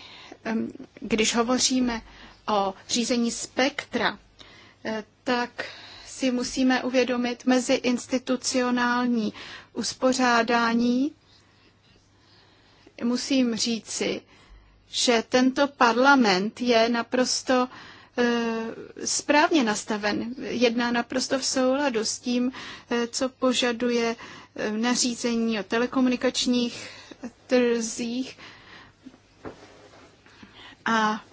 Speaker 1: když hovoříme o řízení spektra, eh, tak si musíme uvědomit mezi institucionální uspořádání. Musím říci, že tento parlament je naprosto eh, správně nastaven, jedná naprosto v souladu s tím, eh, co požaduje nařízení o telekomunikačních trzích. A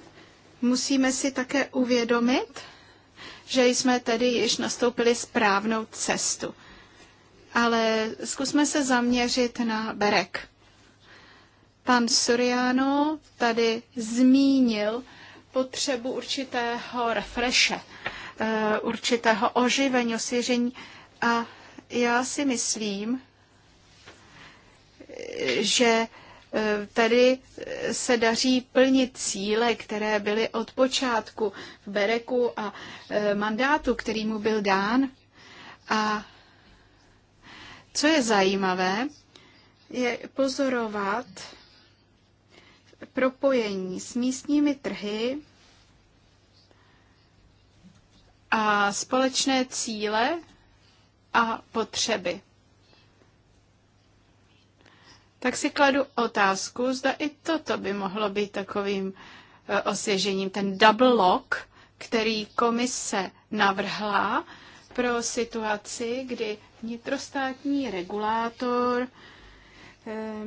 Speaker 1: Musíme si také uvědomit, že jsme tedy již nastoupili správnou cestu. Ale zkusme se zaměřit na Berek. Pan Suriano tady zmínil potřebu určitého refreše, eh, určitého oživení, osvěžení. A já si myslím, že Tady se daří plnit cíle, které byly od počátku v Bereku a e, mandátu, který mu byl dán. A co je zajímavé, je pozorovat propojení s místními trhy a společné cíle a potřeby tak si kladu otázku, zda i toto by mohlo být takovým eh, osvěžením, ten double lock, který komise navrhla pro situaci, kdy vnitrostátní regulátor eh,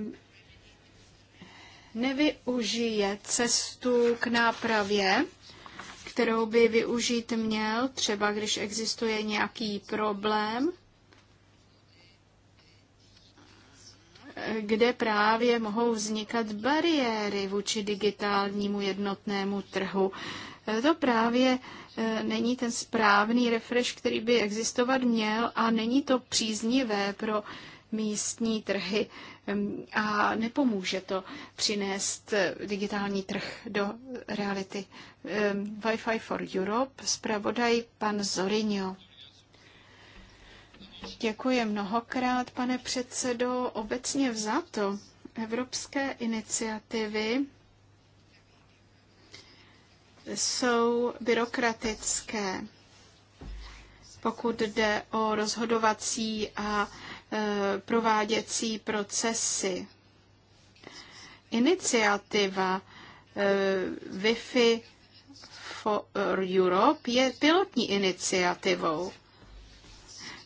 Speaker 1: nevyužije cestu k nápravě, kterou by využít měl, třeba když existuje nějaký problém, kde právě mohou vznikat bariéry vůči digitálnímu jednotnému trhu. E, to právě e, není ten správný refresh, který by existovat měl a není to příznivé pro místní trhy a nepomůže to přinést e, digitální trh do reality. Wi-Fi for Europe, zpravodaj pan Zorinio. Děkuji mnohokrát, pane předsedo. Obecně vzato evropské iniciativy jsou byrokratické, pokud jde o rozhodovací a e, prováděcí procesy. Iniciativa e, Wi-Fi for Europe je pilotní iniciativou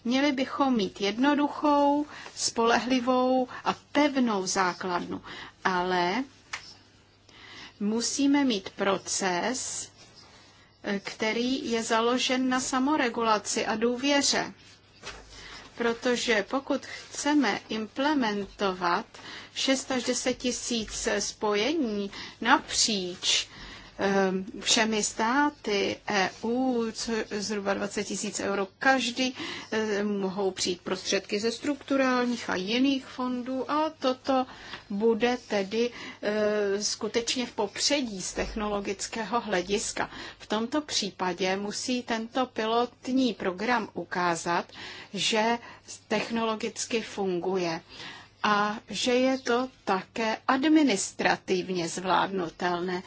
Speaker 1: Měli bychom mít jednoduchou, spolehlivou a pevnou základnu, ale musíme mít proces, který je založen na samoregulaci a důvěře. Protože pokud chceme implementovat 6 až 10 tisíc spojení napříč Ehm, všemi státy EU, co zhruba 20 tisíc euro každý, ehm, mohou přijít prostředky ze strukturálních a jiných fondů a toto bude tedy ehm, skutečně v popředí z technologického hlediska. V tomto případě musí tento pilotní program ukázat, že technologicky funguje a že je to také administrativně zvládnutelné.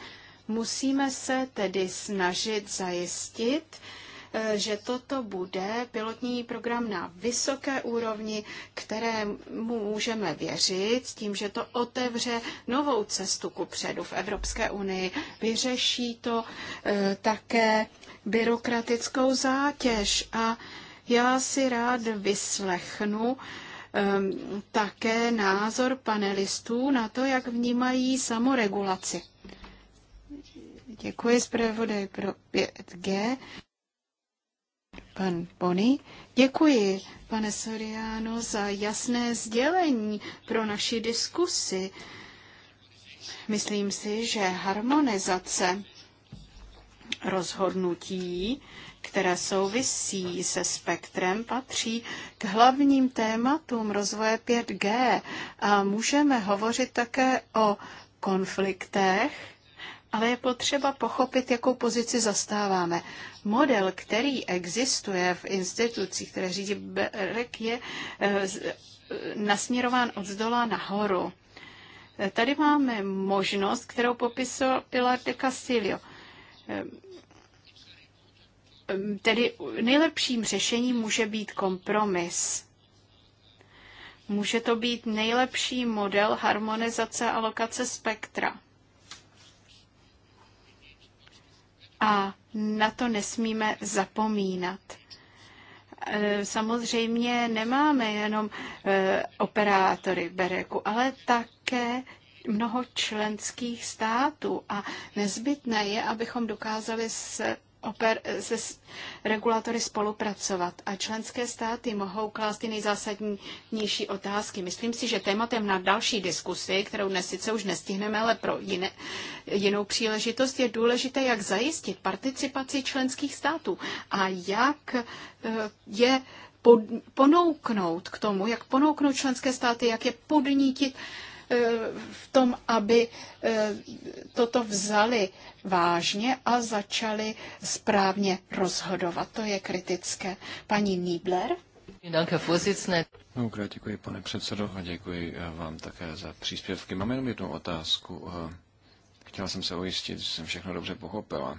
Speaker 1: Musíme se tedy snažit zajistit, eh, že toto bude pilotní program na vysoké úrovni, kterému můžeme věřit, s tím, že to otevře novou cestu ku předu v Evropské unii. Vyřeší to eh, také byrokratickou zátěž a já si rád vyslechnu ehm, také názor panelistů na to, jak vnímají samoregulaci. Děkuji zpravodaj pro 5G. Pan Bony, děkuji, pane Soriano, za jasné sdělení pro naši diskusi. Myslím si, že harmonizace rozhodnutí, které souvisí se spektrem, patří k hlavním tématům rozvoje 5G a můžeme hovořit také o konfliktech, ale je potřeba pochopit, jakou pozici zastáváme. Model, který existuje v institucích, které řídí BEREK, je eh, eh, nasměrován od zdola nahoru. Eh, tady máme možnost, kterou popisoval Pilar de Castillo. Tedy nejlepším řešením může být kompromis. Může to být nejlepší model harmonizace a lokace spektra. a na to nesmíme zapomínat. E, samozřejmě nemáme jenom e, operátory Bereku, ale také mnoho členských států a nezbytné je, abychom dokázali s oper, se regulatory spolupracovat a členské státy mohou klást ty nejzásadnější otázky. Myslím si, že tématem na další diskusi, kterou dnes sice už nestihneme, ale pro jiné, jinou příležitost, je důležité, jak zajistit participaci členských států a jak eh, je pod, ponouknout k tomu, jak ponouknout členské státy, jak je podnítit Eh, v tom, aby eh, toto vzali vážně a začali správně rozhodovat. To je kritické. Paní Niebler.
Speaker 3: Mnohokrát děkuji, pane předsedo, a děkuji eh, vám také za příspěvky. Mám jenom jednu otázku. Chtěla jsem se ujistit, že jsem všechno dobře pochopila.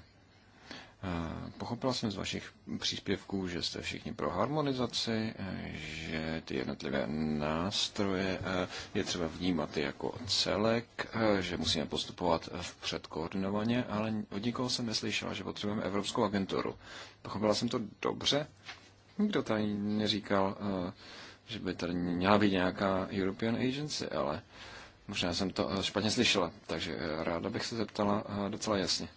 Speaker 3: Eh, pochopila jsem z vašich příspěvků, že jste všichni pro harmonizaci, eh, že ty jednotlivé nástroje eh, je třeba vnímat jako celek, že musíme postupovat vpřed koordinovaně, ale od nikoho jsem neslyšela, že potřebujeme Evropskou agenturu. Pochopila jsem to dobře? Nikdo tady neříkal, že by tady měla být nějaká European Agency, ale možná jsem to špatně slyšela, takže ráda bych se zeptala docela jasně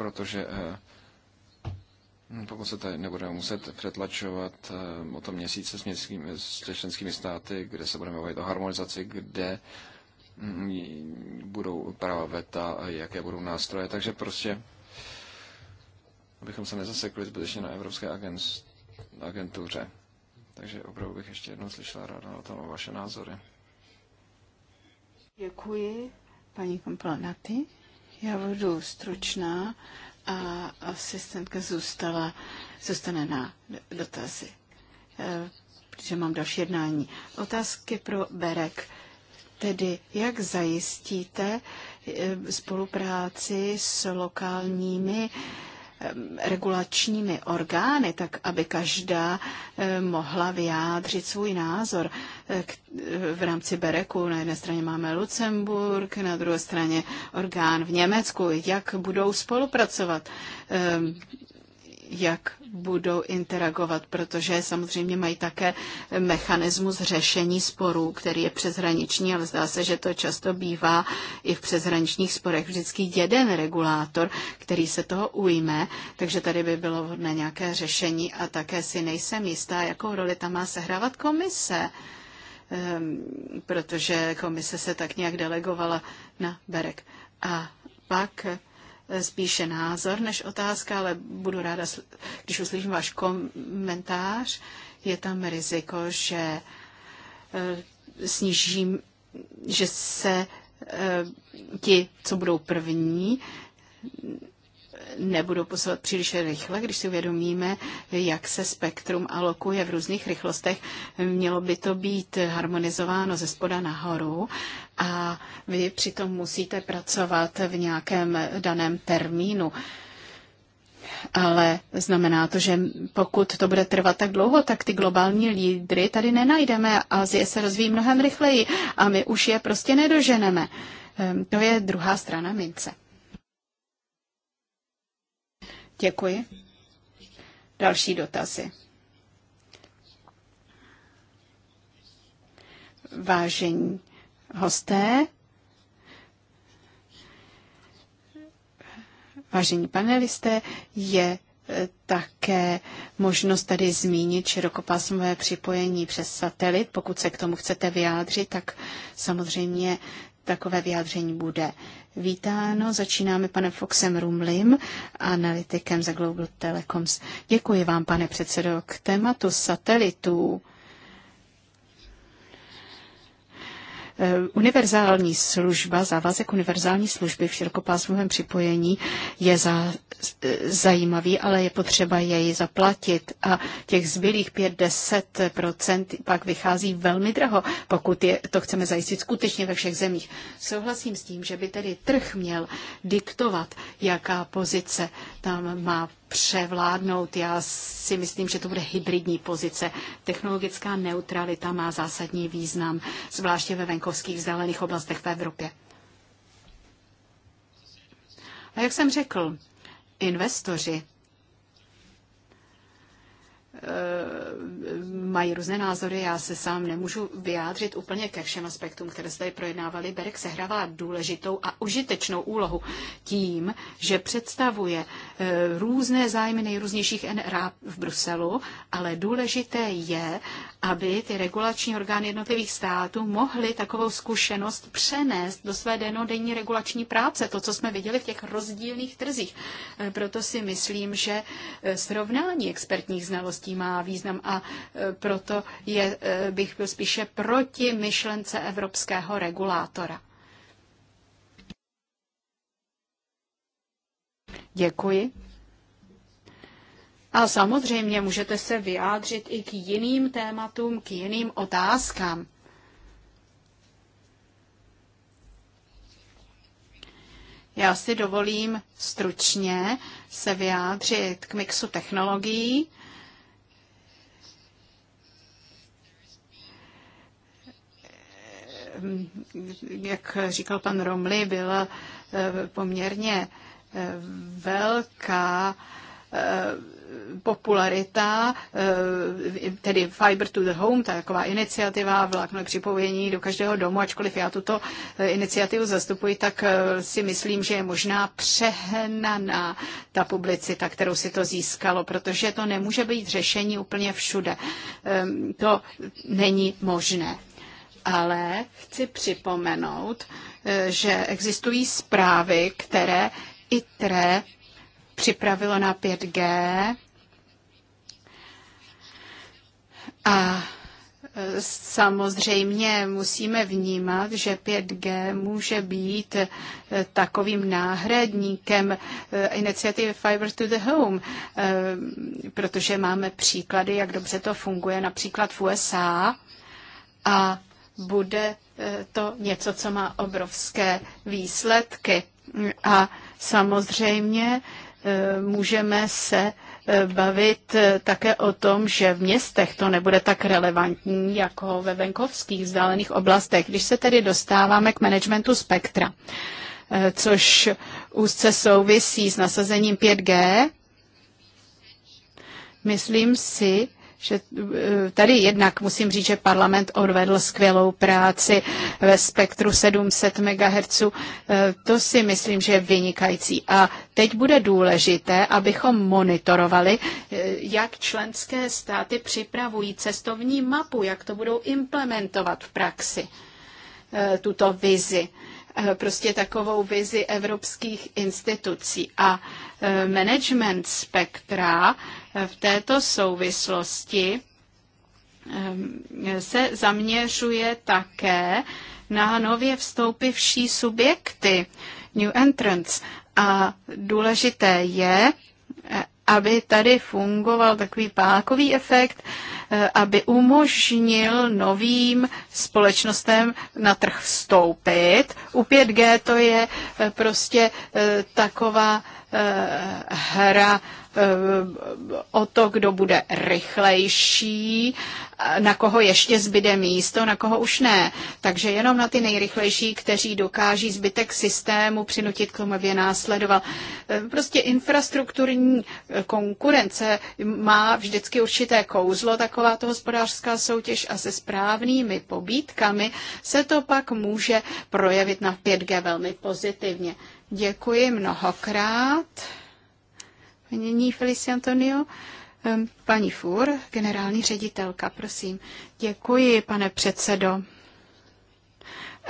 Speaker 3: protože eh, no, pokud se tady nebudeme muset přetlačovat eh, o tom měsíce s, městskými, s členskými státy, kde se budeme bavit o harmonizaci, kde mm, budou práva veta, jaké budou nástroje. Takže prostě, abychom se nezasekli zbytečně na Evropské agentuře. Takže opravdu bych ještě jednou slyšela ráda o tom vaše názory.
Speaker 2: Děkuji,
Speaker 1: paní Komplanaty. Já budu stručná a asistentka zůstala, zůstane na dotazy, eh, protože mám další jednání. Otázky pro Berek. Tedy jak zajistíte eh, spolupráci s lokálními regulačními orgány, tak aby každá mohla vyjádřit svůj názor. E, e, v rámci Bereku na jedné straně máme Lucemburg, na druhé straně orgán v Německu, jak budou spolupracovat jak budou interagovat, protože samozřejmě mají také mechanismus řešení sporů, který je přeshraniční, ale zdá se, že to často bývá i v přeshraničních sporech vždycky jeden regulátor, který se toho ujme, takže tady by bylo vhodné nějaké řešení a také si nejsem jistá, jakou roli tam má sehrávat komise ehm, protože komise se tak nějak delegovala na Berek. A pak spíše názor než otázka, ale budu ráda, když uslyším váš komentář. Je tam riziko, že eh, snížím, že se eh, ti, co budou první, nebudou posouvat příliš rychle, když si uvědomíme, jak se spektrum alokuje v různých rychlostech. Mělo by to být harmonizováno ze spoda nahoru a vy přitom musíte pracovat v nějakém daném termínu ale znamená to, že pokud to bude trvat tak dlouho, tak ty globální lídry tady nenajdeme. Azie se rozvíjí mnohem rychleji a my už je prostě nedoženeme. Ehm, to je druhá strana mince. Děkuji. Další dotazy. Vážení hosté, vážení panelisté, je eh, také možnost tady zmínit širokopásmové připojení přes satelit. Pokud se k tomu chcete vyjádřit, tak samozřejmě takové vyjádření bude vítáno. Začínáme panem Foxem Rumlim, analytikem za Global Telecoms. Děkuji vám, pane předsedo. K tématu satelitů Eh, univerzální služba, závazek univerzální služby v širokopásmovém připojení je za, eh, zajímavý, ale je potřeba jej zaplatit a těch zbylých 5-10% pak vychází velmi draho, pokud je, to chceme zajistit skutečně ve všech zemích. Souhlasím s tím, že by tedy trh měl diktovat, jaká pozice tam má převládnout. Já si myslím, že to bude hybridní pozice. Technologická neutralita má zásadní význam, zvláště ve venkovských vzdálených oblastech v Evropě. A jak jsem řekl, investoři Eh, mají různé názory. Já se sám nemůžu vyjádřit úplně ke všem aspektům, které se tady projednávali. Berek sehrává důležitou a užitečnou úlohu tím, že představuje eh, různé zájmy nejrůznějších NRA v Bruselu, ale důležité je, aby ty regulační orgány jednotlivých států mohly takovou zkušenost přenést do své denodenní regulační práce, to, co jsme viděli v těch rozdílných trzích. Eh, proto si myslím, že srovnání expertních znalostí společností má význam a e, proto je, e, bych byl spíše proti myšlence evropského regulátora. Děkuji. A samozřejmě můžete se vyjádřit i k jiným tématům, k jiným otázkám. Já si dovolím stručně se vyjádřit k mixu technologií Eh, jak říkal pan Romli, byla eh, poměrně eh, velká popularita, tedy Fiber to the Home, taková iniciativa vlákno připojení do každého domu, ačkoliv já tuto iniciativu zastupuji, tak si myslím, že je možná přehnaná ta publicita, kterou si to získalo, protože to nemůže být řešení úplně všude. Ehm, to není možné ale chci připomenout, eh, že existují zprávy, které ITRE připravilo na 5G a eh, Samozřejmě musíme vnímat, že 5G může být eh, takovým náhradníkem iniciativy Fiber to the Home, protože máme příklady, jak dobře to funguje, například v USA. A bude eh, to něco, co má obrovské výsledky. A samozřejmě eh, můžeme se eh, bavit také o tom, že v městech to nebude tak relevantní jako ve venkovských vzdálených oblastech. Když se tedy dostáváme k managementu spektra, což úzce souvisí s nasazením 5G, myslím si, že eh, tady jednak musím říct, že parlament odvedl skvělou práci ve spektru 700 MHz. Eh, to si myslím, že je vynikající. A teď bude důležité, abychom monitorovali, eh, jak členské státy připravují cestovní mapu, jak to budou implementovat v praxi, tuto vizi prostě takovou vizi evropských institucí. A management spektra v této souvislosti ehm, se zaměřuje také na nově vstoupivší subjekty, new entrants. A důležité je, eh, aby tady fungoval takový pákový efekt, Eh, aby umožnil novým společnostem na trh vstoupit. U 5G to je eh, prostě eh, taková hra o to, kdo bude rychlejší, na koho ještě zbyde místo, na koho už ne. Takže jenom na ty nejrychlejší, kteří dokáží zbytek systému přinutit k tomu, aby následoval. Prostě infrastrukturní konkurence má vždycky určité kouzlo, tak takováto hospodářská soutěž a se správnými pobídkami se to pak může projevit na 5G velmi pozitivně. Děkuji mnohokrát. Paní Felici Antonio. Ehm, paní Fur, generální ředitelka, prosím. Děkuji, pane předsedo.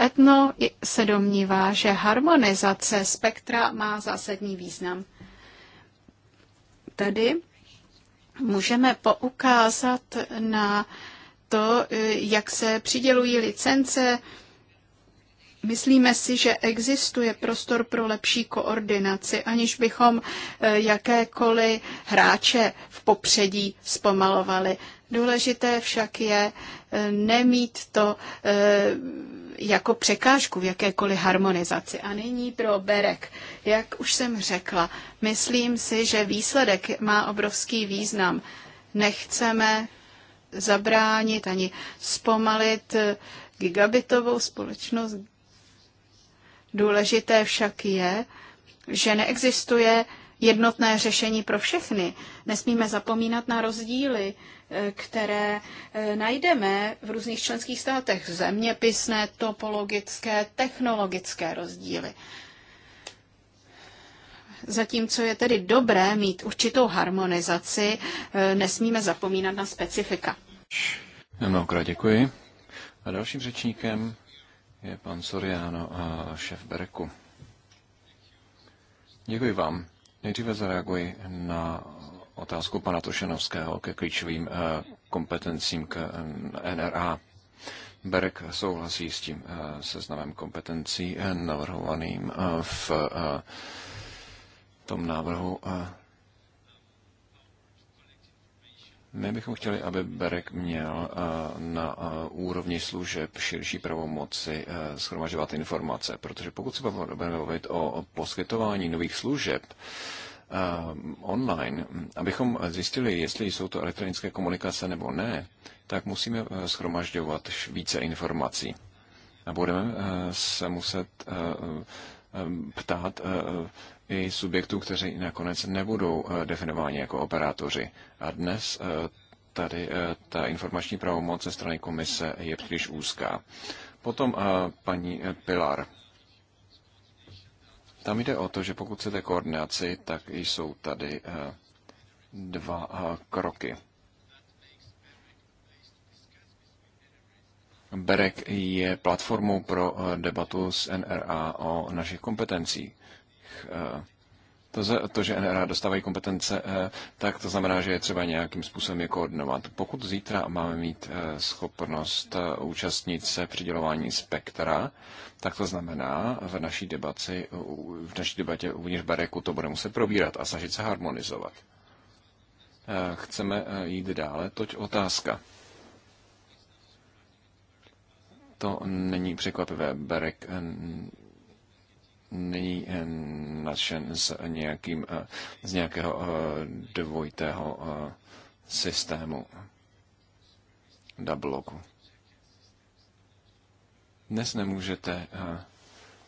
Speaker 1: Etno se domnívá, že harmonizace spektra má zásadní význam. Tady můžeme poukázat na to, jak se přidělují licence. Myslíme si, že existuje prostor pro lepší koordinaci, aniž bychom eh, jakékoliv hráče v popředí zpomalovali. Důležité však je eh, nemít to eh, jako překážku v jakékoliv harmonizaci. A nyní pro Berek. Jak už jsem řekla, myslím si, že výsledek má obrovský význam. Nechceme zabránit ani zpomalit eh, gigabitovou společnost. Důležité však je, že neexistuje jednotné řešení pro všechny. Nesmíme zapomínat na rozdíly které eh, najdeme v různých členských státech. Zeměpisné, topologické, technologické rozdíly. Zatímco je tedy dobré mít určitou harmonizaci, eh, nesmíme zapomínat na specifika.
Speaker 3: Mnohokrát děkuji. A dalším řečníkem je pan Soriano, eh, šéf Bereku. Děkuji vám. Nejdříve zareaguji na otázku pana Tošenovského ke klíčovým eh, kompetencím k eh, NRA. Berek souhlasí s tím eh, seznamem kompetencí navrhovaným v tom návrhu. My bychom chtěli, aby Berek měl na úrovni služeb širší pravomoci schromažovat informace, protože pokud se budeme mluvit o poskytování nových služeb, Eh, online, abychom zjistili, jestli jsou to elektronické komunikace nebo ne, tak musíme eh, schromažďovat více informací. A budeme eh, se muset ptát i subjektů, kteří nakonec nebudou definováni jako operátoři. A dnes tady ta informační pravomoc ze strany komise je příliš úzká. Potom paní Pilar. Tam jde o to, že pokud chcete koordinaci, tak jsou tady eh, dva eh, kroky. BEREC je platformou pro eh, debatu s NRA o našich kompetencích. To, to, že NRA dostávají kompetence, eh, tak to znamená, že je třeba nějakým způsobem je koordinovat. Pokud zítra máme mít eh, schopnost eh, účastnit se přidělování spektra, tak to znamená, v naší, debaci, v naší debatě uvnitř bareku to bude muset probírat a snažit se harmonizovat. Chceme jít dále, toť otázka. To není překvapivé. Berek není eh, nadšen z, nějakým, eh, z nějakého eh, dvojitého systému dubloku. Dnes nemůžete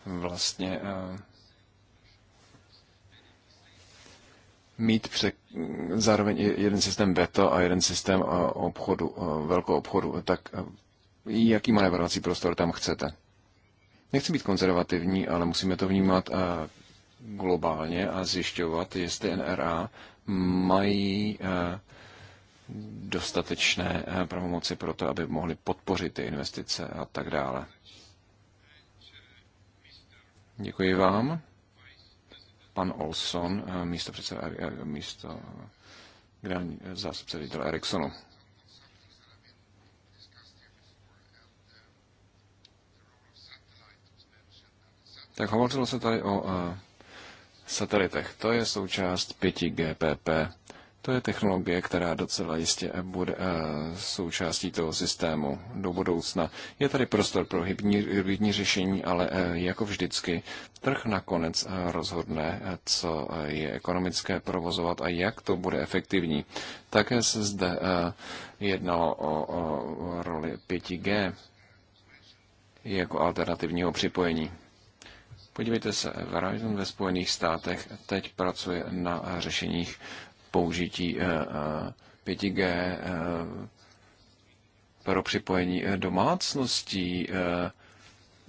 Speaker 3: vlastně mít pře- zároveň jeden systém veto a jeden systém obchodu, velkou obchodu, tak jaký manévrovací prostor tam chcete? Nechci být konzervativní, ale musíme to vnímat eh, globálně a zjišťovat, jestli NRA mají eh, dostatečné eh, pravomoci pro to, aby mohli podpořit ty investice a tak dále. Děkuji vám. Pan Olson, místo, předseda, místo zásobce zástupce ředitele Ericssonu. Tak hovořilo se tady o eh, satelitech. To je součást 5GPP. To je technologie, která docela jistě bude eh, součástí toho systému do budoucna. Je tady prostor pro hybridní řešení, ale eh, jako vždycky trh nakonec rozhodne, co je ekonomické provozovat a jak to bude efektivní. Také se zde jednalo o roli 5G jako alternativního připojení. Podívejte se, Verizon ve Spojených státech teď pracuje na řešeních použití 5G eh, eh, eh, pro připojení domácností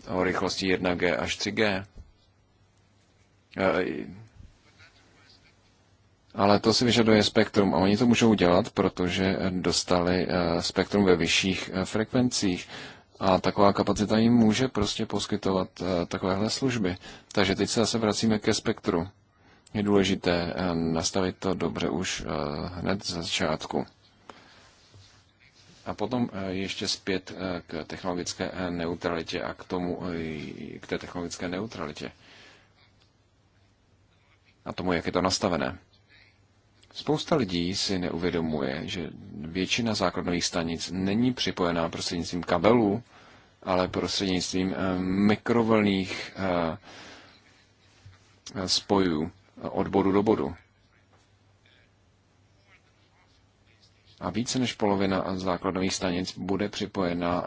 Speaker 3: o rychlosti 1G až 3G. Ale to si vyžaduje spektrum a oni to můžou dělat, protože dostali spektrum ve vyšších frekvencích. A taková kapacita jim může prostě poskytovat eh, takovéhle služby. Takže teď se zase vracíme ke spektru. Je důležité eh, nastavit to dobře už eh, hned ze začátku. A potom ještě zpět k technologické neutralitě a k tomu, k té technologické neutralitě. A tomu, jak je to nastavené. Spousta lidí si neuvědomuje, že většina základnových stanic není připojená prostřednictvím kabelů, ale prostřednictvím eh, mikrovlných eh, spojů eh, od bodu do bodu. A více než polovina základových stanic bude připojena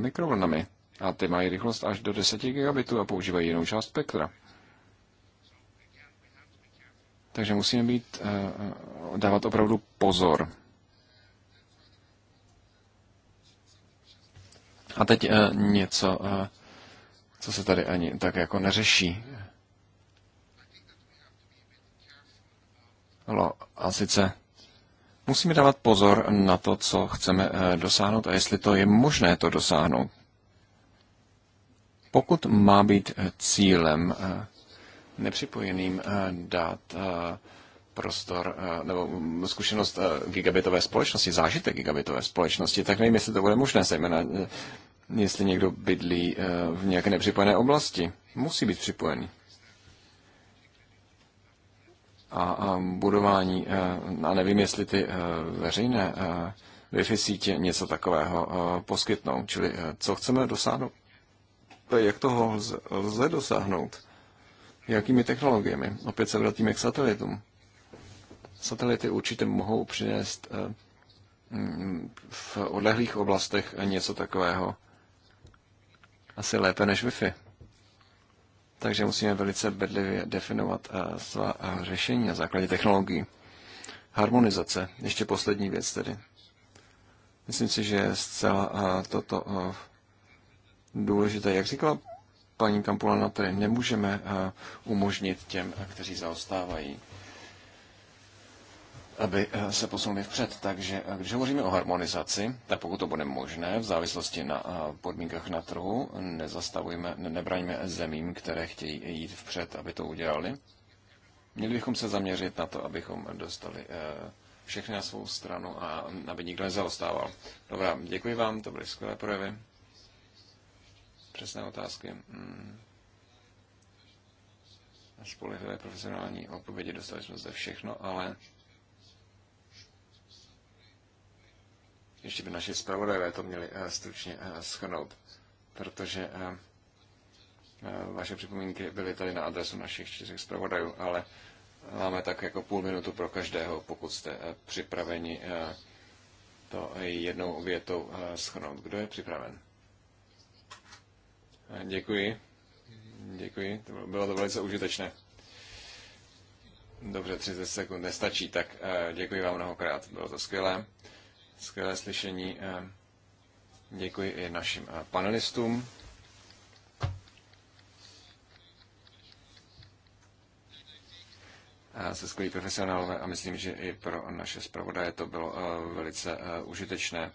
Speaker 3: mikrovlnami. A ty mají rychlost až do 10 gigabitů a používají jinou část spektra. Takže musíme být, dávat opravdu pozor. A teď eh, něco, eh, co se tady ani tak jako neřeší. A sice musíme dávat pozor na to, co chceme eh, dosáhnout a jestli to je možné to dosáhnout. Pokud má být cílem nepřipojeným dát prostor eh, nebo mm, zkušenost eh, gigabitové společnosti, zážitek gigabitové společnosti, tak nevím, jestli to bude možné, zejména eh, jestli někdo bydlí v nějaké nepřipojené oblasti. Musí být připojený. A, a budování, a nevím, jestli ty veřejné Wi-Fi sítě něco takového poskytnou. Čili co chceme dosáhnout? To je, jak toho lze, lze dosáhnout? Jakými technologiemi? Opět se vrátíme k satelitům. Satelity určitě mohou přinést eh, mm, v odlehlých oblastech něco takového asi lépe než Wi-Fi. Takže musíme velice bedlivě definovat eh, svá eh, řešení na základě technologií. Harmonizace, ještě poslední věc tedy. Myslím si, že je zcela toto důležité. Jak říkala paní Kampulana, tedy nemůžeme umožnit těm, kteří zaostávají, aby eh, se posunuli vpřed. Takže eh, když hovoříme o harmonizaci, tak pokud to bude možné, v závislosti na eh, podmínkách na trhu, nezastavujeme, nebraňme zemím, které chtějí jít vpřed, aby to udělali. Měli bychom se zaměřit na to, abychom dostali všechny na svou stranu a aby nikdo nezaostával. Dobrá, děkuji vám, to byly skvělé projevy. Přesné otázky. Hmm. Spolehlivé profesionální odpovědi dostali jsme zde všechno, ale ještě by naši zpravodajové to měli eh, stručně eh, schrnout, protože eh, vaše připomínky byly tady na adresu našich čtyřech zpravodajů, ale máme tak jako půl minutu pro každého, pokud jste připraveni to jednou větou schrnout. Kdo je připraven? Děkuji. Děkuji, bylo to velice užitečné. Dobře, 30 sekund nestačí, tak děkuji vám mnohokrát, bylo to skvělé skvělé slyšení. Eh, děkuji i našim eh, panelistům. Eh, se skvělí profesionálové a myslím, že i pro naše zpravodaje to bylo velice užitečné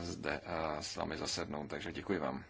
Speaker 3: zde s vámi zasednout, takže děkuji vám.